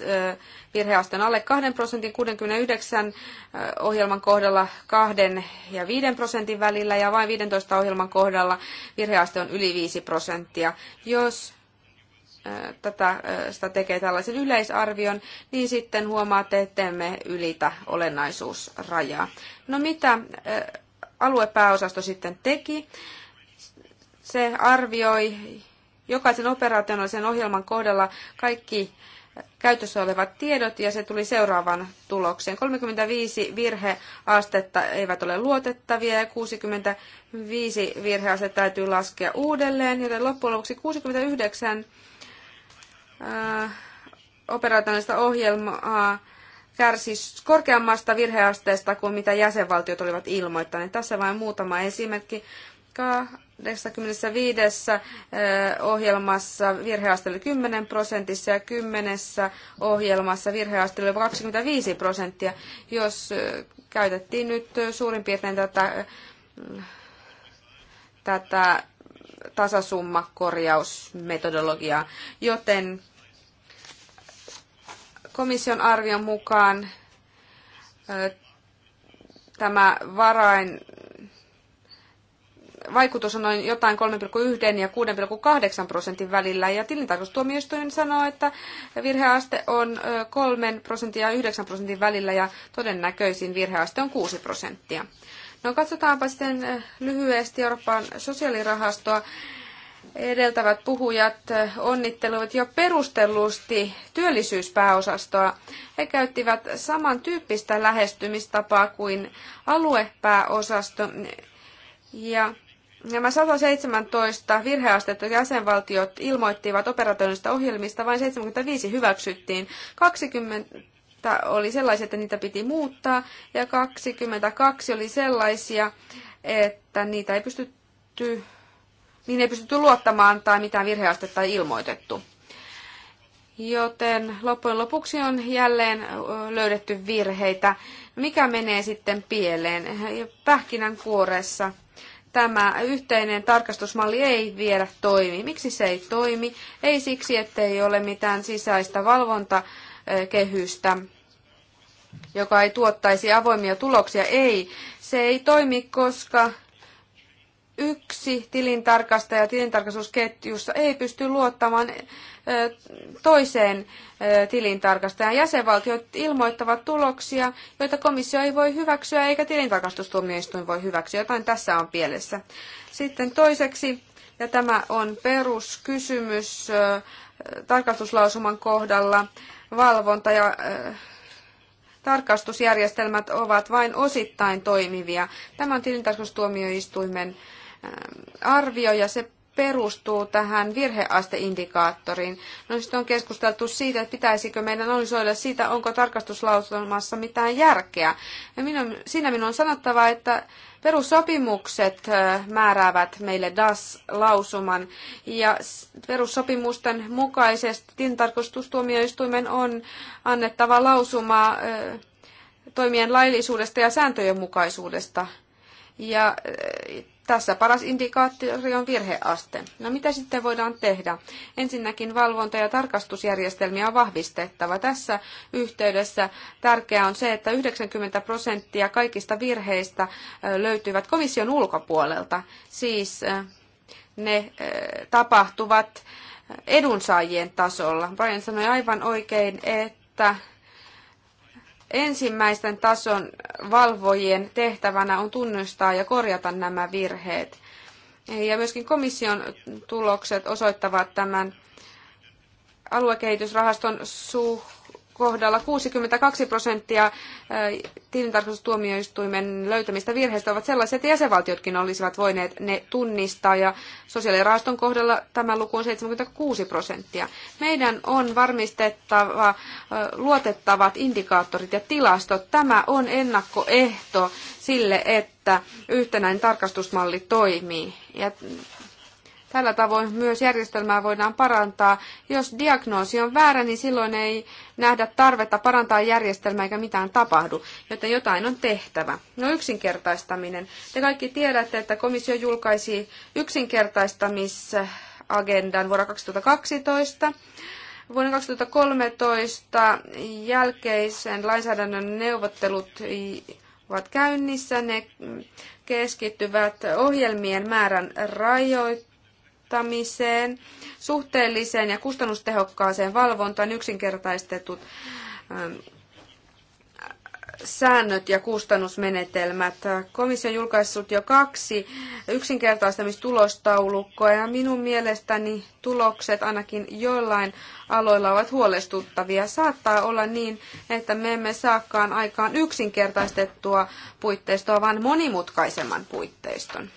virheaste on alle 2 prosentin 69 ohjelman kohdalla 2 ja 5 prosentin välillä ja vain 15 ohjelman kohdalla virheaste on yli 5 prosenttia. Jos tätä, sitä tekee tällaisen yleisarvion, niin sitten huomaatte, että emme ylitä olennaisuusrajaa. No mitä aluepääosasto sitten teki? Se arvioi jokaisen operationaalisen ohjelman kohdalla kaikki käytössä olevat tiedot ja se tuli seuraavan tulokseen. 35 virheastetta eivät ole luotettavia ja 65 virheastetta täytyy laskea uudelleen, joten loppujen lopuksi 69 Äh, operaationaalista ohjelmaa kärsi korkeammasta virheasteesta kuin mitä jäsenvaltiot olivat ilmoittaneet. Tässä vain muutama esimerkki. 25 äh, ohjelmassa virheaste oli 10 prosentissa ja 10 ohjelmassa virheaste oli 25 prosenttia. Jos äh, käytettiin nyt suurin piirtein tätä, tätä korjausmetodologiaa, joten komission arvion mukaan tämä varain vaikutus on noin jotain 3,1 ja 6,8 prosentin välillä. Ja tilintarkastustuomioistuin sanoo, että virheaste on 3 prosenttia ja 9 prosentin välillä ja todennäköisin virheaste on 6 prosenttia. No katsotaanpa sitten eh, lyhyesti Euroopan sosiaalirahastoa. Edeltävät puhujat eh, onnittelivat jo perustellusti työllisyyspääosastoa. He käyttivät samantyyppistä lähestymistapaa kuin aluepääosasto. Ja Nämä 117 virheastetta jäsenvaltiot ilmoittivat operatiivisista ohjelmista, vain 75 hyväksyttiin. 20 oli sellaisia, että niitä piti muuttaa, ja 22 oli sellaisia, että niitä ei pystytty, niin ei pystytty luottamaan tai mitään virheastetta ei ilmoitettu. Joten loppujen lopuksi on jälleen löydetty virheitä. Mikä menee sitten pieleen? Pähkinän kuoressa tämä yhteinen tarkastusmalli ei vielä toimi. Miksi se ei toimi? Ei siksi, ettei ole mitään sisäistä valvontakehystä joka ei tuottaisi avoimia tuloksia. Ei, se ei toimi, koska yksi tilintarkastaja tilintarkastusketjussa ei pysty luottamaan toiseen tilintarkastajan. Jäsenvaltiot ilmoittavat tuloksia, joita komissio ei voi hyväksyä eikä tilintarkastustuomioistuin voi hyväksyä. Jotain tässä on pielessä. Sitten toiseksi, ja tämä on peruskysymys tarkastuslausuman kohdalla, valvonta ja tarkastusjärjestelmät ovat vain osittain toimivia. Tämä on tilintarkastustuomioistuimen ähm, arvio ja se perustuu tähän virheasteindikaattoriin. No sitten on keskusteltu siitä, että pitäisikö meidän analysoida siitä, onko tarkastuslautumassa mitään järkeä. Ja minun, siinä minun on sanottava, että perussopimukset määräävät meille DAS-lausuman ja perussopimusten mukaisesti tintarkastustuomioistuimen on annettava lausuma toimien laillisuudesta ja sääntöjen mukaisuudesta. Ja tässä paras indikaattori on virheaste. No mitä sitten voidaan tehdä? Ensinnäkin valvonta- ja tarkastusjärjestelmiä on vahvistettava. Tässä yhteydessä tärkeää on se, että 90 prosenttia kaikista virheistä löytyvät komission ulkopuolelta. Siis ne tapahtuvat edunsaajien tasolla. Brian sanoi aivan oikein, että ensimmäisten tason valvojien tehtävänä on tunnustaa ja korjata nämä virheet. Ja myöskin komission tulokset osoittavat tämän aluekehitysrahaston suhteen kohdalla 62 prosenttia tilintarkastustuomioistuimen löytämistä virheistä ovat sellaisia, että jäsenvaltiotkin olisivat voineet ne tunnistaa ja sosiaalirahaston kohdalla tämä luku on 76 prosenttia. Meidän on varmistettava luotettavat indikaattorit ja tilastot. Tämä on ennakkoehto sille, että yhtenäinen tarkastusmalli toimii. Ja Tällä tavoin myös järjestelmää voidaan parantaa. Jos diagnoosi on väärä, niin silloin ei nähdä tarvetta parantaa järjestelmää eikä mitään tapahdu, joten jotain on tehtävä. No yksinkertaistaminen. Te kaikki tiedätte, että komissio julkaisi yksinkertaistamisagendan vuonna 2012. Vuoden 2013 jälkeisen lainsäädännön neuvottelut ovat käynnissä. Ne keskittyvät ohjelmien määrän rajoittamiseen tehostamiseen, suhteelliseen ja kustannustehokkaaseen valvontaan yksinkertaistetut ähm, säännöt ja kustannusmenetelmät. Komissio on julkaissut jo kaksi yksinkertaistamistulostaulukkoa ja minun mielestäni tulokset ainakin joillain aloilla ovat huolestuttavia. Saattaa olla niin, että me emme saakaan aikaan yksinkertaistettua puitteistoa, vaan monimutkaisemman puitteiston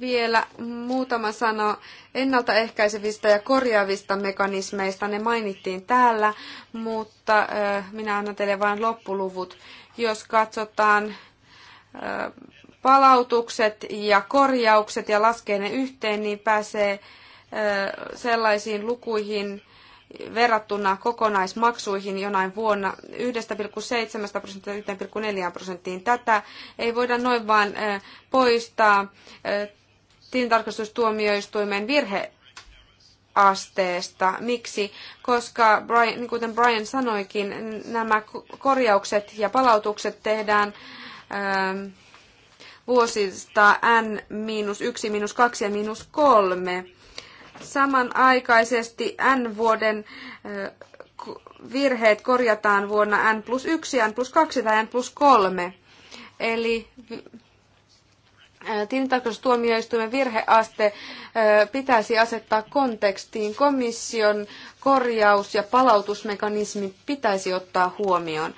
vielä muutama sana ennaltaehkäisevistä ja korjaavista mekanismeista. Ne mainittiin täällä, mutta minä annan teille vain loppuluvut. Jos katsotaan palautukset ja korjaukset ja laskee ne yhteen, niin pääsee sellaisiin lukuihin verrattuna kokonaismaksuihin jonain vuonna 1,7 prosenttia 1,4 prosenttiin. Tätä ei voida noin vain poistaa tilintarkastustuomioistuimen virheasteesta. Miksi? Koska, Brian, niin kuten Brian sanoikin, nämä korjaukset ja palautukset tehdään ähm, vuosista n-1, 2 ja 3. Samanaikaisesti n-vuoden äh, virheet korjataan vuonna n plus 1, n plus 2 tai n plus 3. Eli Äh, tilintarkastustuomioistuimen virheaste äh, pitäisi asettaa kontekstiin. Komission korjaus- ja palautusmekanismi pitäisi ottaa huomioon.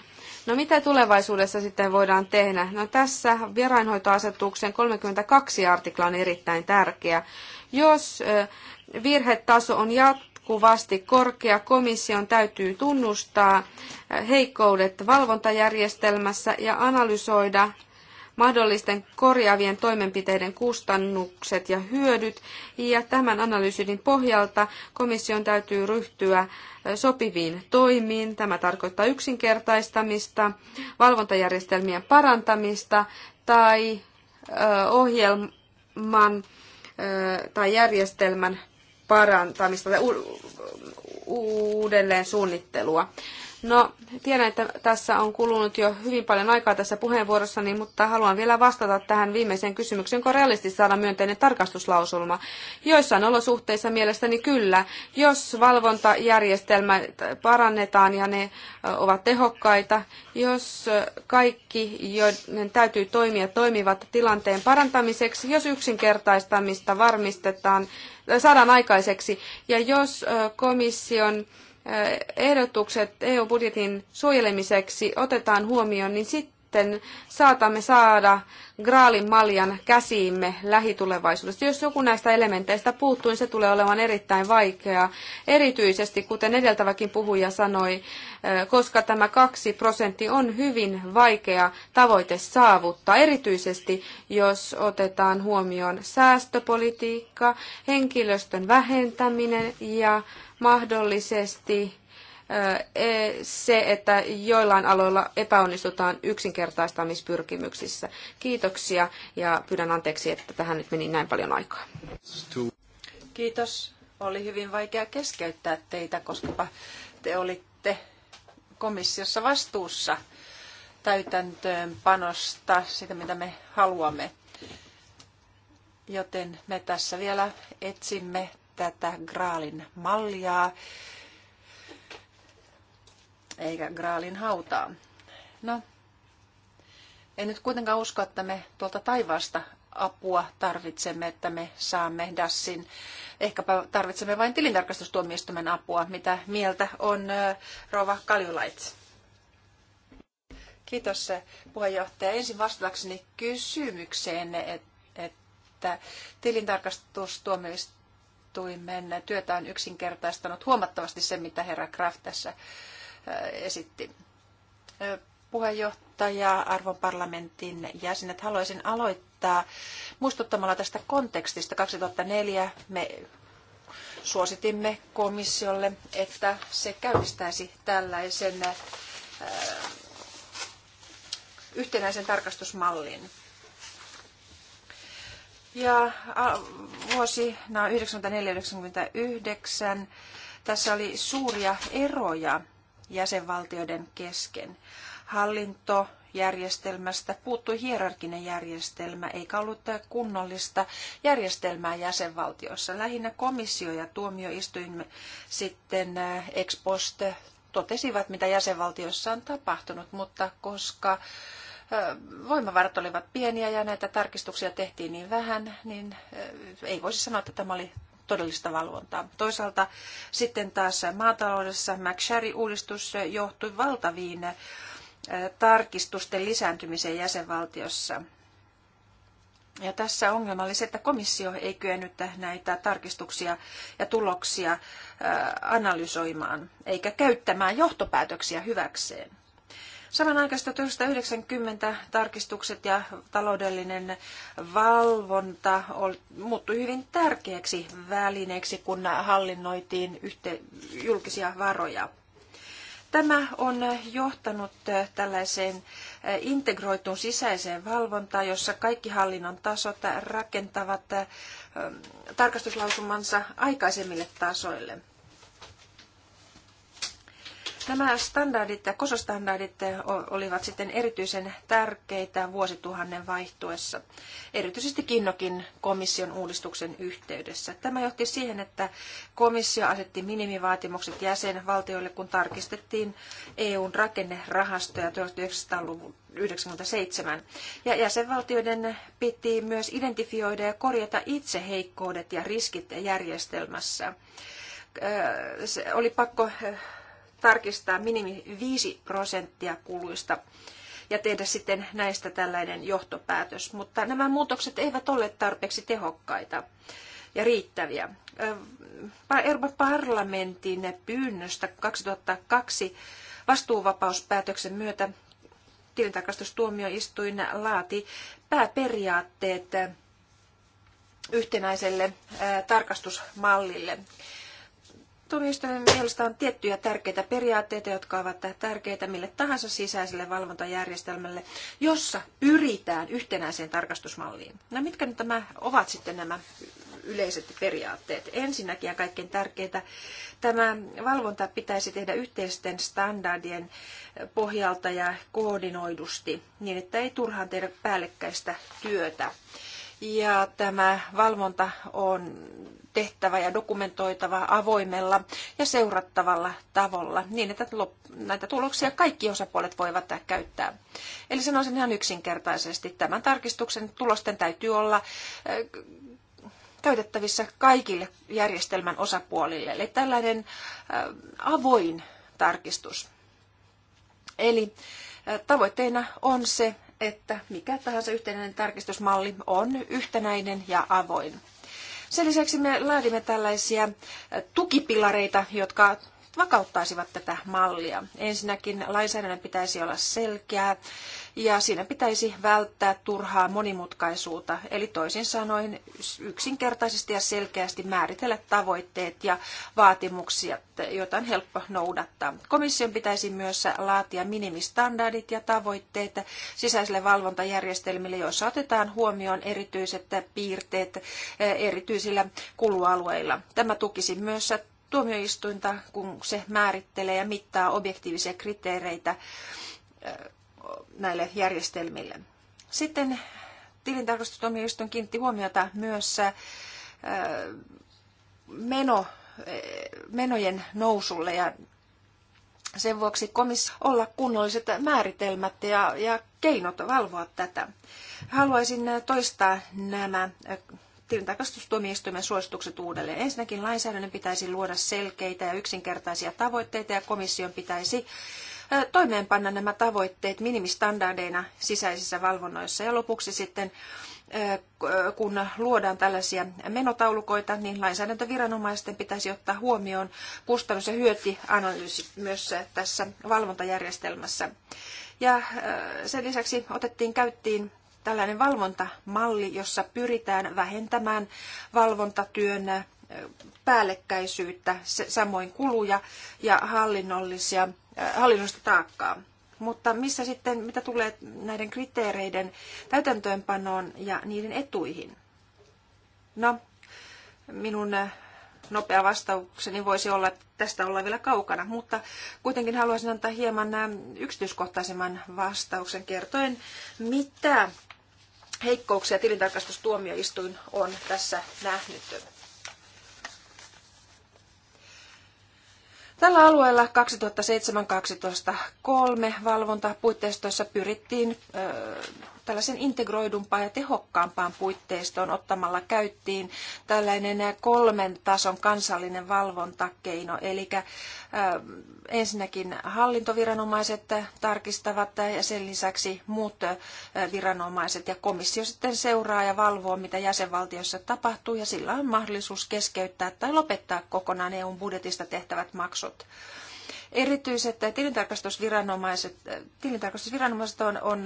No mitä tulevaisuudessa sitten voidaan tehdä? No tässä vierainhoitoasetuksen 32 artikla on erittäin tärkeä. Jos virhetaso on jatkuvasti korkea, komission täytyy tunnustaa heikkoudet valvontajärjestelmässä ja analysoida mahdollisten korjaavien toimenpiteiden kustannukset ja hyödyt, ja tämän analyysin pohjalta komission täytyy ryhtyä sopiviin toimiin. Tämä tarkoittaa yksinkertaistamista, valvontajärjestelmien parantamista tai ohjelman tai järjestelmän parantamista tai uudelleen suunnittelua. No, tiedän, että tässä on kulunut jo hyvin paljon aikaa tässä puheenvuorossani, mutta haluan vielä vastata tähän viimeiseen kysymykseen, kun realisti saada myönteinen tarkastuslausulma. Joissain olosuhteissa mielestäni kyllä, jos valvontajärjestelmä parannetaan ja ne ovat tehokkaita, jos kaikki, joiden täytyy toimia, toimivat tilanteen parantamiseksi, jos yksinkertaistamista varmistetaan, saadaan aikaiseksi, ja jos komission ehdotukset EU-budjetin suojelemiseksi otetaan huomioon, niin sitten sitten saatamme saada graalin maljan käsiimme lähitulevaisuudessa. Jos joku näistä elementeistä puuttuu, niin se tulee olemaan erittäin vaikeaa, erityisesti kuten edeltäväkin puhuja sanoi, eh, koska tämä kaksi prosentti on hyvin vaikea tavoite saavuttaa, erityisesti jos otetaan huomioon säästöpolitiikka, henkilöstön vähentäminen ja mahdollisesti E, se, että joillain aloilla epäonnistutaan yksinkertaistamispyrkimyksissä. Kiitoksia ja pyydän anteeksi, että tähän nyt meni näin paljon aikaa. Kiitos. Oli hyvin vaikea keskeyttää teitä, koska te olitte komissiossa vastuussa täytäntöönpanosta, sitä mitä me haluamme. Joten me tässä vielä etsimme tätä Graalin mallia eikä Graalin hautaa. No, en nyt kuitenkaan usko, että me tuolta taivaasta apua tarvitsemme, että me saamme Dassin. Ehkäpä tarvitsemme vain tilintarkastustuomioistuimen apua, mitä mieltä on Rova Kaljulaits. Kiitos puheenjohtaja. Ensin vastaakseni kysymykseen, että tilintarkastustuomioistuimen työtä on yksinkertaistanut huomattavasti se, mitä herra Kraft tässä Äh, esitti. Puheenjohtaja, arvon parlamentin jäsenet, haluaisin aloittaa muistuttamalla tästä kontekstista. 2004 me suositimme komissiolle, että se käynnistäisi tällaisen äh, yhtenäisen tarkastusmallin. Ja vuosina no, 1994-1999 tässä oli suuria eroja jäsenvaltioiden kesken. Hallintojärjestelmästä puuttui hierarkinen järjestelmä, eikä ollut kunnollista järjestelmää jäsenvaltiossa. Lähinnä komissio ja tuomioistuin sitten eh, ex post totesivat, mitä jäsenvaltioissa on tapahtunut, mutta koska eh, voimavarat olivat pieniä ja näitä tarkistuksia tehtiin niin vähän, niin eh, ei voisi sanoa, että tämä oli todellista valvontaa. Toisaalta sitten taas maataloudessa McSherry-uudistus johtui valtaviin tarkistusten lisääntymiseen jäsenvaltiossa. Ja tässä ongelma oli se, että komissio ei kyennyt näitä tarkistuksia ja tuloksia analysoimaan eikä käyttämään johtopäätöksiä hyväkseen. Samanaikaisesti 1990 tarkistukset ja taloudellinen valvonta muuttui hyvin tärkeäksi välineeksi, kun hallinnoitiin julkisia varoja. Tämä on johtanut tällaiseen integroituun sisäiseen valvontaan, jossa kaikki hallinnon tasot rakentavat tarkastuslausumansa aikaisemmille tasoille. Nämä standardit ja kosostandardit eh, olivat sitten erityisen tärkeitä vuosituhannen vaihtuessa, erityisesti Kinnokin komission uudistuksen yhteydessä. Tämä johti siihen, että komissio asetti minimivaatimukset jäsenvaltioille, kun tarkistettiin EUn rakennerahastoja 1997. Ja jäsenvaltioiden piti myös identifioida ja korjata itse heikkoudet ja riskit järjestelmässä. Se oli pakko eh, tarkistaa minimi 5 prosenttia kuluista ja tehdä sitten näistä tällainen johtopäätös. Mutta nämä muutokset eivät ole tarpeeksi tehokkaita ja riittäviä. Euroopan parlamentin pyynnöstä 2002 vastuuvapauspäätöksen myötä tilintarkastustuomioistuin laati pääperiaatteet yhtenäiselle tarkastusmallille. Tuomioistuimen mielestä on tiettyjä tärkeitä periaatteita, jotka ovat tärkeitä mille tahansa sisäiselle valvontajärjestelmälle, jossa pyritään yhtenäiseen tarkastusmalliin. No mitkä nyt nämä ovat sitten nämä yleiset periaatteet? Ensinnäkin ja kaikkein tärkeintä, tämä valvonta pitäisi tehdä yhteisten standardien pohjalta ja koordinoidusti, niin että ei turhaan tehdä päällekkäistä työtä ja tämä valvonta on tehtävä ja dokumentoitava avoimella ja seurattavalla tavalla niin, että näitä tuloksia kaikki osapuolet voivat käyttää. Eli sanoisin ihan yksinkertaisesti, tämän tarkistuksen tulosten täytyy olla käytettävissä äh, kaikille järjestelmän osapuolille. Eli tällainen äh, avoin tarkistus. Eli äh, tavoitteena on se, että mikä tahansa yhtenäinen tarkistusmalli on yhtenäinen ja avoin. Sen lisäksi me laadimme tällaisia tukipilareita, jotka vakauttaisivat tätä mallia. Ensinnäkin lainsäädännön pitäisi olla selkeää ja siinä pitäisi välttää turhaa monimutkaisuutta, eli toisin sanoen yksinkertaisesti ja selkeästi määritellä tavoitteet ja vaatimukset, joita on helppo noudattaa. Komission pitäisi myös laatia minimistandardit ja tavoitteet sisäisille valvontajärjestelmille, joissa otetaan huomioon erityiset piirteet eh, erityisillä kulualueilla. Tämä tukisi myös tuomioistuinta, kun se määrittelee ja mittaa objektiivisia kriteereitä näille järjestelmille. Sitten tilintarkastustuomioistuin kiinnitti huomiota myös meno, menojen nousulle ja sen vuoksi komissa olla kunnolliset määritelmät ja, ja keinot valvoa tätä. Haluaisin toistaa nämä tilintarkastustuomioistuimen suositukset uudelleen. Ensinnäkin lainsäädännön pitäisi luoda selkeitä ja yksinkertaisia tavoitteita ja komission pitäisi toimeenpanna nämä tavoitteet minimistandardeina sisäisissä valvonnoissa. Ja lopuksi sitten kun luodaan tällaisia menotaulukoita, niin lainsäädäntöviranomaisten pitäisi ottaa huomioon kustannus- ja hyötyanalyysi myös tässä valvontajärjestelmässä. Ja sen lisäksi otettiin käyttiin tällainen valvontamalli, jossa pyritään vähentämään valvontatyön päällekkäisyyttä, samoin kuluja ja hallinnollisia, hallinnollista taakkaa. Mutta missä sitten, mitä tulee näiden kriteereiden täytäntöönpanoon ja niiden etuihin? No, minun nopea vastaukseni voisi olla, että tästä ollaan vielä kaukana, mutta kuitenkin haluaisin antaa hieman yksityiskohtaisemman vastauksen kertoen, mitä heikkouksia tilintarkastustuomioistuin on tässä nähnyt. Tällä alueella 2007-2003 valvontapuitteistoissa pyrittiin tällaisen integroidumpaan ja tehokkaampaan puitteistoon ottamalla käyttiin tällainen kolmen tason kansallinen valvontakeino. Eli äh, ensinnäkin hallintoviranomaiset tarkistavat ja sen lisäksi muut äh, viranomaiset ja komissio sitten seuraa ja valvoo, mitä jäsenvaltiossa tapahtuu ja sillä on mahdollisuus keskeyttää tai lopettaa kokonaan EUn budjetista tehtävät maksut erityiset tilintarkastusviranomaiset, äh, tilintarkastusviranomaiset on, on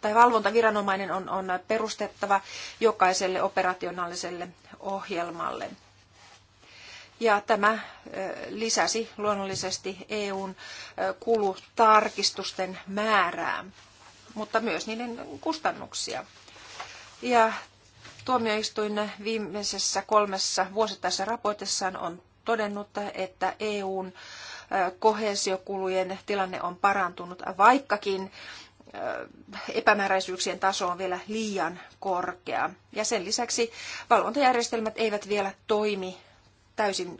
tai valvontaviranomainen on, on perustettava jokaiselle operationaaliselle ohjelmalle. Ja tämä lisäsi luonnollisesti EUn kulutarkistusten määrää, mutta myös niiden kustannuksia. Ja tuomioistuin viimeisessä kolmessa vuosittaisessa raportissaan on todennut, että EUn kohesiokulujen tilanne on parantunut, vaikkakin epämääräisyyksien taso on vielä liian korkea. Ja sen lisäksi valvontajärjestelmät eivät vielä toimi täysin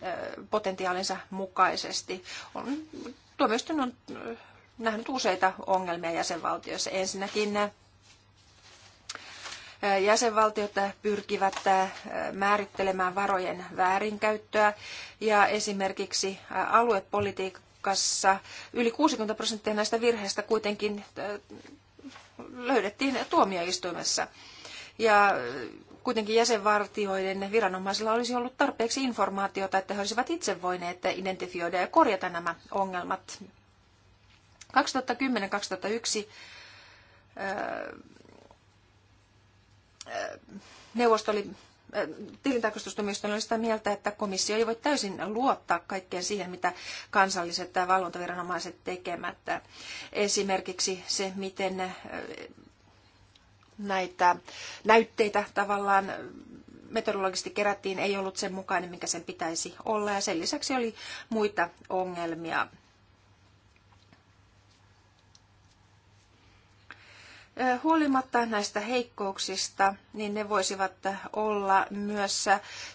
potentiaalinsa mukaisesti. On, tuomioistuin on nähnyt useita ongelmia jäsenvaltioissa. Ensinnäkin jäsenvaltiot pyrkivät määrittelemään varojen väärinkäyttöä ja esimerkiksi aluepolitiikka Ranskassa yli 60 prosenttia näistä virheistä kuitenkin äh, löydettiin tuomioistuimessa. Ja äh, kuitenkin jäsenvartioiden viranomaisilla olisi ollut tarpeeksi informaatiota, että he olisivat itse voineet identifioida ja korjata nämä ongelmat. 2010-2001 äh, neuvosto oli tilintarkastustuomioistuin oli sitä mieltä, että komissio ei voi täysin luottaa kaikkeen siihen, mitä kansalliset tai valvontaviranomaiset tekemät. Esimerkiksi se, miten äh, näitä näytteitä tavallaan metodologisesti kerättiin, ei ollut sen mukainen, mikä sen pitäisi olla. Ja sen lisäksi oli muita ongelmia. Huolimatta näistä heikkouksista, niin ne voisivat olla myös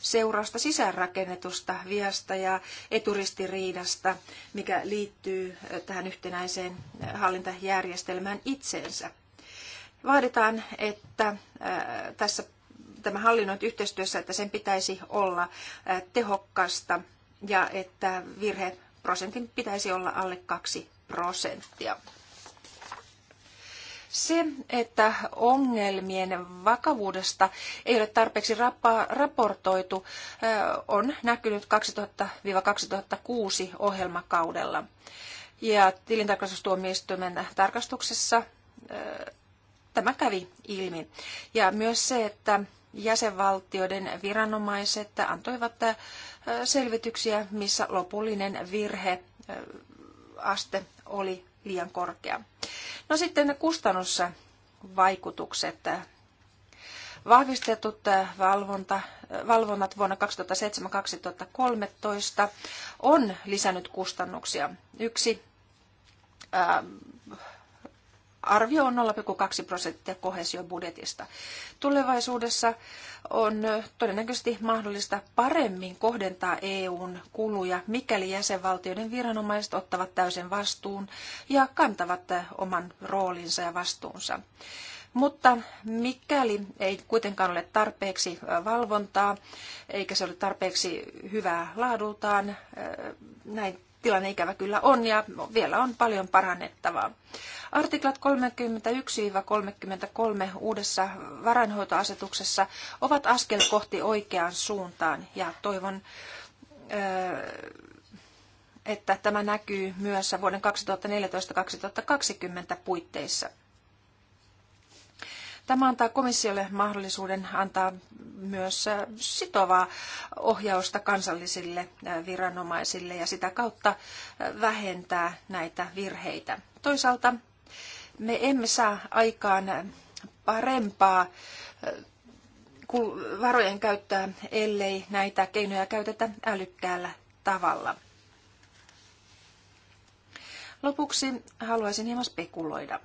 seurausta sisäänrakennetusta viasta ja eturistiriidasta, mikä liittyy tähän yhtenäiseen hallintajärjestelmään itseensä. Vaaditaan, että tässä tämä hallinnointi yhteistyössä, että sen pitäisi olla tehokkaasta ja että virheprosentin pitäisi olla alle 2 prosenttia se, että ongelmien vakavuudesta ei ole tarpeeksi raportoitu, on näkynyt 2000-2006 ohjelmakaudella. Ja tilintarkastustuomioistuimen tarkastuksessa tämä kävi ilmi. Ja myös se, että jäsenvaltioiden viranomaiset antoivat selvityksiä, missä lopullinen virheaste oli liian korkea. No sitten ne kustannusvaikutukset. Vahvistetut äh, valvonta, äh, valvonnat vuonna 2007-2013 on lisännyt kustannuksia. Yksi äh, arvio on 0,2 prosenttia kohesiobudjetista. Tulevaisuudessa on todennäköisesti mahdollista paremmin kohdentaa EUn kuluja, mikäli jäsenvaltioiden viranomaiset ottavat täysin vastuun ja kantavat oman roolinsa ja vastuunsa. Mutta mikäli ei kuitenkaan ole tarpeeksi valvontaa, eikä se ole tarpeeksi hyvää laadultaan, näin tilanne ikävä kyllä on ja vielä on paljon parannettavaa. Artiklat 31-33 uudessa varainhoitoasetuksessa ovat askel kohti oikeaan suuntaan ja toivon, että tämä näkyy myös vuoden 2014-2020 puitteissa. Tämä antaa komissiolle mahdollisuuden antaa myös äh, sitovaa ohjausta kansallisille äh, viranomaisille ja sitä kautta äh, vähentää näitä virheitä. Toisaalta me emme saa aikaan parempaa varojen käyttöä, ellei näitä keinoja käytetä älykkäällä tavalla. Lopuksi haluaisin hieman spekuloida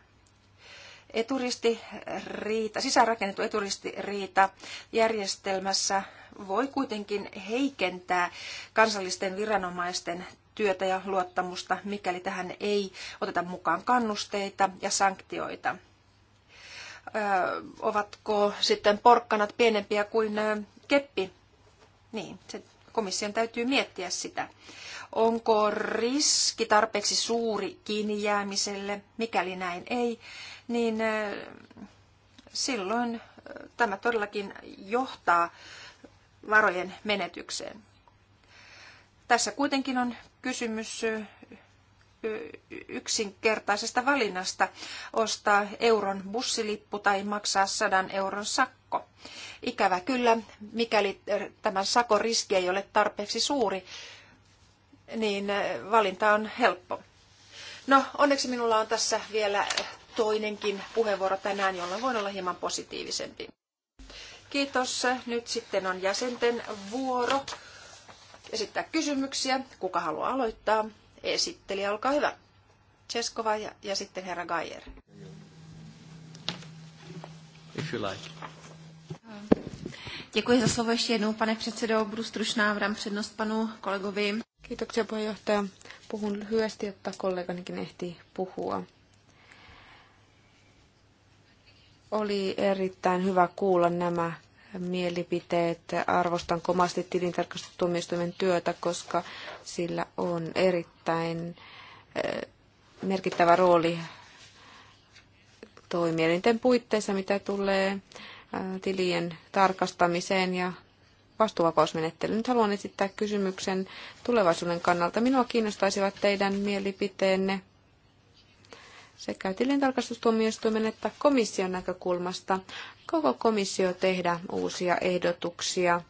eturistiriita, sisäänrakennettu eturistiriita järjestelmässä voi kuitenkin heikentää kansallisten viranomaisten työtä ja luottamusta, mikäli tähän ei oteta mukaan kannusteita ja sanktioita. Öö, ovatko sitten porkkanat pienempiä kuin öö, keppi? Niin, se komission täytyy miettiä sitä. Onko riski tarpeeksi suuri kiinni jäämiselle? Mikäli näin ei, niin silloin tämä todellakin johtaa varojen menetykseen. Tässä kuitenkin on kysymys yksinkertaisesta valinnasta ostaa euron bussilippu tai maksaa sadan euron sakko. Ikävä kyllä, mikäli tämän sakon riski ei ole tarpeeksi suuri, niin valinta on helppo. No, onneksi minulla on tässä vielä toinenkin puheenvuoro tänään, jolla voin olla hieman positiivisempi. Kiitos. Nyt sitten on jäsenten vuoro esittää kysymyksiä. Kuka haluaa aloittaa? Esittelijä, olkaa hyvä. Cheskova ja, ja sitten herra Geier. If you like. Děkuji za slovo ještě jednou, pane předsedo. Budu stručná, vrám přednost panu kolegovi. Kiitoksia puheenjohtaja. Puhun lyhyesti, jotta kolleganikin ehtii puhua. Oli erittäin hyvä kuulla nämä mielipiteet. Arvostan komasti tilintarkastustuomioistuimen työtä, koska sillä on erittäin eh, merkittävä rooli toimielinten puitteissa, mitä tulee eh, tilien tarkastamiseen ja vastuuvapausmenettelyyn. Nyt haluan esittää kysymyksen tulevaisuuden kannalta. Minua kiinnostaisivat teidän mielipiteenne sekä tilintarkastustuomioistuimen että komission näkökulmasta koko komissio tehdä uusia ehdotuksia,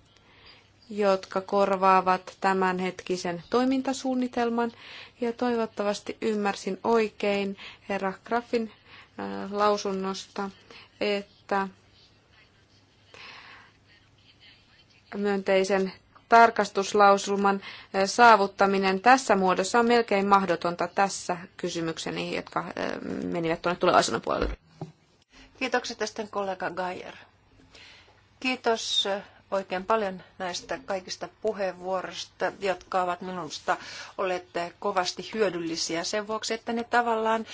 jotka korvaavat tämänhetkisen toimintasuunnitelman. Ja toivottavasti ymmärsin oikein herra Graffin äh, lausunnosta, että myönteisen tarkastuslausulman eh, saavuttaminen tässä muodossa on melkein mahdotonta tässä kysymykseni, jotka eh, menivät tuonne tulevaisuuden puolelle. Kiitokset tästä kollega Gajer. Kiitos eh, oikein paljon näistä kaikista puheenvuoroista, jotka ovat minusta olleet kovasti hyödyllisiä sen vuoksi, että ne tavallaan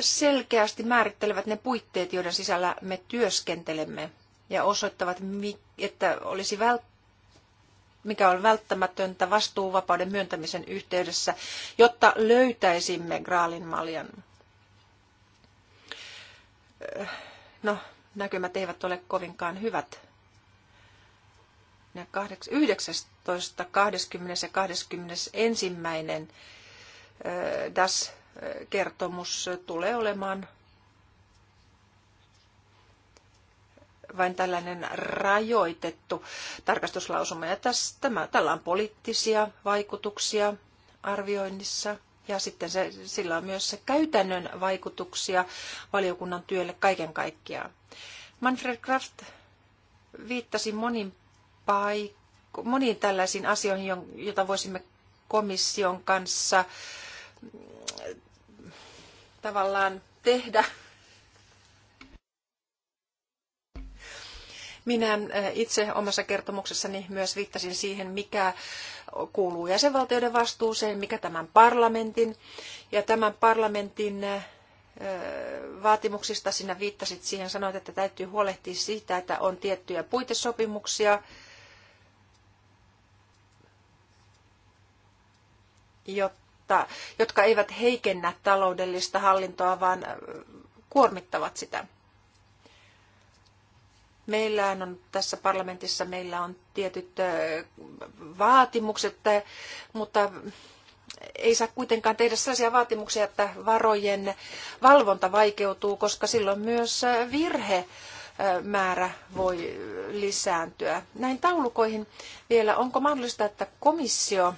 selkeästi määrittelevät ne puitteet, joiden sisällä me työskentelemme ja osoittavat, että olisi välttämättä mikä on välttämätöntä vastuuvapauden myöntämisen yhteydessä, jotta löytäisimme Graalin maljan. No, näkymät eivät ole kovinkaan hyvät. 19, 20 ja 21. DAS-kertomus tulee olemaan vain tällainen rajoitettu tarkastuslausuma. Ja tässä, tämä, tällä on poliittisia vaikutuksia arvioinnissa ja sitten se, sillä on myös se käytännön vaikutuksia valiokunnan työlle kaiken kaikkiaan. Manfred Kraft viittasi monin paik- moniin tällaisiin asioihin, joita voisimme komission kanssa tavallaan tehdä Minä eh, itse omassa kertomuksessani myös viittasin siihen, mikä kuuluu jäsenvaltioiden vastuuseen, mikä tämän parlamentin ja tämän parlamentin eh, vaatimuksista sinä viittasit siihen, sanoit, että täytyy huolehtia siitä, että on tiettyjä puitesopimuksia, jotta, jotka eivät heikennä taloudellista hallintoa, vaan eh, kuormittavat sitä. Meillä on tässä parlamentissa meillä on tietyt vaatimukset, mutta ei saa kuitenkaan tehdä sellaisia vaatimuksia, että varojen valvonta vaikeutuu, koska silloin myös virhe määrä voi lisääntyä. Näin taulukoihin vielä, onko mahdollista, että komissio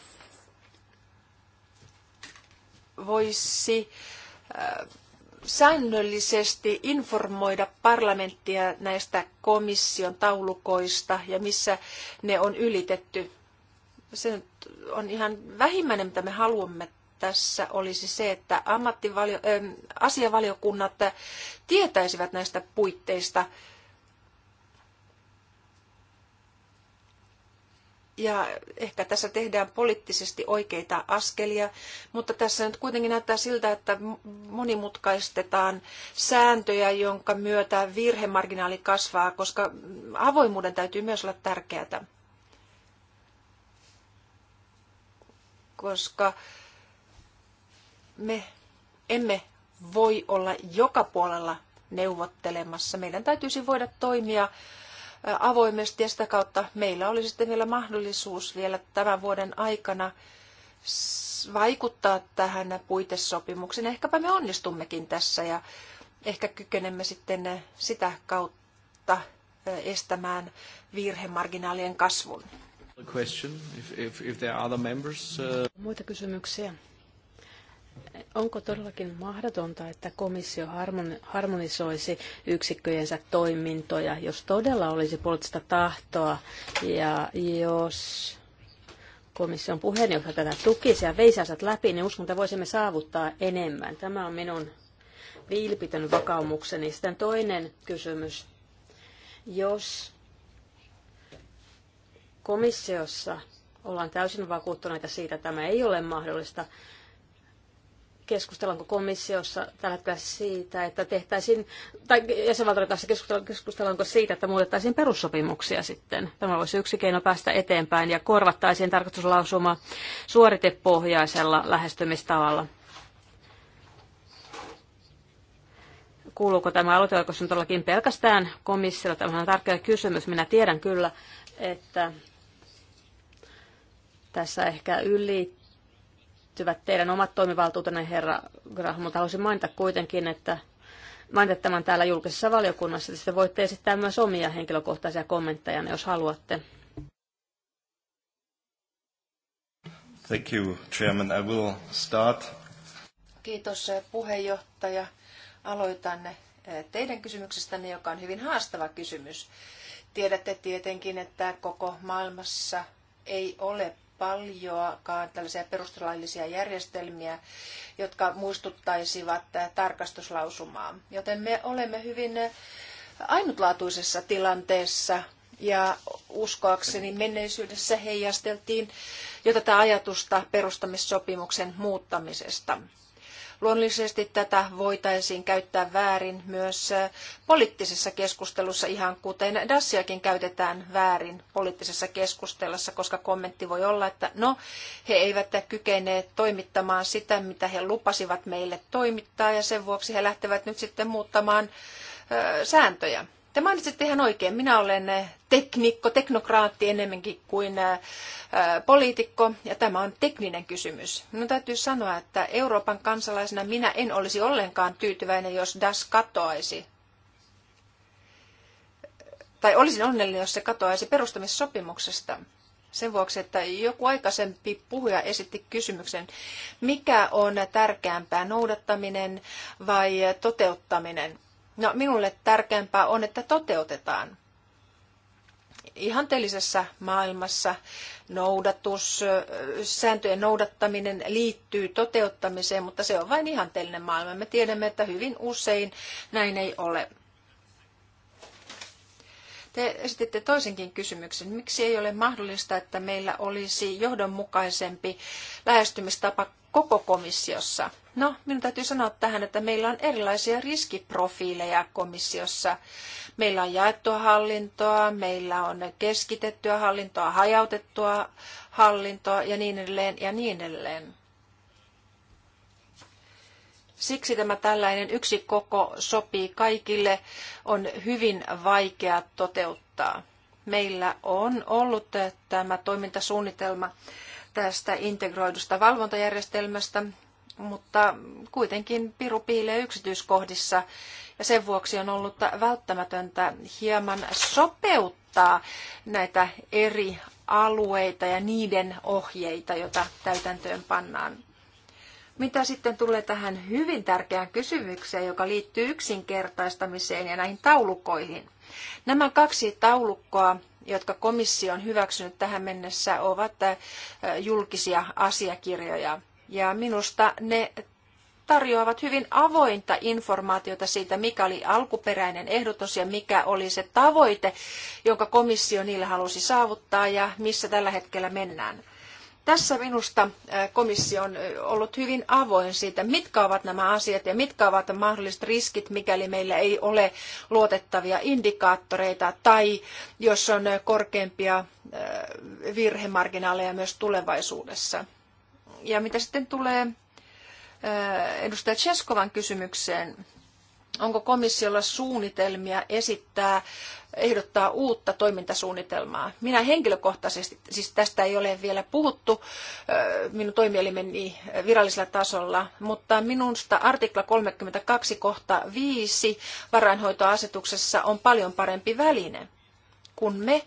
voisi säännöllisesti informoida parlamenttia näistä komission taulukoista ja missä ne on ylitetty. Se on ihan vähimmäinen, mitä me haluamme tässä olisi se, että ammattivalio- äh, asiavaliokunnat tietäisivät näistä puitteista ja ehkä tässä tehdään poliittisesti oikeita askelia, mutta tässä nyt kuitenkin näyttää siltä, että monimutkaistetaan sääntöjä, jonka myötä virhemarginaali kasvaa, koska avoimuuden täytyy myös olla tärkeää. Koska me emme voi olla joka puolella neuvottelemassa. Meidän täytyisi voida toimia avoimesti ja sitä kautta meillä oli sitten vielä mahdollisuus vielä tämän vuoden aikana vaikuttaa tähän puitesopimukseen. Ehkäpä me onnistummekin tässä ja ehkä kykenemme sitten sitä kautta estämään virhemarginaalien kasvun. Uh, Muita kysymyksiä? Onko todellakin mahdotonta, että komissio harmonisoisi yksikköjensä toimintoja, jos todella olisi poliittista tahtoa ja jos komission puheenjohtaja tätä tukisi ja veisi asiat läpi, niin uskon, että voisimme saavuttaa enemmän. Tämä on minun vilpitön vakaumukseni. Sitten toinen kysymys. Jos komissiossa ollaan täysin vakuuttuneita siitä, että tämä ei ole mahdollista, keskustellaanko komissiossa tällä hetkellä siitä, että tehtäisiin, tai jäsenvaltioiden kanssa keskustellaanko siitä, että muutettaisiin perussopimuksia sitten. Tämä voisi yksi keino päästä eteenpäin ja korvattaisiin tarkastuslausuma suoritepohjaisella lähestymistavalla. Kuuluuko tämä aloite, oliko on todellakin pelkästään komissiolla? Tämä on tärkeä kysymys. Minä tiedän kyllä, että tässä ehkä ylittää liittyvät teidän omat toimivaltuutenne, herra Graham, mutta haluaisin mainita kuitenkin, että mainita tämän täällä julkisessa valiokunnassa, että voitte esittää myös omia henkilökohtaisia kommentteja, jos haluatte. Thank you, Chairman. I will start. Kiitos eh, puheenjohtaja. Aloitan eh, teidän kysymyksestänne, joka on hyvin haastava kysymys. Tiedätte tietenkin, että koko maailmassa ei ole paljoakaan tällaisia perustuslaillisia järjestelmiä, jotka muistuttaisivat tarkastuslausumaa. Joten me olemme hyvin ainutlaatuisessa tilanteessa ja uskoakseni menneisyydessä heijasteltiin jo tätä ajatusta perustamissopimuksen muuttamisesta. Luonnollisesti tätä voitaisiin käyttää väärin myös äh, poliittisessa keskustelussa, ihan kuten Dassiakin käytetään väärin poliittisessa keskustelussa, koska kommentti voi olla, että no, he eivät kykeneet toimittamaan sitä, mitä he lupasivat meille toimittaa, ja sen vuoksi he lähtevät nyt sitten muuttamaan äh, sääntöjä. Te mainitsitte ihan oikein, minä olen eh, teknikko, teknokraatti enemmänkin kuin eh, eh, poliitikko, ja tämä on tekninen kysymys. Minun täytyy sanoa, että Euroopan kansalaisena minä en olisi ollenkaan tyytyväinen, jos DAS katoaisi. Tai olisin onnellinen, jos se katoaisi perustamissopimuksesta. Sen vuoksi, että joku aikaisempi puhuja esitti kysymyksen, mikä on tärkeämpää, noudattaminen vai toteuttaminen. No minulle tärkeämpää on, että toteutetaan. Ihanteellisessa maailmassa noudatus, sääntöjen noudattaminen liittyy toteuttamiseen, mutta se on vain ihanteellinen maailma. Me tiedämme, että hyvin usein näin ei ole. Te esititte toisenkin kysymyksen. Miksi ei ole mahdollista, että meillä olisi johdonmukaisempi lähestymistapa koko komissiossa. No, minun täytyy sanoa tähän, että meillä on erilaisia riskiprofiileja komissiossa. Meillä on jaettua hallintoa, meillä on keskitettyä hallintoa, hajautettua hallintoa ja niin edelleen ja niin edelleen. Siksi tämä tällainen yksi koko sopii kaikille, on hyvin vaikea toteuttaa. Meillä on ollut tämä toimintasuunnitelma tästä integroidusta valvontajärjestelmästä, mutta kuitenkin piru piilee yksityiskohdissa ja sen vuoksi on ollut välttämätöntä hieman sopeuttaa näitä eri alueita ja niiden ohjeita, joita täytäntöön pannaan. Mitä sitten tulee tähän hyvin tärkeään kysymykseen, joka liittyy yksinkertaistamiseen ja näihin taulukoihin? Nämä kaksi taulukkoa jotka komissio on hyväksynyt tähän mennessä, ovat äh, julkisia asiakirjoja. Ja minusta ne tarjoavat hyvin avointa informaatiota siitä, mikä oli alkuperäinen ehdotus ja mikä oli se tavoite, jonka komissio niillä halusi saavuttaa ja missä tällä hetkellä mennään. Tässä minusta komissio on ollut hyvin avoin siitä, mitkä ovat nämä asiat ja mitkä ovat mahdolliset riskit, mikäli meillä ei ole luotettavia indikaattoreita tai jos on korkeampia virhemarginaaleja myös tulevaisuudessa. Ja mitä sitten tulee edustaja Cheskovan kysymykseen, onko komissiolla suunnitelmia esittää ehdottaa uutta toimintasuunnitelmaa. Minä henkilökohtaisesti, siis tästä ei ole vielä puhuttu minun toimielimeni virallisella tasolla, mutta minusta artikla 32 kohta 5 varainhoitoasetuksessa on paljon parempi väline, kun me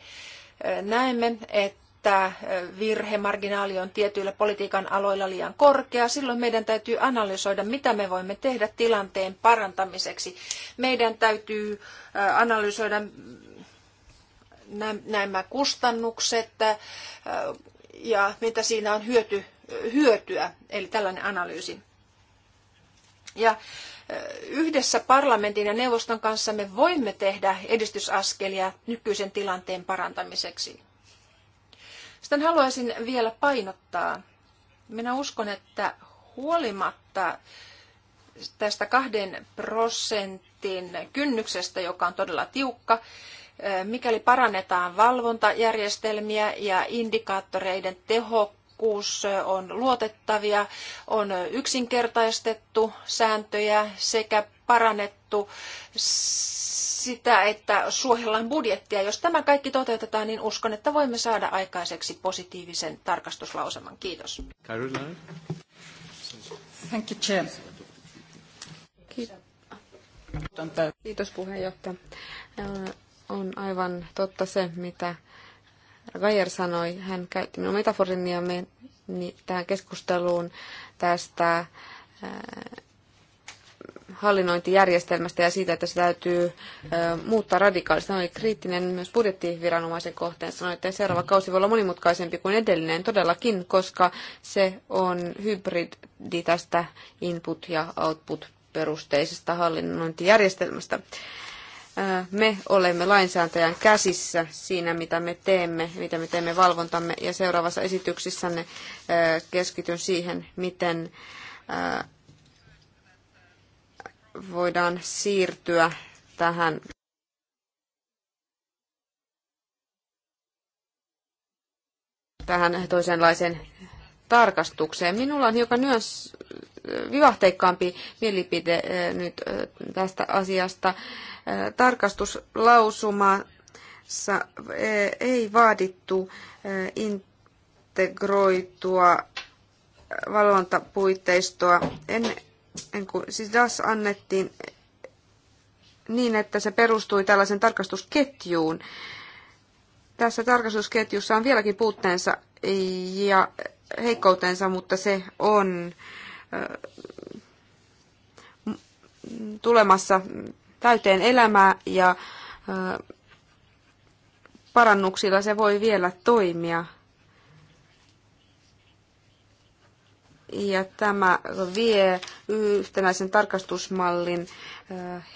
näemme, että että virhemarginaali on tietyillä politiikan aloilla liian korkea, silloin meidän täytyy analysoida, mitä me voimme tehdä tilanteen parantamiseksi. Meidän täytyy analysoida nämä kustannukset ja mitä siinä on hyöty, hyötyä, eli tällainen analyysi. Ja yhdessä parlamentin ja neuvoston kanssa me voimme tehdä edistysaskelia nykyisen tilanteen parantamiseksi. Sitten haluaisin vielä painottaa. Minä uskon, että huolimatta tästä kahden prosentin kynnyksestä, joka on todella tiukka, mikäli parannetaan valvontajärjestelmiä ja indikaattoreiden tehokkuutta, tehokkuus on luotettavia, on yksinkertaistettu sääntöjä sekä parannettu sitä, että suojellaan budjettia. Jos tämä kaikki toteutetaan, niin uskon, että voimme saada aikaiseksi positiivisen tarkastuslauseman. Kiitos. Thank you, Chair. Kiitos puheenjohtaja. On aivan totta se, mitä Geyer sanoi, hän käytti minun metaforini ja me tähän keskusteluun tästä hallinnointijärjestelmästä ja siitä, että se täytyy muuttaa radikaalisti. Hän oli kriittinen myös budjettiviranomaisen kohteen. Sanoi, että seuraava kausi voi olla monimutkaisempi kuin edellinen todellakin, koska se on hybridi tästä input- ja output-perusteisesta hallinnointijärjestelmästä me olemme lainsääntäjän käsissä siinä, mitä me teemme, mitä me teemme valvontamme. Ja seuraavassa esityksessänne keskityn siihen, miten voidaan siirtyä tähän tähän toisenlaiseen tarkastukseen. Minulla on hiukan myös vivahteikkaampi mielipide nyt tästä asiasta. Tarkastuslausumassa ei vaadittu integroitua valvontapuitteistoa. ennen kuin siis DAS annettiin niin, että se perustui tällaisen tarkastusketjuun. Tässä tarkastusketjussa on vieläkin puutteensa ja heikkoutensa, mutta se on äh, tulemassa täyteen elämää ja parannuksilla se voi vielä toimia. Ja tämä vie yhtenäisen tarkastusmallin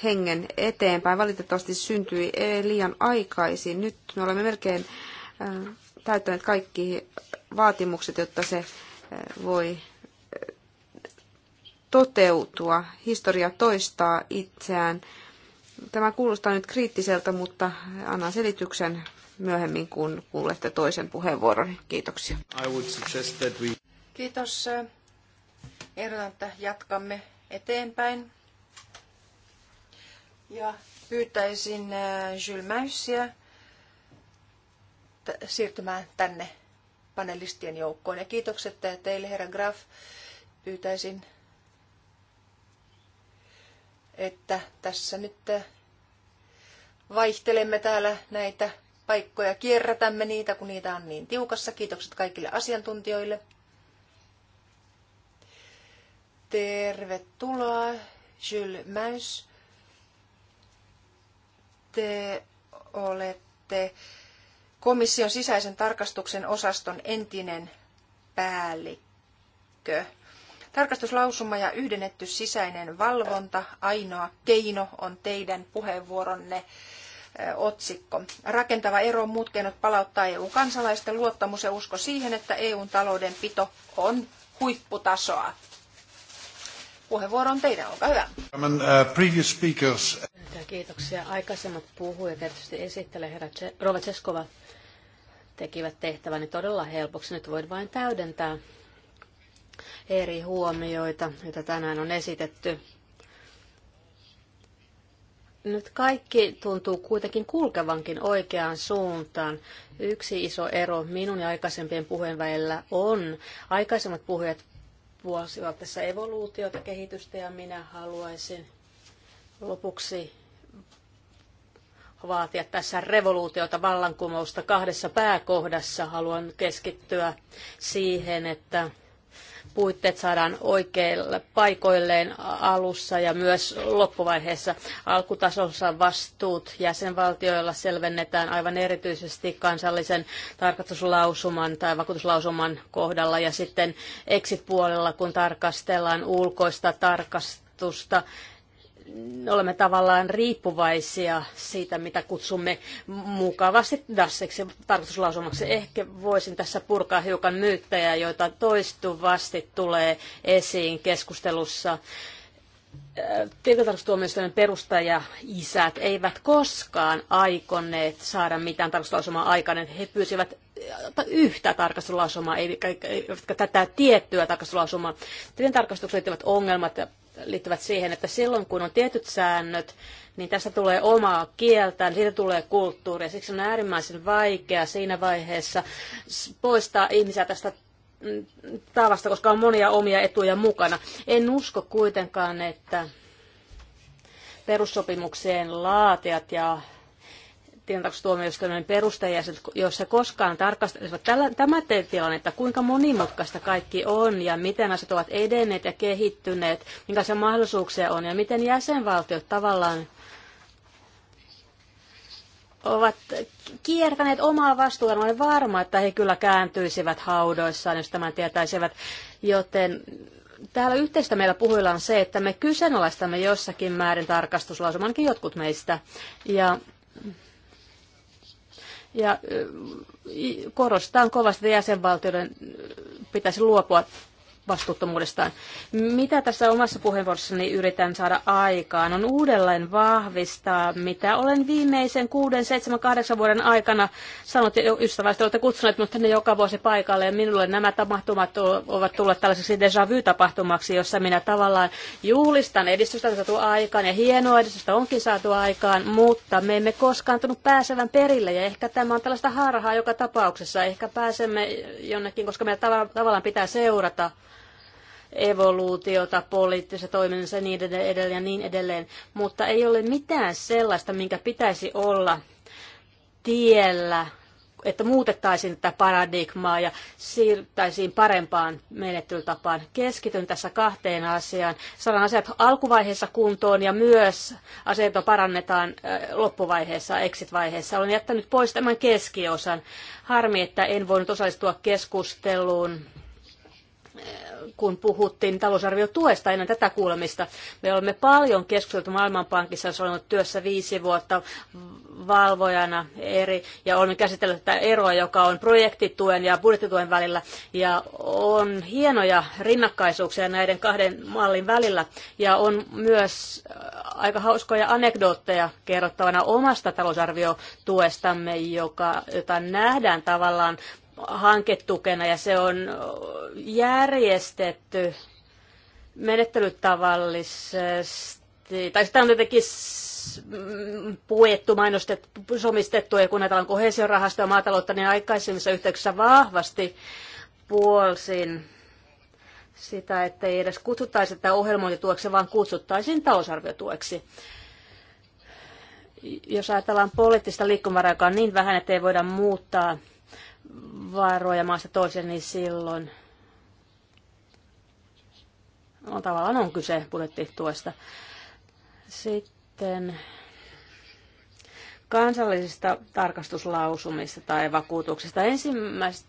hengen eteenpäin. Valitettavasti syntyi e, liian aikaisin. Nyt me olemme melkein täyttäneet kaikki vaatimukset, jotta se voi toteutua. Historia toistaa itseään. Tämä kuulostaa nyt kriittiseltä, mutta annan selityksen myöhemmin, kun kuulette toisen puheenvuoron. Kiitoksia. We... Kiitos. Ehdotan, että jatkamme eteenpäin. Ja pyytäisin äh, Jules Mäyssiä siirtymään tänne panelistien joukkoon. Ja kiitokset teille, herra Graf. Pyytäisin että tässä nyt eh, vaihtelemme täällä näitä paikkoja, kierrätämme niitä, kun niitä on niin tiukassa. Kiitokset kaikille asiantuntijoille. Tervetuloa, Jules Mäys. Te olette komission sisäisen tarkastuksen osaston entinen päällikkö. Tarkastuslausuma ja yhdennetty sisäinen valvonta, ainoa keino on teidän puheenvuoronne otsikko. Rakentava ero muut keinot palauttaa EU-kansalaisten luottamus ja usko siihen, että EUn taloudenpito on huipputasoa. Puheenvuoro on teidän, olkaa hyvä. Uh, Kiitoksia. Aikaisemmat puhujat, tietysti esittelee herra Rova Cheskova, tekivät tehtäväni todella helpoksi. Nyt voin vain täydentää eri huomioita, joita tänään on esitetty. Nyt kaikki tuntuu kuitenkin kulkevankin oikeaan suuntaan. Yksi iso ero minun ja aikaisempien puheen välillä on. Aikaisemmat puhujat vuosivat tässä evoluutiota, kehitystä ja minä haluaisin lopuksi vaatia tässä revoluutiota, vallankumousta kahdessa pääkohdassa. Haluan keskittyä siihen, että puitteet saadaan oikeille paikoilleen alussa ja myös loppuvaiheessa. Alkutasossa vastuut jäsenvaltioilla selvennetään aivan erityisesti kansallisen tarkastuslausuman tai vakuutuslausuman kohdalla ja sitten exit-puolella, kun tarkastellaan ulkoista tarkastusta olemme tavallaan riippuvaisia siitä, mitä kutsumme mukavasti dasseksi tarkoituslausumaksi. Ehkä voisin tässä purkaa hiukan myyttäjä, joita toistuvasti tulee esiin keskustelussa. Äh, tietotarkastustuomioistuimen perustaja isät eivät koskaan aikoneet saada mitään tarkastuslausumaa aikana. He pyysivät äh, yhtä tarkastuslausumaa, eivätkä tätä tiettyä tarkastuslausumaa. Tilintarkastukset liittyvät ongelmat ja liittyvät siihen, että silloin kun on tietyt säännöt, niin tästä tulee omaa kieltään, niin siitä tulee kulttuuria. Siksi on äärimmäisen vaikea siinä vaiheessa poistaa ihmisiä tästä mm, tavasta, koska on monia omia etuja mukana. En usko kuitenkaan, että perussopimukseen laatijat ja tilintarkastustuomioistuimen perustajajäsenet, joissa koskaan tarkastelisivat tämä tämä tilannetta, kuinka monimutkaista kaikki on ja miten asiat ovat edenneet ja kehittyneet, minkälaisia mahdollisuuksia on ja miten jäsenvaltiot tavallaan ovat kiertäneet omaa vastuutaan. Olen varma, että he kyllä kääntyisivät haudoissaan, jos tämän tietäisivät. Joten täällä yhteistä meillä puhuilla on se, että me kyseenalaistamme jossakin määrin tarkastuslausumankin jotkut meistä. Ja ja korostan kovasti, että jäsenvaltioiden pitäisi luopua vastuuttomuudestaan. Mitä tässä omassa puheenvuorossani yritän saada aikaan, on uudelleen vahvistaa, mitä olen viimeisen 6, 7, 8 vuoden aikana sanonut, ystävästä, olette kutsuneet minut tänne joka vuosi paikalle, ja minulle nämä tapahtumat ovat tulleet tällaiseksi déjà vu-tapahtumaksi, jossa minä tavallaan juhlistan edistystä saatu aikaan, ja hienoa edistystä onkin saatu aikaan, mutta me emme koskaan tunnu pääsevän perille, ja ehkä tämä on tällaista harhaa joka tapauksessa. Ehkä pääsemme jonnekin, koska meidän tavallaan pitää seurata evoluutiota, poliittisessa toiminnassa ja niin edelleen ja niin edelleen. Mutta ei ole mitään sellaista, minkä pitäisi olla tiellä, että muutettaisiin tätä paradigmaa ja siirryttäisiin parempaan menettelytapaan. Keskityn tässä kahteen asiaan. Saadaan asiat alkuvaiheessa kuntoon ja myös asioita parannetaan äh, loppuvaiheessa, exit-vaiheessa. Olen jättänyt pois tämän keskiosan. Harmi, että en voinut osallistua keskusteluun kun puhuttiin talousarviotuesta ennen tätä kuulemista. Me olemme paljon keskusteltu Maailmanpankissa, se on työssä viisi vuotta valvojana eri, ja olemme käsitelleet tätä eroa, joka on projektituen ja budjettituen välillä, ja on hienoja rinnakkaisuuksia näiden kahden mallin välillä, ja on myös aika hauskoja anekdootteja kerrottavana omasta talousarviotuestamme, joka, jota nähdään tavallaan hanketukena ja se on järjestetty menettelytavallisesti, tai sitä on jotenkin mm, puettu, mainostettu, somistettu, ja kun näitä on kohesiorahastoa ja maataloutta, niin aikaisemmissa yhteyksissä vahvasti puolsin sitä, että ei edes kutsuttaisi tätä ohjelmointitueksi, vaan kutsuttaisiin talousarviotueksi. Jos ajatellaan poliittista liikkumavaraa, joka on niin vähän, että ei voida muuttaa varoja maasta toiseen, niin silloin no, tavallaan on kyse budjettituesta. Sitten kansallisista tarkastuslausumista tai vakuutuksista. Ensimmäistä,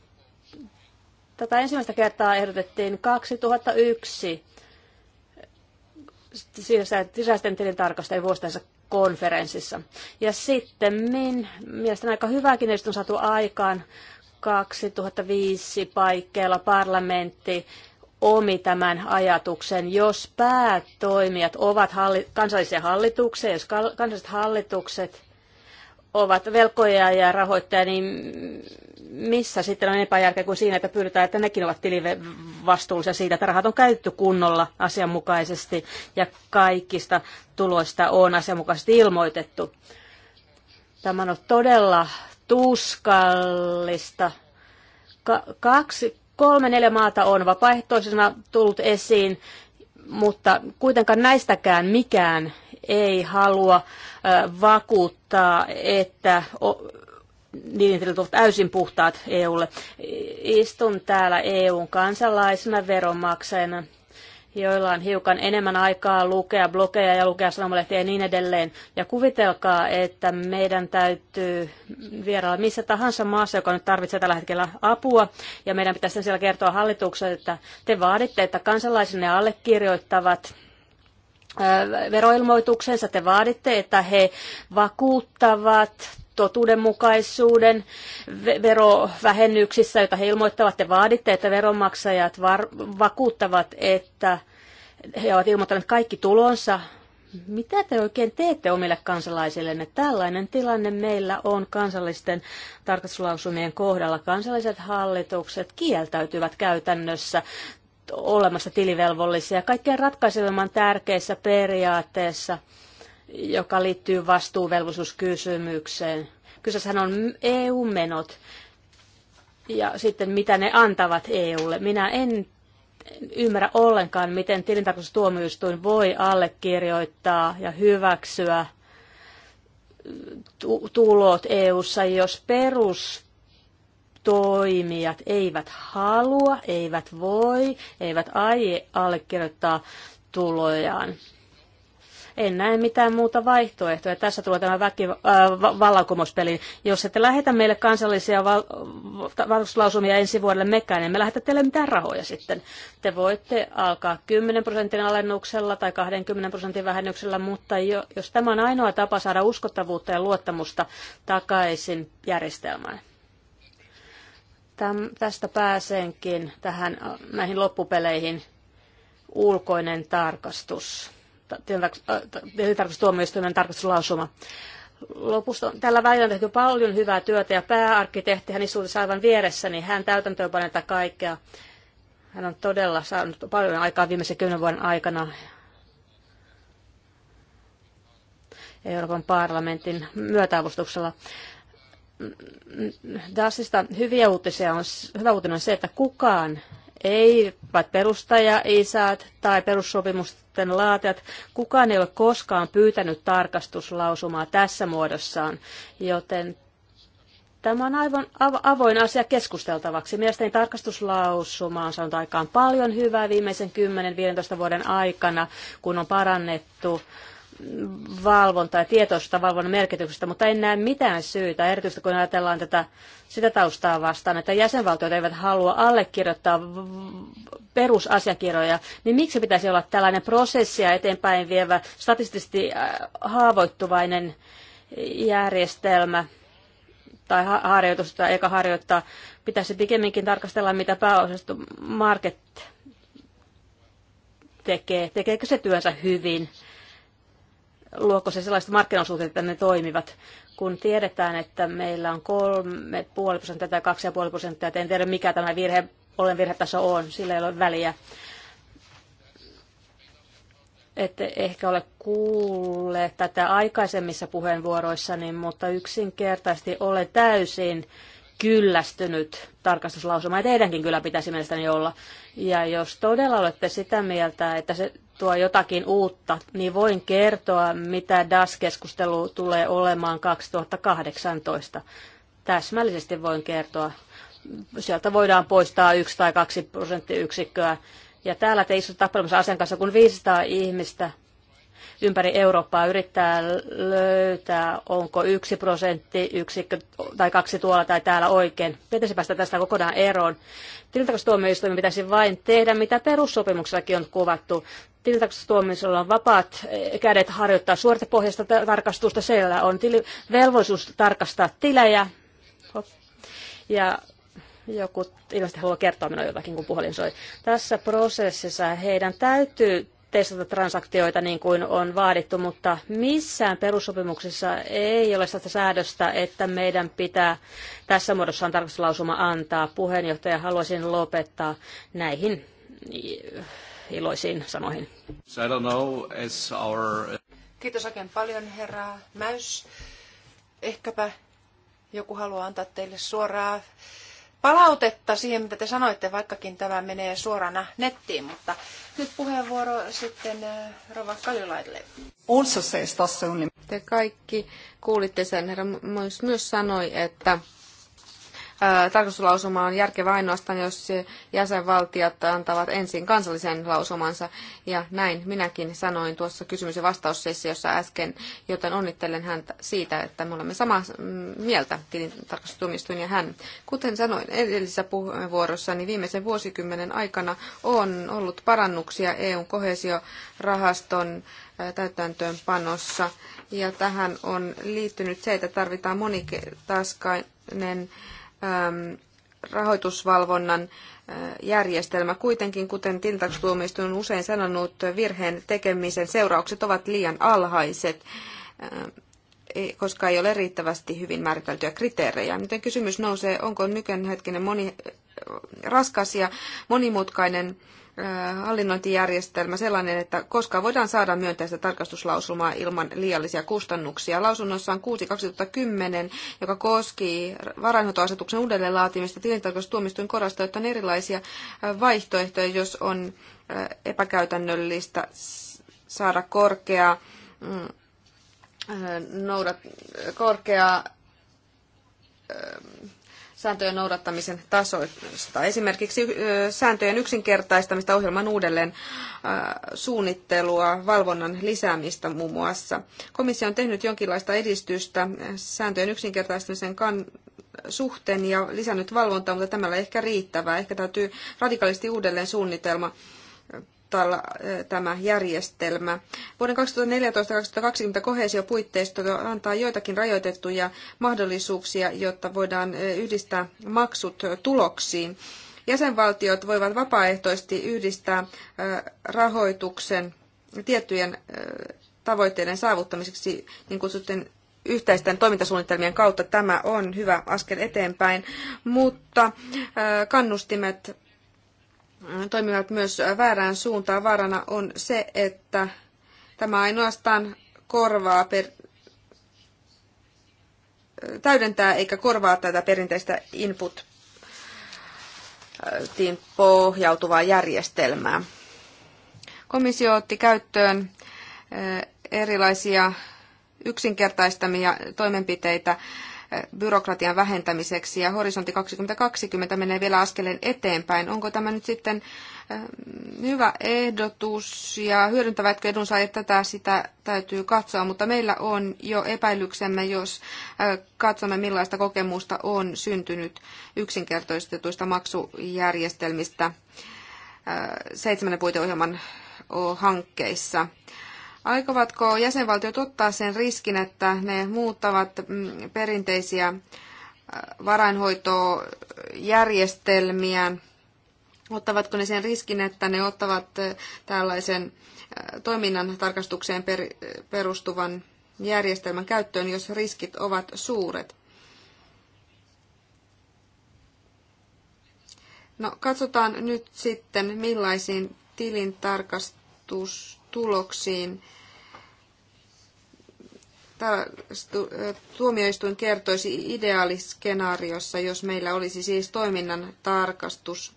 tätä ensimmäistä kertaa ehdotettiin 2001 sisäisten tilintarkastajien vuosittaisessa konferenssissa. Ja sitten min, mielestäni aika hyväkin on saatu aikaan 2005 paikkeilla parlamentti omi tämän ajatuksen, jos päätoimijat ovat halli- kansallisia hallituksia, jos kansalliset hallitukset ovat velkoja ja rahoittajia, niin missä sitten on epäjärkeä kuin siinä, että pyydetään, että nekin ovat tilivastuullisia siitä, että rahat on käytetty kunnolla asianmukaisesti ja kaikista tuloista on asianmukaisesti ilmoitettu. Tämä on todella tuskallista. Ka- kaksi, kolme, neljä maata on vapaaehtoisena tullut esiin, mutta kuitenkaan näistäkään mikään ei halua vakuuttaa, että niiden ovat täysin puhtaat EUlle. Istun täällä EUn kansalaisena veronmaksajana joilla on hiukan enemmän aikaa lukea blogeja ja lukea sanomalehtiä ja niin edelleen. Ja kuvitelkaa, että meidän täytyy vierailla missä tahansa maassa, joka nyt tarvitsee tällä hetkellä apua, ja meidän pitäisi siellä kertoa hallitukselle, että te vaaditte, että kansalaisenne allekirjoittavat veroilmoituksensa, te vaaditte, että he vakuuttavat totuudenmukaisuuden verovähennyksissä, joita he ilmoittavat, te vaaditte, että veronmaksajat var- vakuuttavat, että he ovat ilmoittaneet kaikki tulonsa. Mitä te oikein teette omille kansalaisillenne? Tällainen tilanne meillä on kansallisten tarkastuslausumien kohdalla. Kansalliset hallitukset kieltäytyvät käytännössä olemassa tilivelvollisia kaikkein ratkaisevimman tärkeissä periaatteessa – joka liittyy vastuuvelvollisuuskysymykseen. Kyseessähän on EU-menot ja sitten mitä ne antavat EUlle. Minä en ymmärrä ollenkaan, miten tilintarkastustuomioistuin voi allekirjoittaa ja hyväksyä tulot EU:ssa, jos perus toimijat eivät halua, eivät voi, eivät aie allekirjoittaa tulojaan. En näe mitään muuta vaihtoehtoa. Tässä tulee tämä väki, äh, vallankumouspeli. Jos ette lähetä meille kansallisia val, varustuslausumia ensi vuodelle mekään, niin me lähetä teille mitään rahoja sitten. Te voitte alkaa 10 prosentin alennuksella tai 20 prosentin vähennyksellä, mutta jo, jos tämä on ainoa tapa saada uskottavuutta ja luottamusta takaisin järjestelmään. Täm, tästä pääsenkin tähän, äh, näihin loppupeleihin ulkoinen tarkastus tilintarkastustuomioistuimen tarkastuslausuma. Lopusta, tällä välillä on tehty paljon hyvää työtä ja pääarkkitehti, hän istuu aivan vieressä, niin hän täytäntöönpanee tätä kaikkea. Hän on todella saanut paljon aikaa viimeisen kymmenen vuoden aikana. Euroopan parlamentin myötäavustuksella. Dasista hyviä uutisia on, hyvä uutinen on se, että kukaan eivät perustaja, isät tai perussopimusten laatijat, kukaan ei ole koskaan pyytänyt tarkastuslausumaa tässä muodossaan, joten Tämä on aivan avoin asia keskusteltavaksi. Mielestäni tarkastuslausuma on saanut aikaan paljon hyvää viimeisen 10-15 vuoden aikana, kun on parannettu Valvonta ja tietoista valvonnan merkityksestä, mutta en näe mitään syytä, erityisesti kun ajatellaan tätä, sitä taustaa vastaan, että jäsenvaltiot eivät halua allekirjoittaa perusasiakirjoja, niin miksi pitäisi olla tällainen prosessia eteenpäin vievä, statistisesti äh, haavoittuvainen järjestelmä tai harjoitus tai eikä harjoittaa. Pitäisi pikemminkin tarkastella, mitä pääosasto market tekee. Tekeekö se työnsä hyvin? luoko se sellaista markkinaosuutta, että ne toimivat. Kun tiedetään, että meillä on 3,5 prosenttia tai 2,5 prosenttia, en tiedä mikä tämä virhe, olen virhetaso on, sillä ei ole väliä. Ette ehkä ole kuulleet tätä aikaisemmissa puheenvuoroissani, mutta yksinkertaisesti ole täysin kyllästynyt tarkastuslausuma, teidänkin kyllä pitäisi mielestäni olla. Ja jos todella olette sitä mieltä, että se tuo jotakin uutta, niin voin kertoa, mitä DAS-keskustelu tulee olemaan 2018. Täsmällisesti voin kertoa. Sieltä voidaan poistaa yksi tai kaksi prosenttiyksikköä. Ja täällä te istutte tappelemassa asian kanssa, kun 500 ihmistä ympäri Eurooppaa yrittää löytää, onko yksi prosentti, yksikkö tai kaksi tuolla tai täällä oikein. Pitäisi päästä tästä kokonaan eroon. Tilintarkastustuomioistuimen pitäisi vain tehdä, mitä perussopimuksellakin on kuvattu. Tilintarkastustuomioistuimella on vapaat kädet harjoittaa suoritepohjaista tarkastusta. Siellä on tili- velvollisuus tarkastaa tilejä. Ja joku ilmeisesti haluaa kertoa minulle jotakin, kun puhelin soi. Tässä prosessissa heidän täytyy testata transaktioita niin kuin on vaadittu, mutta missään perussopimuksessa ei ole sitä säädöstä, että meidän pitää tässä muodossaan tarkastuslausuma antaa. Puheenjohtaja, haluaisin lopettaa näihin iloisiin sanoihin. Kiitos oikein paljon, herra Mäys. Ehkäpä joku haluaa antaa teille suoraa palautetta siihen, mitä te sanoitte, vaikkakin tämä menee suorana nettiin, mutta nyt puheenvuoro sitten äh, Rova Kalilaille. Niin- te kaikki kuulitte sen, herra myös, myös sanoi, että tarkastuslausuma on järkevä ainoastaan, jos jäsenvaltiot antavat ensin kansallisen lausumansa. Ja näin minäkin sanoin tuossa kysymys- ja vastaussessiossa äsken, joten onnittelen häntä siitä, että me olemme samaa mm, mieltä tilintarkastustuomioistuin ja hän. Kuten sanoin edellisessä puheenvuorossa, niin viimeisen vuosikymmenen aikana on ollut parannuksia EUn kohesiorahaston täytäntöönpanossa. Ja tähän on liittynyt se, että tarvitaan monitaskainen Ähm, rahoitusvalvonnan äh, järjestelmä. Kuitenkin, kuten Tiltax-tuomioistuin on usein sanonut, virheen tekemisen seuraukset ovat liian alhaiset, äh, koska ei ole riittävästi hyvin määriteltyjä kriteerejä. Miten kysymys nousee, onko nykyhetkinen moni, äh, raskas ja monimutkainen Äh, hallinnointijärjestelmä sellainen, että koska voidaan saada myönteistä tarkastuslausumaa ilman liiallisia kustannuksia. Lausunnossa on 6-2010, joka koski varainhoitoasetuksen uudelleenlaatimista. Tilintarkastustuomioistuin korostaa, että on erilaisia äh, vaihtoehtoja, jos on äh, epäkäytännöllistä saada korkea, mm, noudat, korkea sääntöjen noudattamisen tasoista. Esimerkiksi sääntöjen yksinkertaistamista, ohjelman uudelleen suunnittelua, valvonnan lisäämistä muun muassa. Komissio on tehnyt jonkinlaista edistystä sääntöjen yksinkertaistamisen kan- suhteen ja lisännyt valvontaa, mutta tämä ei ehkä riittävää. Ehkä täytyy radikaalisti uudelleen suunnitelma taustalla tämä järjestelmä. Vuoden 2014-2020 kohesiopuitteisto antaa joitakin rajoitettuja mahdollisuuksia, jotta voidaan yhdistää maksut tuloksiin. Jäsenvaltiot voivat vapaaehtoisesti yhdistää rahoituksen tiettyjen tavoitteiden saavuttamiseksi niin kutsutten yhteisten toimintasuunnitelmien kautta tämä on hyvä askel eteenpäin, mutta kannustimet toimivat myös väärään suuntaan. Vaarana on se, että tämä ainoastaan korvaa per, täydentää eikä korvaa tätä perinteistä input pohjautuvaa järjestelmää. Komissio otti käyttöön eh, erilaisia yksinkertaistamia toimenpiteitä byrokratian vähentämiseksi ja horisontti 2020 menee vielä askeleen eteenpäin. Onko tämä nyt sitten ähm, hyvä ehdotus ja hyödyntävätkö edunsaajat tätä, sitä täytyy katsoa, mutta meillä on jo epäilyksemme, jos äh, katsomme millaista kokemusta on syntynyt yksinkertaistetuista maksujärjestelmistä äh, seitsemän puiteohjelman oh, hankkeissa. Aikovatko jäsenvaltiot ottaa sen riskin, että ne muuttavat mm, perinteisiä äh, varainhoitojärjestelmiä? Ottavatko ne sen riskin, että ne ottavat äh, tällaisen äh, toiminnan tarkastukseen perustuvan järjestelmän käyttöön, jos riskit ovat suuret? No, katsotaan nyt sitten, millaisiin tilintarkastus tuloksiin. Tuomioistuin kertoisi ideaaliskenaariossa, jos meillä olisi siis toiminnan tarkastus,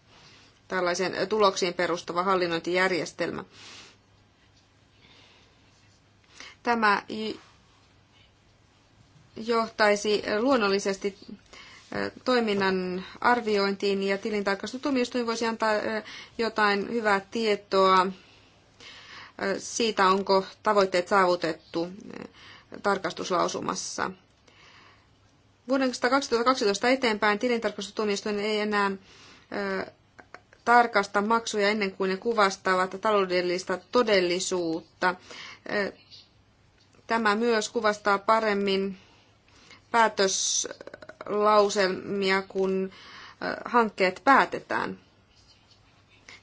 tällaisen tuloksiin perustuva hallinnointijärjestelmä. Tämä johtaisi luonnollisesti toiminnan arviointiin ja tilintarkastustuomioistuin voisi antaa jotain hyvää tietoa siitä, onko tavoitteet saavutettu eh, tarkastuslausumassa. Vuoden 2012 eteenpäin tilintarkastustuomioistuin ei enää eh, tarkasta maksuja ennen kuin ne kuvastavat taloudellista todellisuutta. Eh, tämä myös kuvastaa paremmin päätöslauselmia, kun hankkeet päätetään.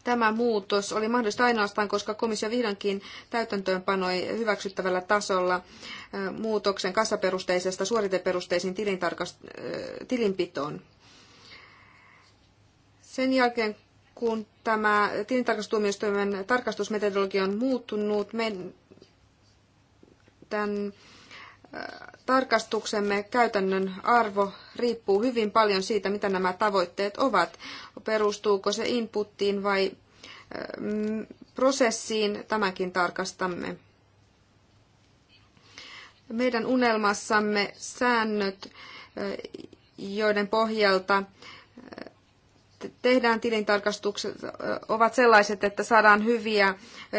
Tämä muutos oli mahdollista ainoastaan, koska komissio vihdoinkin täytäntöönpanoi hyväksyttävällä tasolla muutoksen kassaperusteisesta suoriteperusteisiin tilinpitoon. Sen jälkeen, kun tämä tilintarkastustuomioistuimen tarkastusmetodologia on muuttunut, me tämän tarkastuksemme käytännön arvo riippuu hyvin paljon siitä, mitä nämä tavoitteet ovat. Perustuuko se inputtiin vai prosessiin, tämäkin tarkastamme. Meidän unelmassamme säännöt, joiden pohjalta tehdään tilintarkastukset ovat sellaiset, että saadaan hyviä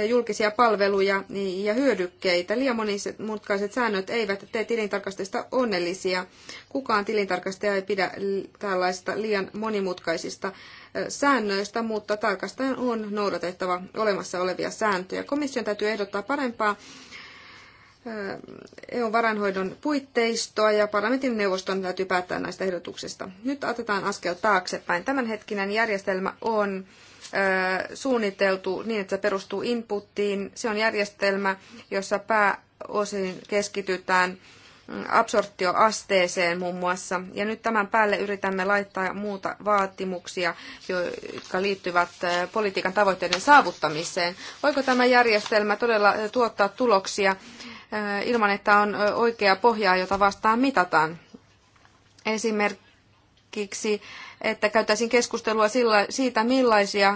julkisia palveluja niin, ja hyödykkeitä. Liian monimutkaiset säännöt eivät tee tilintarkastajista onnellisia. Kukaan tilintarkastaja ei pidä tällaista liian monimutkaisista säännöistä, mutta tarkastajan on noudatettava olemassa olevia sääntöjä. Komission täytyy ehdottaa parempaa EUn varainhoidon puitteistoa ja parlamentin neuvoston täytyy päättää näistä ehdotuksista. Nyt otetaan askel taaksepäin. Tämänhetkinen järjestelmä on suunniteltu niin, että se perustuu inputtiin. Se on järjestelmä, jossa pääosin keskitytään mm, absorptioasteeseen muun muassa. Ja nyt tämän päälle yritämme laittaa muuta vaatimuksia, jotka liittyvät politiikan tavoitteiden saavuttamiseen. Voiko tämä järjestelmä todella tuottaa tuloksia? ilman, että on oikea pohjaa, jota vastaan mitataan. Esimerkiksi, että käytäisiin keskustelua siitä, millaisia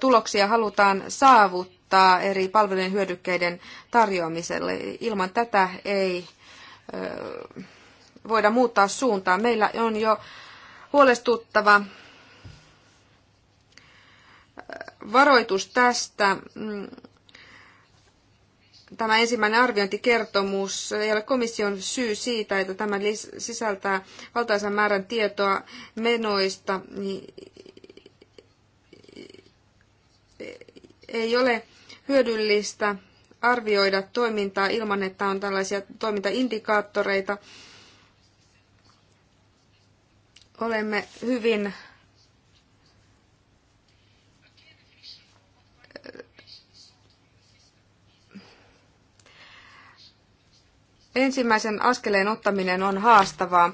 tuloksia halutaan saavuttaa eri palvelujen hyödykkeiden tarjoamiselle. Ilman tätä ei voida muuttaa suuntaa. Meillä on jo huolestuttava varoitus tästä mm, tämä ensimmäinen arviointikertomus ei ole komission syy siitä, että tämä sisältää valtaisan määrän tietoa menoista, niin ei ole hyödyllistä arvioida toimintaa ilman, että on tällaisia toimintaindikaattoreita. Olemme hyvin ensimmäisen askeleen ottaminen on haastavaa.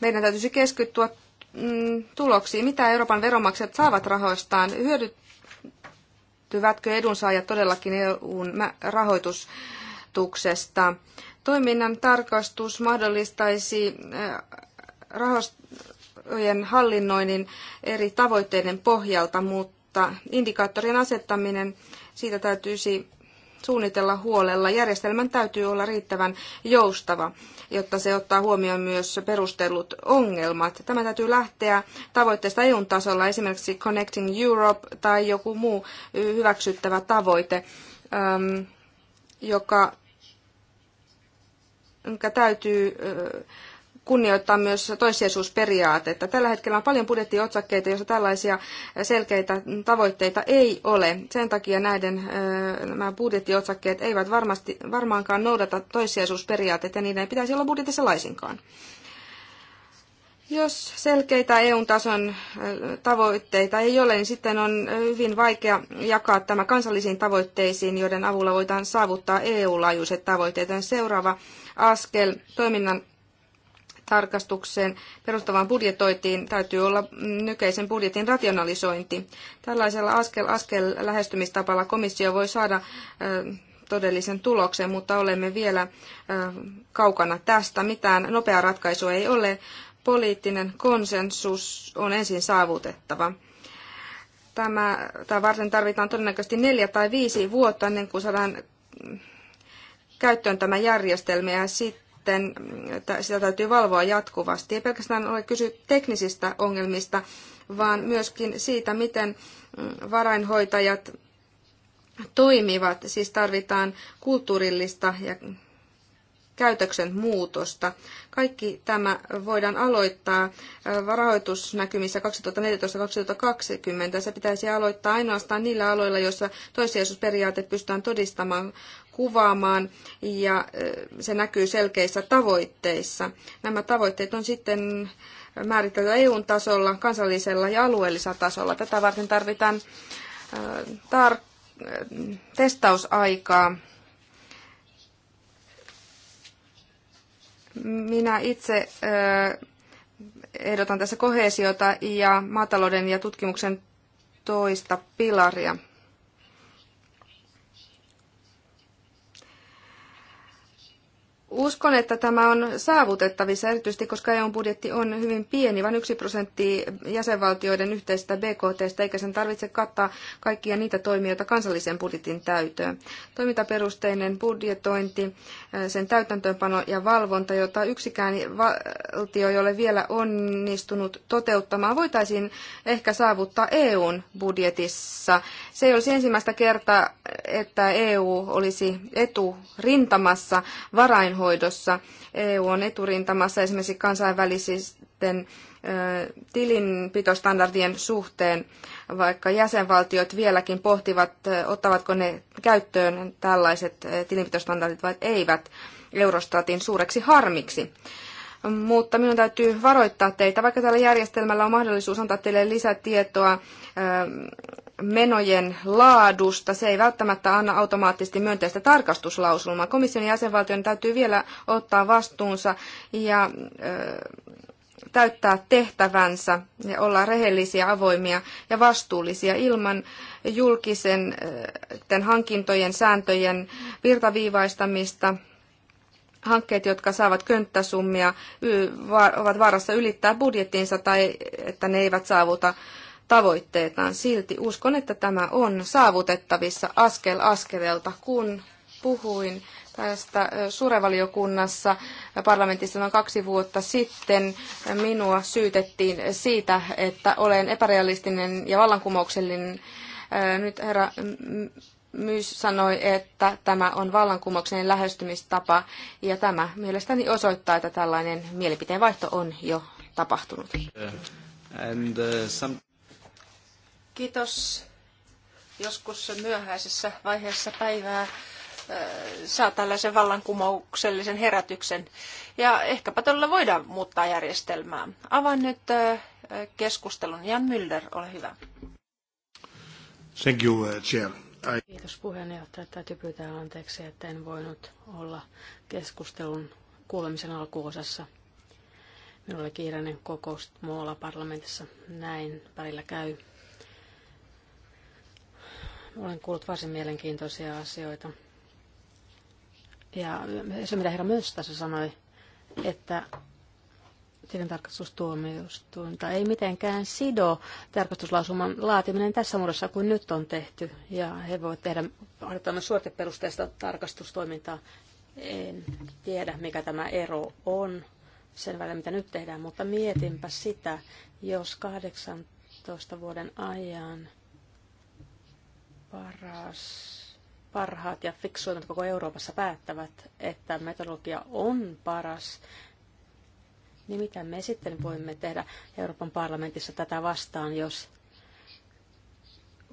Meidän täytyisi keskittyä mm, tuloksiin, mitä Euroopan veronmaksajat saavat rahoistaan, hyödyttyvätkö edunsaajat todellakin EUn rahoitustuksesta. Toiminnan tarkastus mahdollistaisi äh, rahojen hallinnoinnin eri tavoitteiden pohjalta, mutta indikaattorien asettaminen, siitä täytyisi suunnitella huolella. Järjestelmän täytyy olla riittävän joustava, jotta se ottaa huomioon myös perustellut ongelmat. Tämä täytyy lähteä tavoitteesta EUn tasolla, esimerkiksi Connecting Europe tai joku muu hyväksyttävä tavoite, ähm, joka, joka täytyy äh, kunnioittaa myös toissijaisuusperiaatetta. Tällä hetkellä on paljon budjettiotsakkeita, joissa tällaisia selkeitä tavoitteita ei ole. Sen takia näiden nämä budjettiotsakkeet eivät varmasti, varmaankaan noudata toissijaisuusperiaatetta ja niiden ei pitäisi olla budjetissa laisinkaan. Jos selkeitä EU-tason tavoitteita ei ole, niin sitten on hyvin vaikea jakaa tämä kansallisiin tavoitteisiin, joiden avulla voidaan saavuttaa EU-laajuiset tavoitteet. Seuraava askel toiminnan tarkastukseen perustavaan budjetoitiin täytyy olla nykyisen budjetin rationalisointi. Tällaisella askel askel lähestymistapalla komissio voi saada todellisen tuloksen, mutta olemme vielä kaukana tästä. Mitään nopeaa ratkaisua ei ole. Poliittinen konsensus on ensin saavutettava tämä, tämä varten tarvitaan todennäköisesti neljä tai viisi vuotta ennen kuin saadaan käyttöön tämä järjestelmä ja sit sitten sitä täytyy valvoa jatkuvasti. Ei pelkästään ole kysy teknisistä ongelmista, vaan myöskin siitä, miten mm, varainhoitajat toimivat. Siis tarvitaan kulttuurillista ja käytöksen muutosta. Kaikki tämä voidaan aloittaa varahoitusnäkymissä äh, 2014-2020. Se pitäisi aloittaa ainoastaan niillä aloilla, joissa toissijaisuusperiaate pystytään todistamaan kuvaamaan ja se näkyy selkeissä tavoitteissa. Nämä tavoitteet on sitten määritelty EU-tasolla, kansallisella ja alueellisella tasolla. Tätä varten tarvitaan tar- testausaikaa. Minä itse ehdotan tässä kohesiota ja maatalouden ja tutkimuksen toista pilaria. Uskon, että tämä on saavutettavissa, erityisesti koska EUn budjetti on hyvin pieni, vain yksi prosentti jäsenvaltioiden yhteisestä BKT, eikä sen tarvitse kattaa kaikkia niitä toimijoita kansallisen budjetin täytöön. Toimintaperusteinen budjetointi, sen täytäntöönpano ja valvonta, jota yksikään valtio ei ole vielä onnistunut toteuttamaan, voitaisiin ehkä saavuttaa EUn budjetissa. Se ei olisi ensimmäistä kertaa, että EU olisi eturintamassa varainhoidossa taloudenhoidossa. EU on eturintamassa esimerkiksi kansainvälisisten tilinpitostandardien suhteen, vaikka jäsenvaltiot vieläkin pohtivat, ottavatko ne käyttöön tällaiset tilinpitostandardit vai eivät Eurostatin suureksi harmiksi mutta minun täytyy varoittaa teitä, vaikka tällä järjestelmällä on mahdollisuus antaa teille lisätietoa menojen laadusta. Se ei välttämättä anna automaattisesti myönteistä tarkastuslausulmaa. Komission jäsenvaltion täytyy vielä ottaa vastuunsa ja täyttää tehtävänsä ja olla rehellisiä, avoimia ja vastuullisia ilman julkisen hankintojen sääntöjen virtaviivaistamista. Hankkeet, jotka saavat könttäsummia, ovat vaarassa ylittää budjettinsa tai että ne eivät saavuta tavoitteitaan. Silti uskon, että tämä on saavutettavissa askel askeleelta, kun puhuin tästä surevaliokunnassa parlamentissa noin kaksi vuotta sitten. Minua syytettiin siitä, että olen epärealistinen ja vallankumouksellinen. Nyt herra Myys sanoi, että tämä on vallankumouksen lähestymistapa, ja tämä mielestäni osoittaa, että tällainen mielipiteen vaihto on jo tapahtunut. Uh, and, uh, some... Kiitos. Joskus myöhäisessä vaiheessa päivää äh, saa tällaisen vallankumouksellisen herätyksen. Ja ehkäpä todella voidaan muuttaa järjestelmää. Avaan nyt äh, keskustelun. Jan Müller, ole hyvä. Thank you, uh, Chair. I... Kiitos puheenjohtaja. Täytyy pyytää anteeksi, että en voinut olla keskustelun kuulemisen alkuosassa. Minulla oli kiireinen kokous muualla parlamentissa. Näin välillä käy. Olen kuullut varsin mielenkiintoisia asioita. Ja se, mitä herra myös tässä sanoi, että tilintarkastustuomioistuinta ei mitenkään sido tarkastuslausuman laatiminen tässä muodossa kuin nyt on tehty. Ja he voivat tehdä, harjoittaa suorteperusteista suoriteperusteista tarkastustoimintaa. En tiedä, mikä tämä ero on sen välillä, mitä nyt tehdään, mutta mietinpä sitä, jos 18 vuoden ajan paras, parhaat ja fiksuimmat koko Euroopassa päättävät, että metodologia on paras, niin mitä me sitten voimme tehdä Euroopan parlamentissa tätä vastaan, jos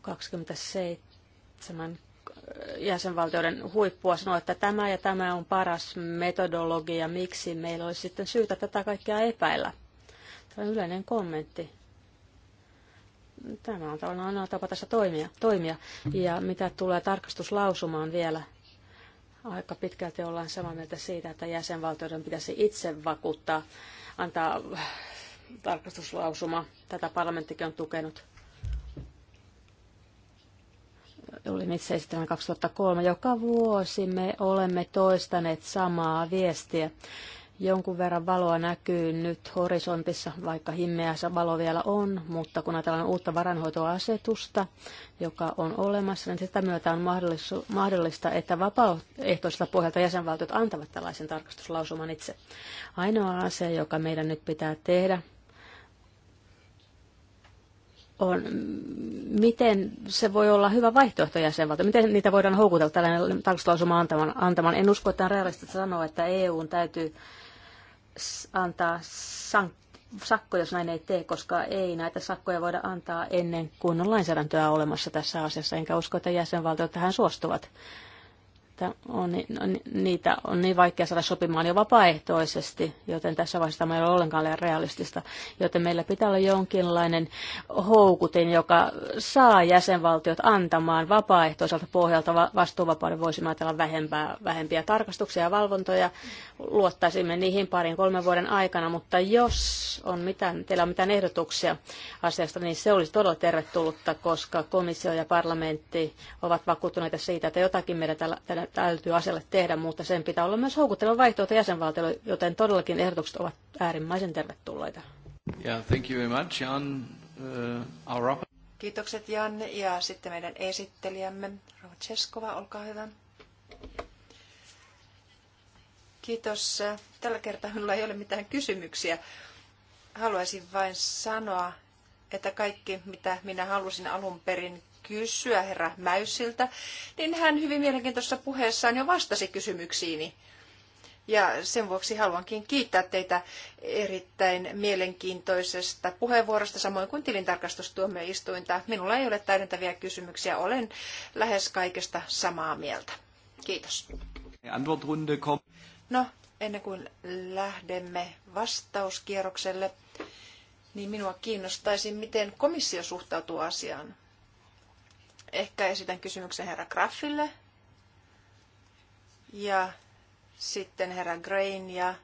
27 jäsenvaltioiden huippua sanoo, että tämä ja tämä on paras metodologia, miksi meillä olisi sitten syytä tätä kaikkea epäillä. Tämä on yleinen kommentti. Tämä on tavallaan ainoa tapa tässä toimia. toimia. Ja mitä tulee tarkastuslausumaan vielä, aika pitkälti ollaan samaa mieltä siitä, että jäsenvaltioiden pitäisi itse vakuuttaa, antaa tarkastuslausuma. Tätä parlamenttikin on tukenut. Oli itse esittämään 2003. Joka vuosi me olemme toistaneet samaa viestiä Jonkun verran valoa näkyy nyt horisontissa, vaikka himmeä valo vielä on, mutta kun ajatellaan uutta varanhoitoasetusta, joka on olemassa, niin sitä myötä on mahdollista, että vapaaehtoiselta pohjalta jäsenvaltiot antavat tällaisen tarkastuslausuman itse. Ainoa asia, joka meidän nyt pitää tehdä, on, miten se voi olla hyvä vaihtoehto jäsenvaltio? Miten niitä voidaan houkutella tällainen tarkastuslausuma antamaan, antamaan? En usko, että on realistista sanoa, että EUn täytyy antaa sank- sakko, jos näin ei tee, koska ei näitä sakkoja voida antaa ennen kuin on lainsäädäntöä olemassa tässä asiassa, enkä usko, että jäsenvaltiot tähän suostuvat että on, on, no, niitä on niin vaikea saada sopimaan jo vapaaehtoisesti, joten tässä vaiheessa tämä ei ole ollenkaan realistista. Joten meillä pitää olla jonkinlainen houkutin, joka saa jäsenvaltiot antamaan vapaaehtoiselta pohjalta vastuuvapauden. Voisimme ajatella vähempää, vähempiä tarkastuksia ja valvontoja. Luottaisimme niihin parin kolmen vuoden aikana, mutta jos on mitään, teillä on mitään ehdotuksia asiasta, niin se olisi todella tervetullutta, koska komissio ja parlamentti ovat vakuuttuneita siitä, että jotakin meidän tällä, täytyy asialle tehdä, mutta sen pitää olla myös houkutteleva vaihtoehto jäsenvaltiolle, joten todellakin ehdotukset ovat äärimmäisen tervetulleita. Yeah, thank you very much, Jan. Uh, Kiitokset Janne ja sitten meidän esittelijämme Rova olkaa hyvä. Kiitos. Tällä kertaa minulla ei ole mitään kysymyksiä. Haluaisin vain sanoa, että kaikki mitä minä halusin alun perin kysyä herra Mäysiltä, niin hän hyvin mielenkiintoisessa puheessaan jo vastasi kysymyksiini. Ja sen vuoksi haluankin kiittää teitä erittäin mielenkiintoisesta puheenvuorosta, samoin kuin tilintarkastustuomioistuinta. Minulla ei ole täydentäviä kysymyksiä, olen lähes kaikesta samaa mieltä. Kiitos. No, ennen kuin lähdemme vastauskierrokselle, niin minua kiinnostaisi, miten komissio suhtautuu asiaan. Ehkä esitän kysymyksen herra Graffille. Ja sitten herra Grain ja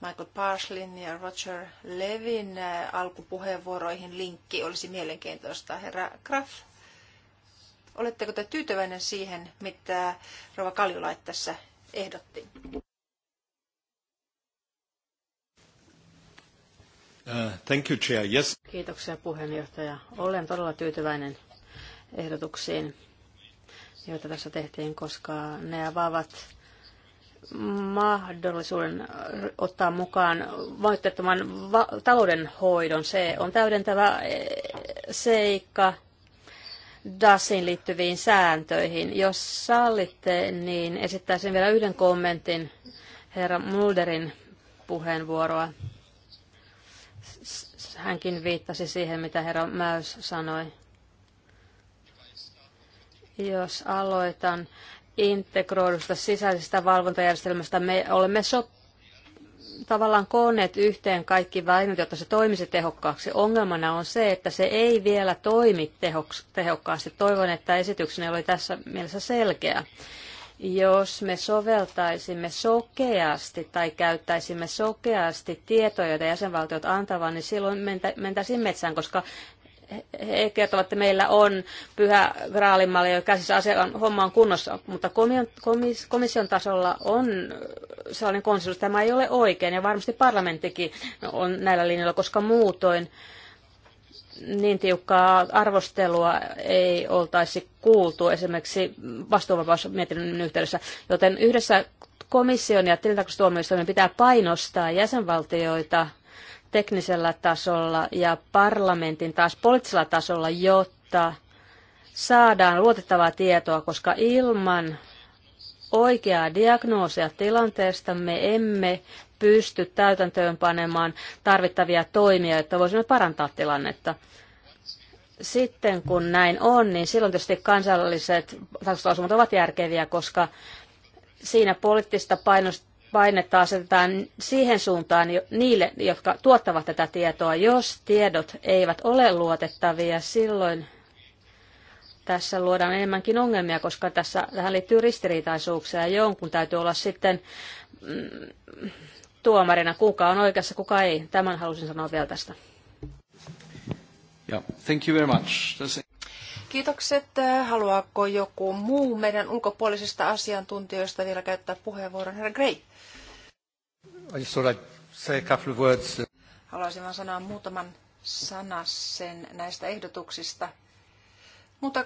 Michael Parslin ja Roger Levin äh, alkupuheenvuoroihin linkki olisi mielenkiintoista. Herra Graff, oletteko te tyytyväinen siihen, mitä Rova Kaljulait tässä ehdotti? Uh, thank you, Chair. Yes. Kiitoksia puheenjohtaja. Olen todella tyytyväinen ehdotuksiin, joita tässä tehtiin, koska ne avaavat mahdollisuuden ottaa mukaan vaihtoehtoman va- taloudenhoidon. Se on täydentävä eh, seikka DASin liittyviin sääntöihin. Jos sallitte, niin esittäisin vielä yhden kommentin herra Mulderin puheenvuoroa hänkin viittasi siihen, mitä herra Mäys sanoi. Jos aloitan integroidusta sisäisestä valvontajärjestelmästä, me olemme so- tavallaan koonneet yhteen kaikki välineet, jotta se toimisi tehokkaaksi. Ongelmana on se, että se ei vielä toimi tehokkaasti. Toivon, että esityksenne oli tässä mielessä selkeä. Jos me soveltaisimme sokeasti tai käyttäisimme sokeasti tietoja, joita jäsenvaltiot antavat, niin silloin mentä, mentäisiin metsään, koska he kertovat, että meillä on pyhä graalimalli, joka käsissä on, homma on kunnossa, mutta komission tasolla on sellainen konsensus, tämä ei ole oikein, ja varmasti parlamenttikin on näillä linjoilla, koska muutoin niin tiukkaa arvostelua ei oltaisi kuultu esimerkiksi vastuuvapausmietinnön yhteydessä, joten yhdessä komission ja tilintarkastustuomioistuimen pitää painostaa jäsenvaltioita teknisellä tasolla ja parlamentin taas poliittisella tasolla, jotta saadaan luotettavaa tietoa, koska ilman oikeaa diagnoosia tilanteesta me emme pysty täytäntöönpanemaan tarvittavia toimia, jotta voisimme parantaa tilannetta. Sitten kun näin on, niin silloin tietysti kansalliset taustalausumat ovat järkeviä, koska siinä poliittista painosta painetta asetetaan siihen suuntaan niille, jotka tuottavat tätä tietoa. Jos tiedot eivät ole luotettavia, silloin tässä luodaan enemmänkin ongelmia, koska tässä, tähän liittyy ristiriitaisuuksia ja jonkun täytyy olla sitten mm, tuomarina, kuka on oikeassa, kuka ei. Tämän halusin sanoa vielä tästä. Yeah, thank you very much. Kiitokset. Haluaako joku muu meidän ulkopuolisista asiantuntijoista vielä käyttää puheenvuoron? Herra Gray. Haluaisin vain sanoa muutaman sanan sen näistä ehdotuksista. Mutta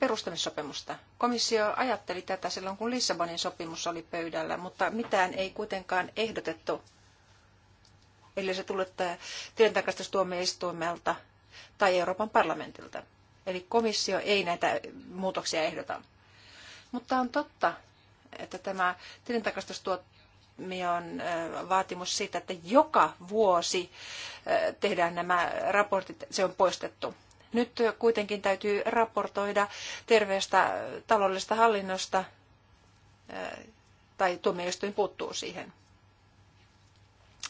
perustamissopimusta. Komissio ajatteli tätä silloin, kun Lissabonin sopimus oli pöydällä, mutta mitään ei kuitenkaan ehdotettu. Eli se tullut tilintarkastustuomioistuimelta tai Euroopan parlamentilta. Eli komissio ei näitä muutoksia ehdota. Mutta on totta, että tämä tilintarkastustuomion vaatimus siitä, että joka vuosi tehdään nämä raportit, se on poistettu. Nyt kuitenkin täytyy raportoida terveestä taloudellisesta hallinnosta tai tuomioistuin puuttuu siihen.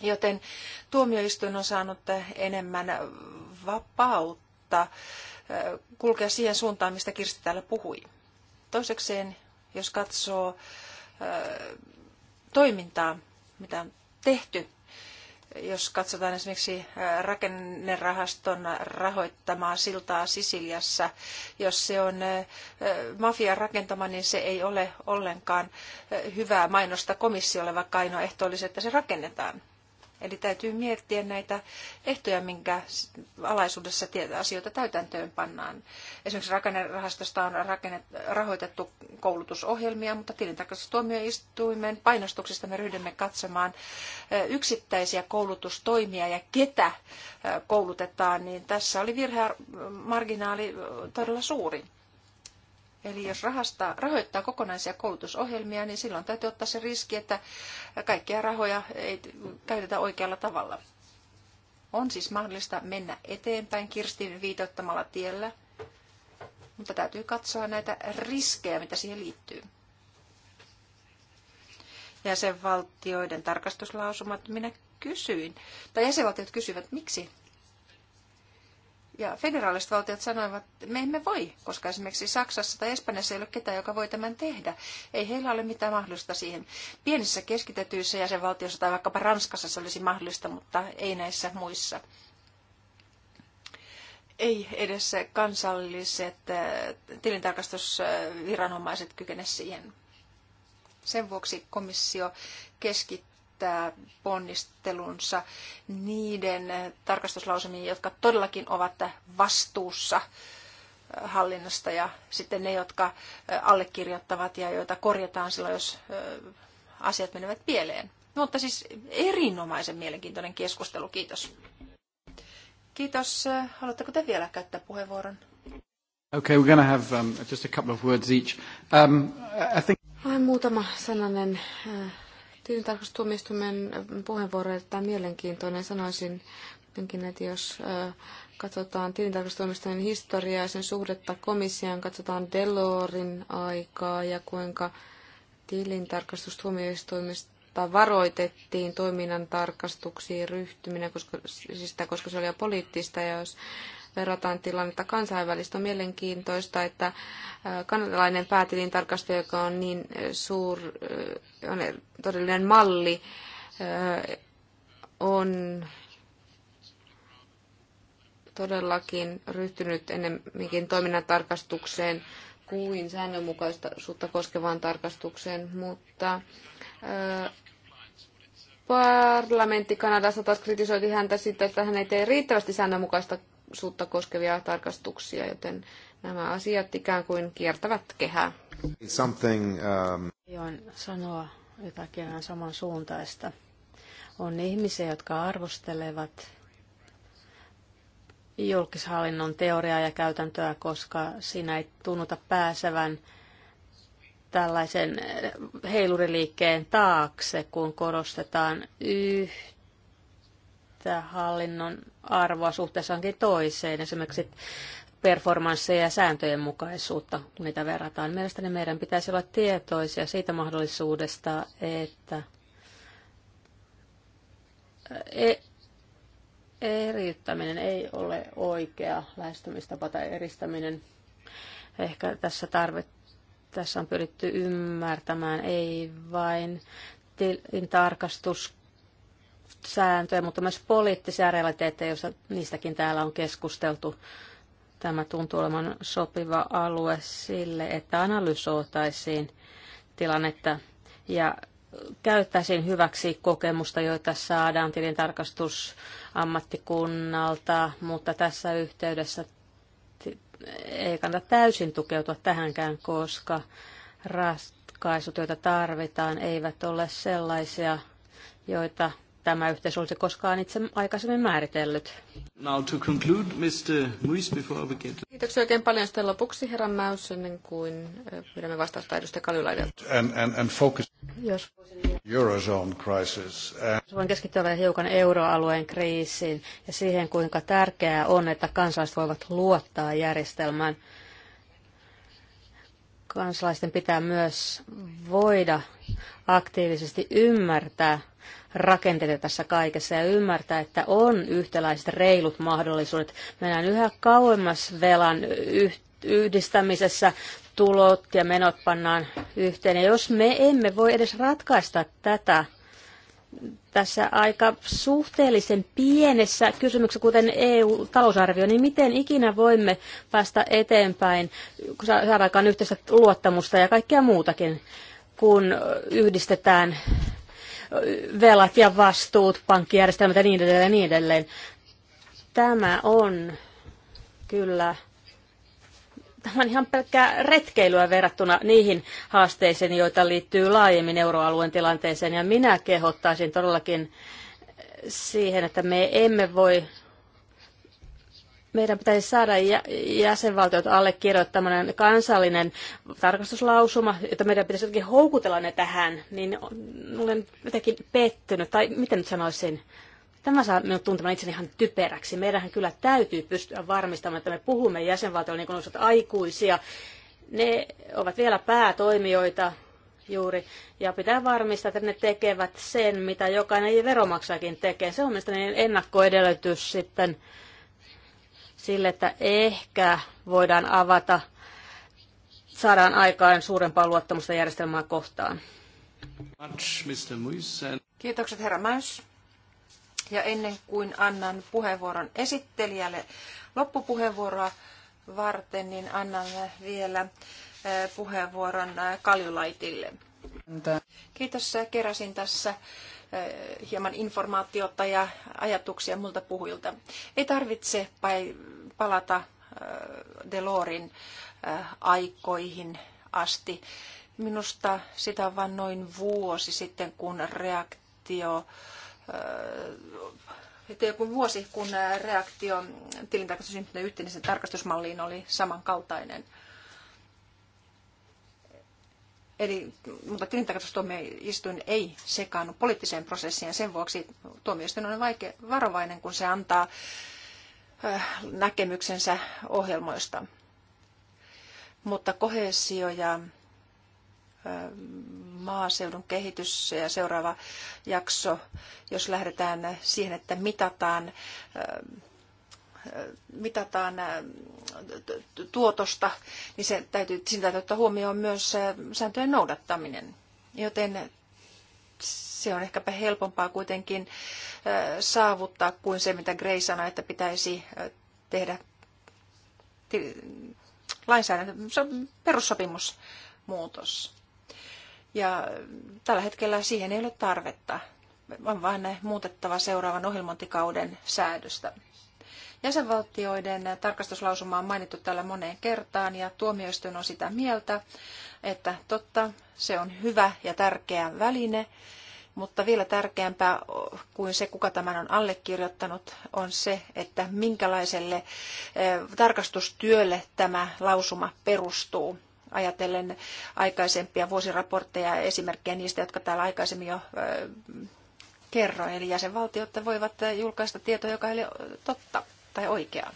Joten tuomioistuin on saanut enemmän vapautta kulkea siihen suuntaan, mistä Kirsti täällä puhui. Toisekseen, jos katsoo toimintaa, mitä on tehty jos katsotaan esimerkiksi rakennerahaston rahoittamaa siltaa Sisiliassa, jos se on mafian rakentama, niin se ei ole ollenkaan hyvää mainosta komissiolle, vaikka ainoa ehto olisi, että se rakennetaan. Eli täytyy miettiä näitä ehtoja, minkä alaisuudessa asioita täytäntöön pannaan. Esimerkiksi rakennerahastosta on rakennet, rahoitettu koulutusohjelmia, mutta tilintarkastustuomioistuimen painostuksesta me ryhdymme katsomaan yksittäisiä koulutustoimia ja ketä koulutetaan, niin tässä oli virhemarginaali todella suuri. Eli jos rahastaa, rahoittaa kokonaisia koulutusohjelmia, niin silloin täytyy ottaa se riski, että kaikkia rahoja ei käytetä oikealla tavalla. On siis mahdollista mennä eteenpäin kirstin viitoittamalla tiellä, mutta täytyy katsoa näitä riskejä, mitä siihen liittyy. Jäsenvaltioiden tarkastuslausumat minä kysyin, tai jäsenvaltiot kysyvät, miksi ja federaaliset valtiot sanoivat, että me emme voi, koska esimerkiksi Saksassa tai Espanjassa ei ole ketään, joka voi tämän tehdä. Ei heillä ole mitään mahdollista siihen. Pienissä keskitetyissä jäsenvaltioissa tai vaikkapa Ranskassa se olisi mahdollista, mutta ei näissä muissa. Ei edes kansalliset äh, tilintarkastusviranomaiset kykene siihen. Sen vuoksi komissio keskittyy käyttää ponnistelunsa niiden tarkastuslausumiin, jotka todellakin ovat vastuussa äh, hallinnasta ja sitten ne, jotka äh, allekirjoittavat ja joita korjataan silloin, jos äh, asiat menevät pieleen. Mutta siis erinomaisen mielenkiintoinen keskustelu, kiitos. Kiitos. Haluatteko te vielä käyttää puheenvuoron? Okay, we're going to have um, just a couple of words each. Um, I think... Vain muutama sananen uh tilintarkastustuomioistuimen puheenvuoro erittäin mielenkiintoinen. Sanoisin jotenkin, että jos katsotaan tilintarkastustuomioistuimen historiaa ja sen suhdetta komissioon, katsotaan Delorin aikaa ja kuinka tilintarkastustuomioistuimesta varoitettiin toiminnan tarkastuksiin ryhtyminen, koska, siis sitä, koska se oli jo poliittista ja jos verrataan tilannetta kansainvälistä. On mielenkiintoista, että äh, kanadalainen päätilintarkastaja, joka on niin äh, suur, äh, on todellinen malli, on todellakin ryhtynyt ennemminkin toiminnan tarkastukseen kuin säännönmukaisuutta koskevaan tarkastukseen, mutta parlamentti Kanadassa taas kritisoiti häntä siitä, että hän ei tee riittävästi säännönmukaista turvallisuutta koskevia tarkastuksia, joten nämä asiat ikään kuin kiertävät kehää. Something, um... Join sanoa jotakin ihan samansuuntaista. On ihmisiä, jotka arvostelevat julkishallinnon teoriaa ja käytäntöä, koska siinä ei tunnuta pääsevän tällaisen heiluriliikkeen taakse, kun korostetaan yhtä että hallinnon arvoa onkin toiseen, esimerkiksi performansseja ja sääntöjen mukaisuutta, kun niitä verrataan. Mielestäni meidän pitäisi olla tietoisia siitä mahdollisuudesta, että e- eriyttäminen ei ole oikea lähestymistapa tai eristäminen. Ehkä tässä tarve, tässä on pyritty ymmärtämään ei vain tilintarkastus, sääntöjä, mutta myös poliittisia realiteetteja, joissa niistäkin täällä on keskusteltu. Tämä tuntuu olevan sopiva alue sille, että analysoitaisiin tilannetta ja käyttäisiin hyväksi kokemusta, joita saadaan tilintarkastus ammattikunnalta, mutta tässä yhteydessä ei kannata täysin tukeutua tähänkään, koska ratkaisut, joita tarvitaan, eivät ole sellaisia, joita tämä yhteisö olisi koskaan itse aikaisemmin määritellyt. Now to conclude, Mr. Muis, before we get... Kiitoksia oikein paljon sitten lopuksi, herra Mäys, ennen kuin äh, pyydämme vastausta edustaja Kaljulaidelta. And, and, and focus... Jos Eurozone crisis. And... Voin keskittyä vielä hiukan euroalueen kriisiin ja siihen, kuinka tärkeää on, että kansalaiset voivat luottaa järjestelmään. Kansalaisten pitää myös voida aktiivisesti ymmärtää rakenteita tässä kaikessa ja ymmärtää, että on yhtäläiset reilut mahdollisuudet. Mennään yhä kauemmas velan yhdistämisessä, tulot ja menot pannaan yhteen. Ja jos me emme voi edes ratkaista tätä tässä aika suhteellisen pienessä kysymyksessä, kuten EU-talousarvio, niin miten ikinä voimme päästä eteenpäin, kun saadaan yhteistä luottamusta ja kaikkea muutakin, kun yhdistetään velat ja vastuut, pankkijärjestelmät ja niin edelleen ja niin edelleen. Tämä on kyllä tämä on ihan pelkkää retkeilyä verrattuna niihin haasteisiin, joita liittyy laajemmin euroalueen tilanteeseen. Ja minä kehottaisin todellakin siihen, että me emme voi meidän pitäisi saada jäsenvaltiot allekirjoittamaan kansallinen tarkastuslausuma, että meidän pitäisi jotenkin houkutella ne tähän, niin olen jotenkin pettynyt, tai miten nyt sanoisin, Tämä saa minut tuntemaan itseni ihan typeräksi. Meidän kyllä täytyy pystyä varmistamaan, että me puhumme jäsenvaltioille niin kuin aikuisia. Ne ovat vielä päätoimijoita juuri, ja pitää varmistaa, että ne tekevät sen, mitä jokainen veromaksajakin tekee. Se on mielestäni ennakkoedellytys sitten sille, että ehkä voidaan avata, saadaan aikaan suurempaa luottamusta järjestelmää kohtaan. Kiitokset herra Mäys. Ja ennen kuin annan puheenvuoron esittelijälle loppupuheenvuoroa varten, niin annan vielä eh, puheenvuoron eh, Kaljulaitille. Kiitos. Eh, keräsin tässä hieman informaatiota ja ajatuksia multa puhujilta. Ei tarvitse palata äh, Delorin äh, aikoihin asti. Minusta sitä on vain noin vuosi sitten, kun reaktio äh, kun vuosi, kun reaktio tilintarkastusyhtiön yhteisen tarkastusmalliin oli samankaltainen. Eli, mutta tilintarkastustuomioistuin ei sekaannut poliittiseen prosessiin ja sen vuoksi tuomioistuin on vaikea, varovainen, kun se antaa Äh, näkemyksensä ohjelmoista. Mutta kohesio ja äh, maaseudun kehitys ja seuraava jakso, jos lähdetään siihen, että mitataan, äh, mitataan tuotosta, niin se täytyy, siinä täytyy ottaa huomioon myös sääntöjen noudattaminen. Joten se on ehkäpä helpompaa kuitenkin saavuttaa kuin se, mitä Gray sanoi, että pitäisi tehdä lainsäädäntö, se on perussopimusmuutos. Ja tällä hetkellä siihen ei ole tarvetta, on vain muutettava seuraavan ohjelmointikauden säädöstä. Jäsenvaltioiden tarkastuslausuma on mainittu täällä moneen kertaan ja tuomioistuin on sitä mieltä, että totta, se on hyvä ja tärkeä väline, mutta vielä tärkeämpää kuin se, kuka tämän on allekirjoittanut, on se, että minkälaiselle eh, tarkastustyölle tämä lausuma perustuu ajatellen aikaisempia vuosiraportteja ja esimerkkejä niistä, jotka täällä aikaisemmin jo eh, kerroin. Eli jäsenvaltiot voivat julkaista tietoa, joka ei ole totta tai oikeaa.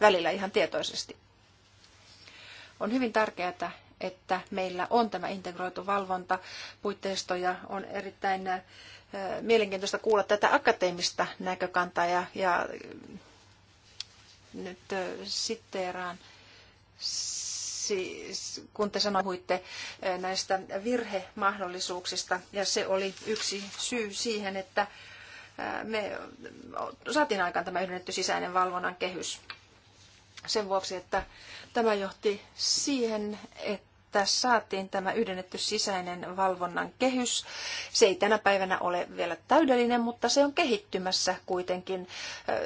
Välillä ihan tietoisesti. On hyvin tärkeää, että meillä on tämä integroitu valvonta puitteisto ja on erittäin mielenkiintoista kuulla tätä akateemista näkökantaa ja, ja nyt sitteeraan siis, kun te sanoitte näistä virhemahdollisuuksista, ja se oli yksi syy siihen, että me saatiin aikaan tämä yhdennetty sisäinen valvonnan kehys sen vuoksi, että tämä johti siihen, että tässä saatiin tämä yhdennetty sisäinen valvonnan kehys. Se ei tänä päivänä ole vielä täydellinen, mutta se on kehittymässä kuitenkin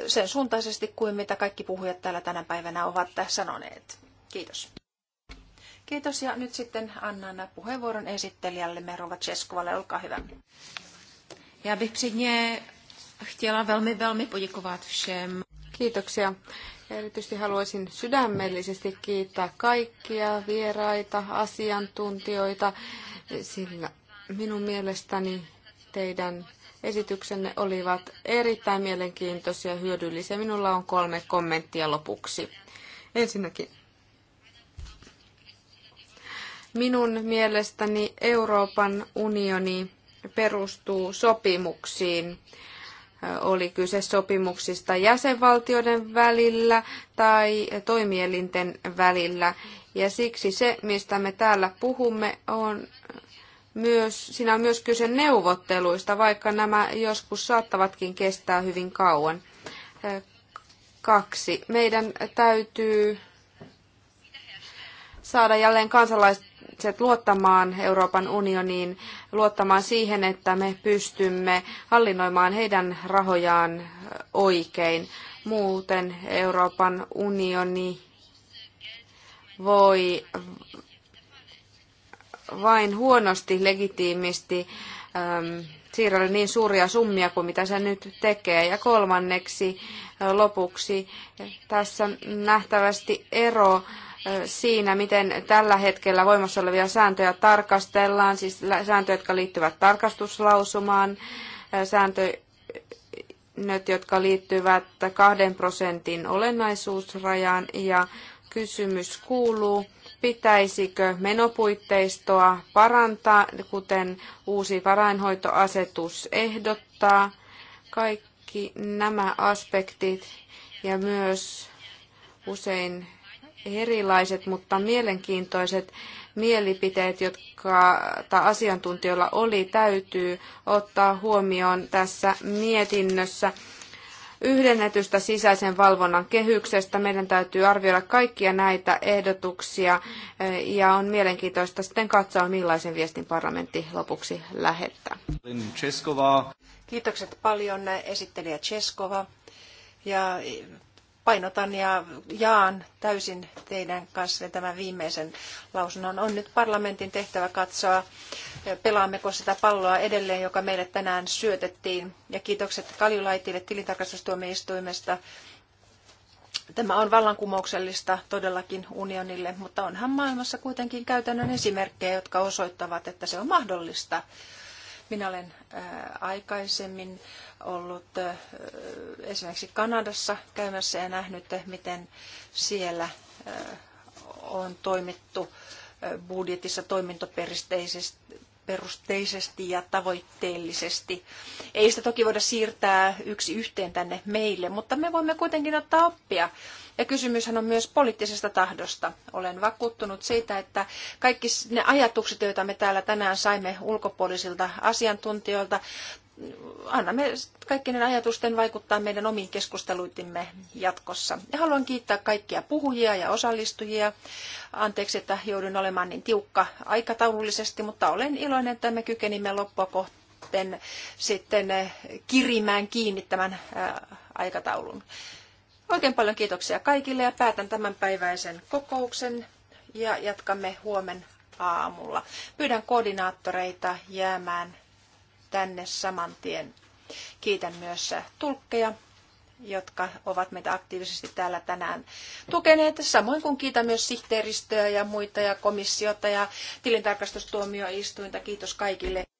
sen suuntaisesti kuin mitä kaikki puhujat täällä tänä päivänä ovat sanoneet. Kiitos. Kiitos ja nyt sitten annan puheenvuoron esittelijälle Merova Českovalle. Olkaa hyvä. Ja bych předně chtěla velmi, velmi poděkovat všem. Kiitoksia. Erityisesti haluaisin sydämellisesti kiittää kaikkia vieraita, asiantuntijoita, sillä minun mielestäni teidän esityksenne olivat erittäin mielenkiintoisia ja hyödyllisiä. Minulla on kolme kommenttia lopuksi. Ensinnäkin Minun mielestäni Euroopan unioni perustuu sopimuksiin, oli kyse sopimuksista jäsenvaltioiden välillä tai toimielinten välillä. Ja siksi se, mistä me täällä puhumme, on myös, siinä on myös kyse neuvotteluista, vaikka nämä joskus saattavatkin kestää hyvin kauan. Kaksi. Meidän täytyy saada jälleen kansalaiset ihmiset luottamaan Euroopan unioniin, luottamaan siihen, että me pystymme hallinnoimaan heidän rahojaan oikein. Muuten Euroopan unioni voi vain huonosti, legitiimisti siirrellä niin suuria summia kuin mitä se nyt tekee. Ja kolmanneksi lopuksi tässä nähtävästi ero siinä, miten tällä hetkellä voimassa olevia sääntöjä tarkastellaan, siis sääntöjä, jotka liittyvät tarkastuslausumaan, sääntöjä, jotka liittyvät kahden prosentin olennaisuusrajaan ja kysymys kuuluu, pitäisikö menopuitteistoa parantaa, kuten uusi varainhoitoasetus ehdottaa. Kaikki nämä aspektit ja myös usein erilaiset, mutta mielenkiintoiset mielipiteet, jotka asiantuntijoilla oli, täytyy ottaa huomioon tässä mietinnössä yhdennetystä sisäisen valvonnan kehyksestä. Meidän täytyy arvioida kaikkia näitä ehdotuksia eh, ja on mielenkiintoista sitten katsoa, millaisen viestin parlamentti lopuksi lähettää. Kiitokset paljon esittelijä Cheskova ja eh, painotan ja jaan täysin teidän kanssanne tämän viimeisen lausunnon. On nyt parlamentin tehtävä katsoa, pelaammeko sitä palloa edelleen, joka meille tänään syötettiin. Ja kiitokset Kaljulaitille tilintarkastustuomioistuimesta. Tämä on vallankumouksellista todellakin unionille, mutta onhan maailmassa kuitenkin käytännön esimerkkejä, jotka osoittavat, että se on mahdollista minä olen aikaisemmin ollut esimerkiksi Kanadassa käymässä ja nähnyt, miten siellä on toimittu budjetissa toimintoperusteisesti perusteisesti ja tavoitteellisesti. Ei sitä toki voida siirtää yksi yhteen tänne meille, mutta me voimme kuitenkin ottaa oppia. Ja kysymyshän on myös poliittisesta tahdosta. Olen vakuuttunut siitä, että kaikki ne ajatukset, joita me täällä tänään saimme ulkopuolisilta asiantuntijoilta, annamme kaikkien ajatusten vaikuttaa meidän omiin keskusteluitimme jatkossa. Ja haluan kiittää kaikkia puhujia ja osallistujia. Anteeksi, että joudun olemaan niin tiukka aikataulullisesti, mutta olen iloinen, että me kykenimme loppua kohten sitten eh, kirimään kiinni tämän eh, aikataulun. Oikein paljon kiitoksia kaikille ja päätän tämän päiväisen kokouksen ja jatkamme huomen aamulla. Pyydän koordinaattoreita jäämään tänne saman tien. Kiitän myös tulkkeja, jotka ovat meitä aktiivisesti täällä tänään tukeneet. Samoin kuin kiitän myös sihteeristöä ja muita ja komissiota ja tilintarkastustuomioistuinta. Kiitos kaikille.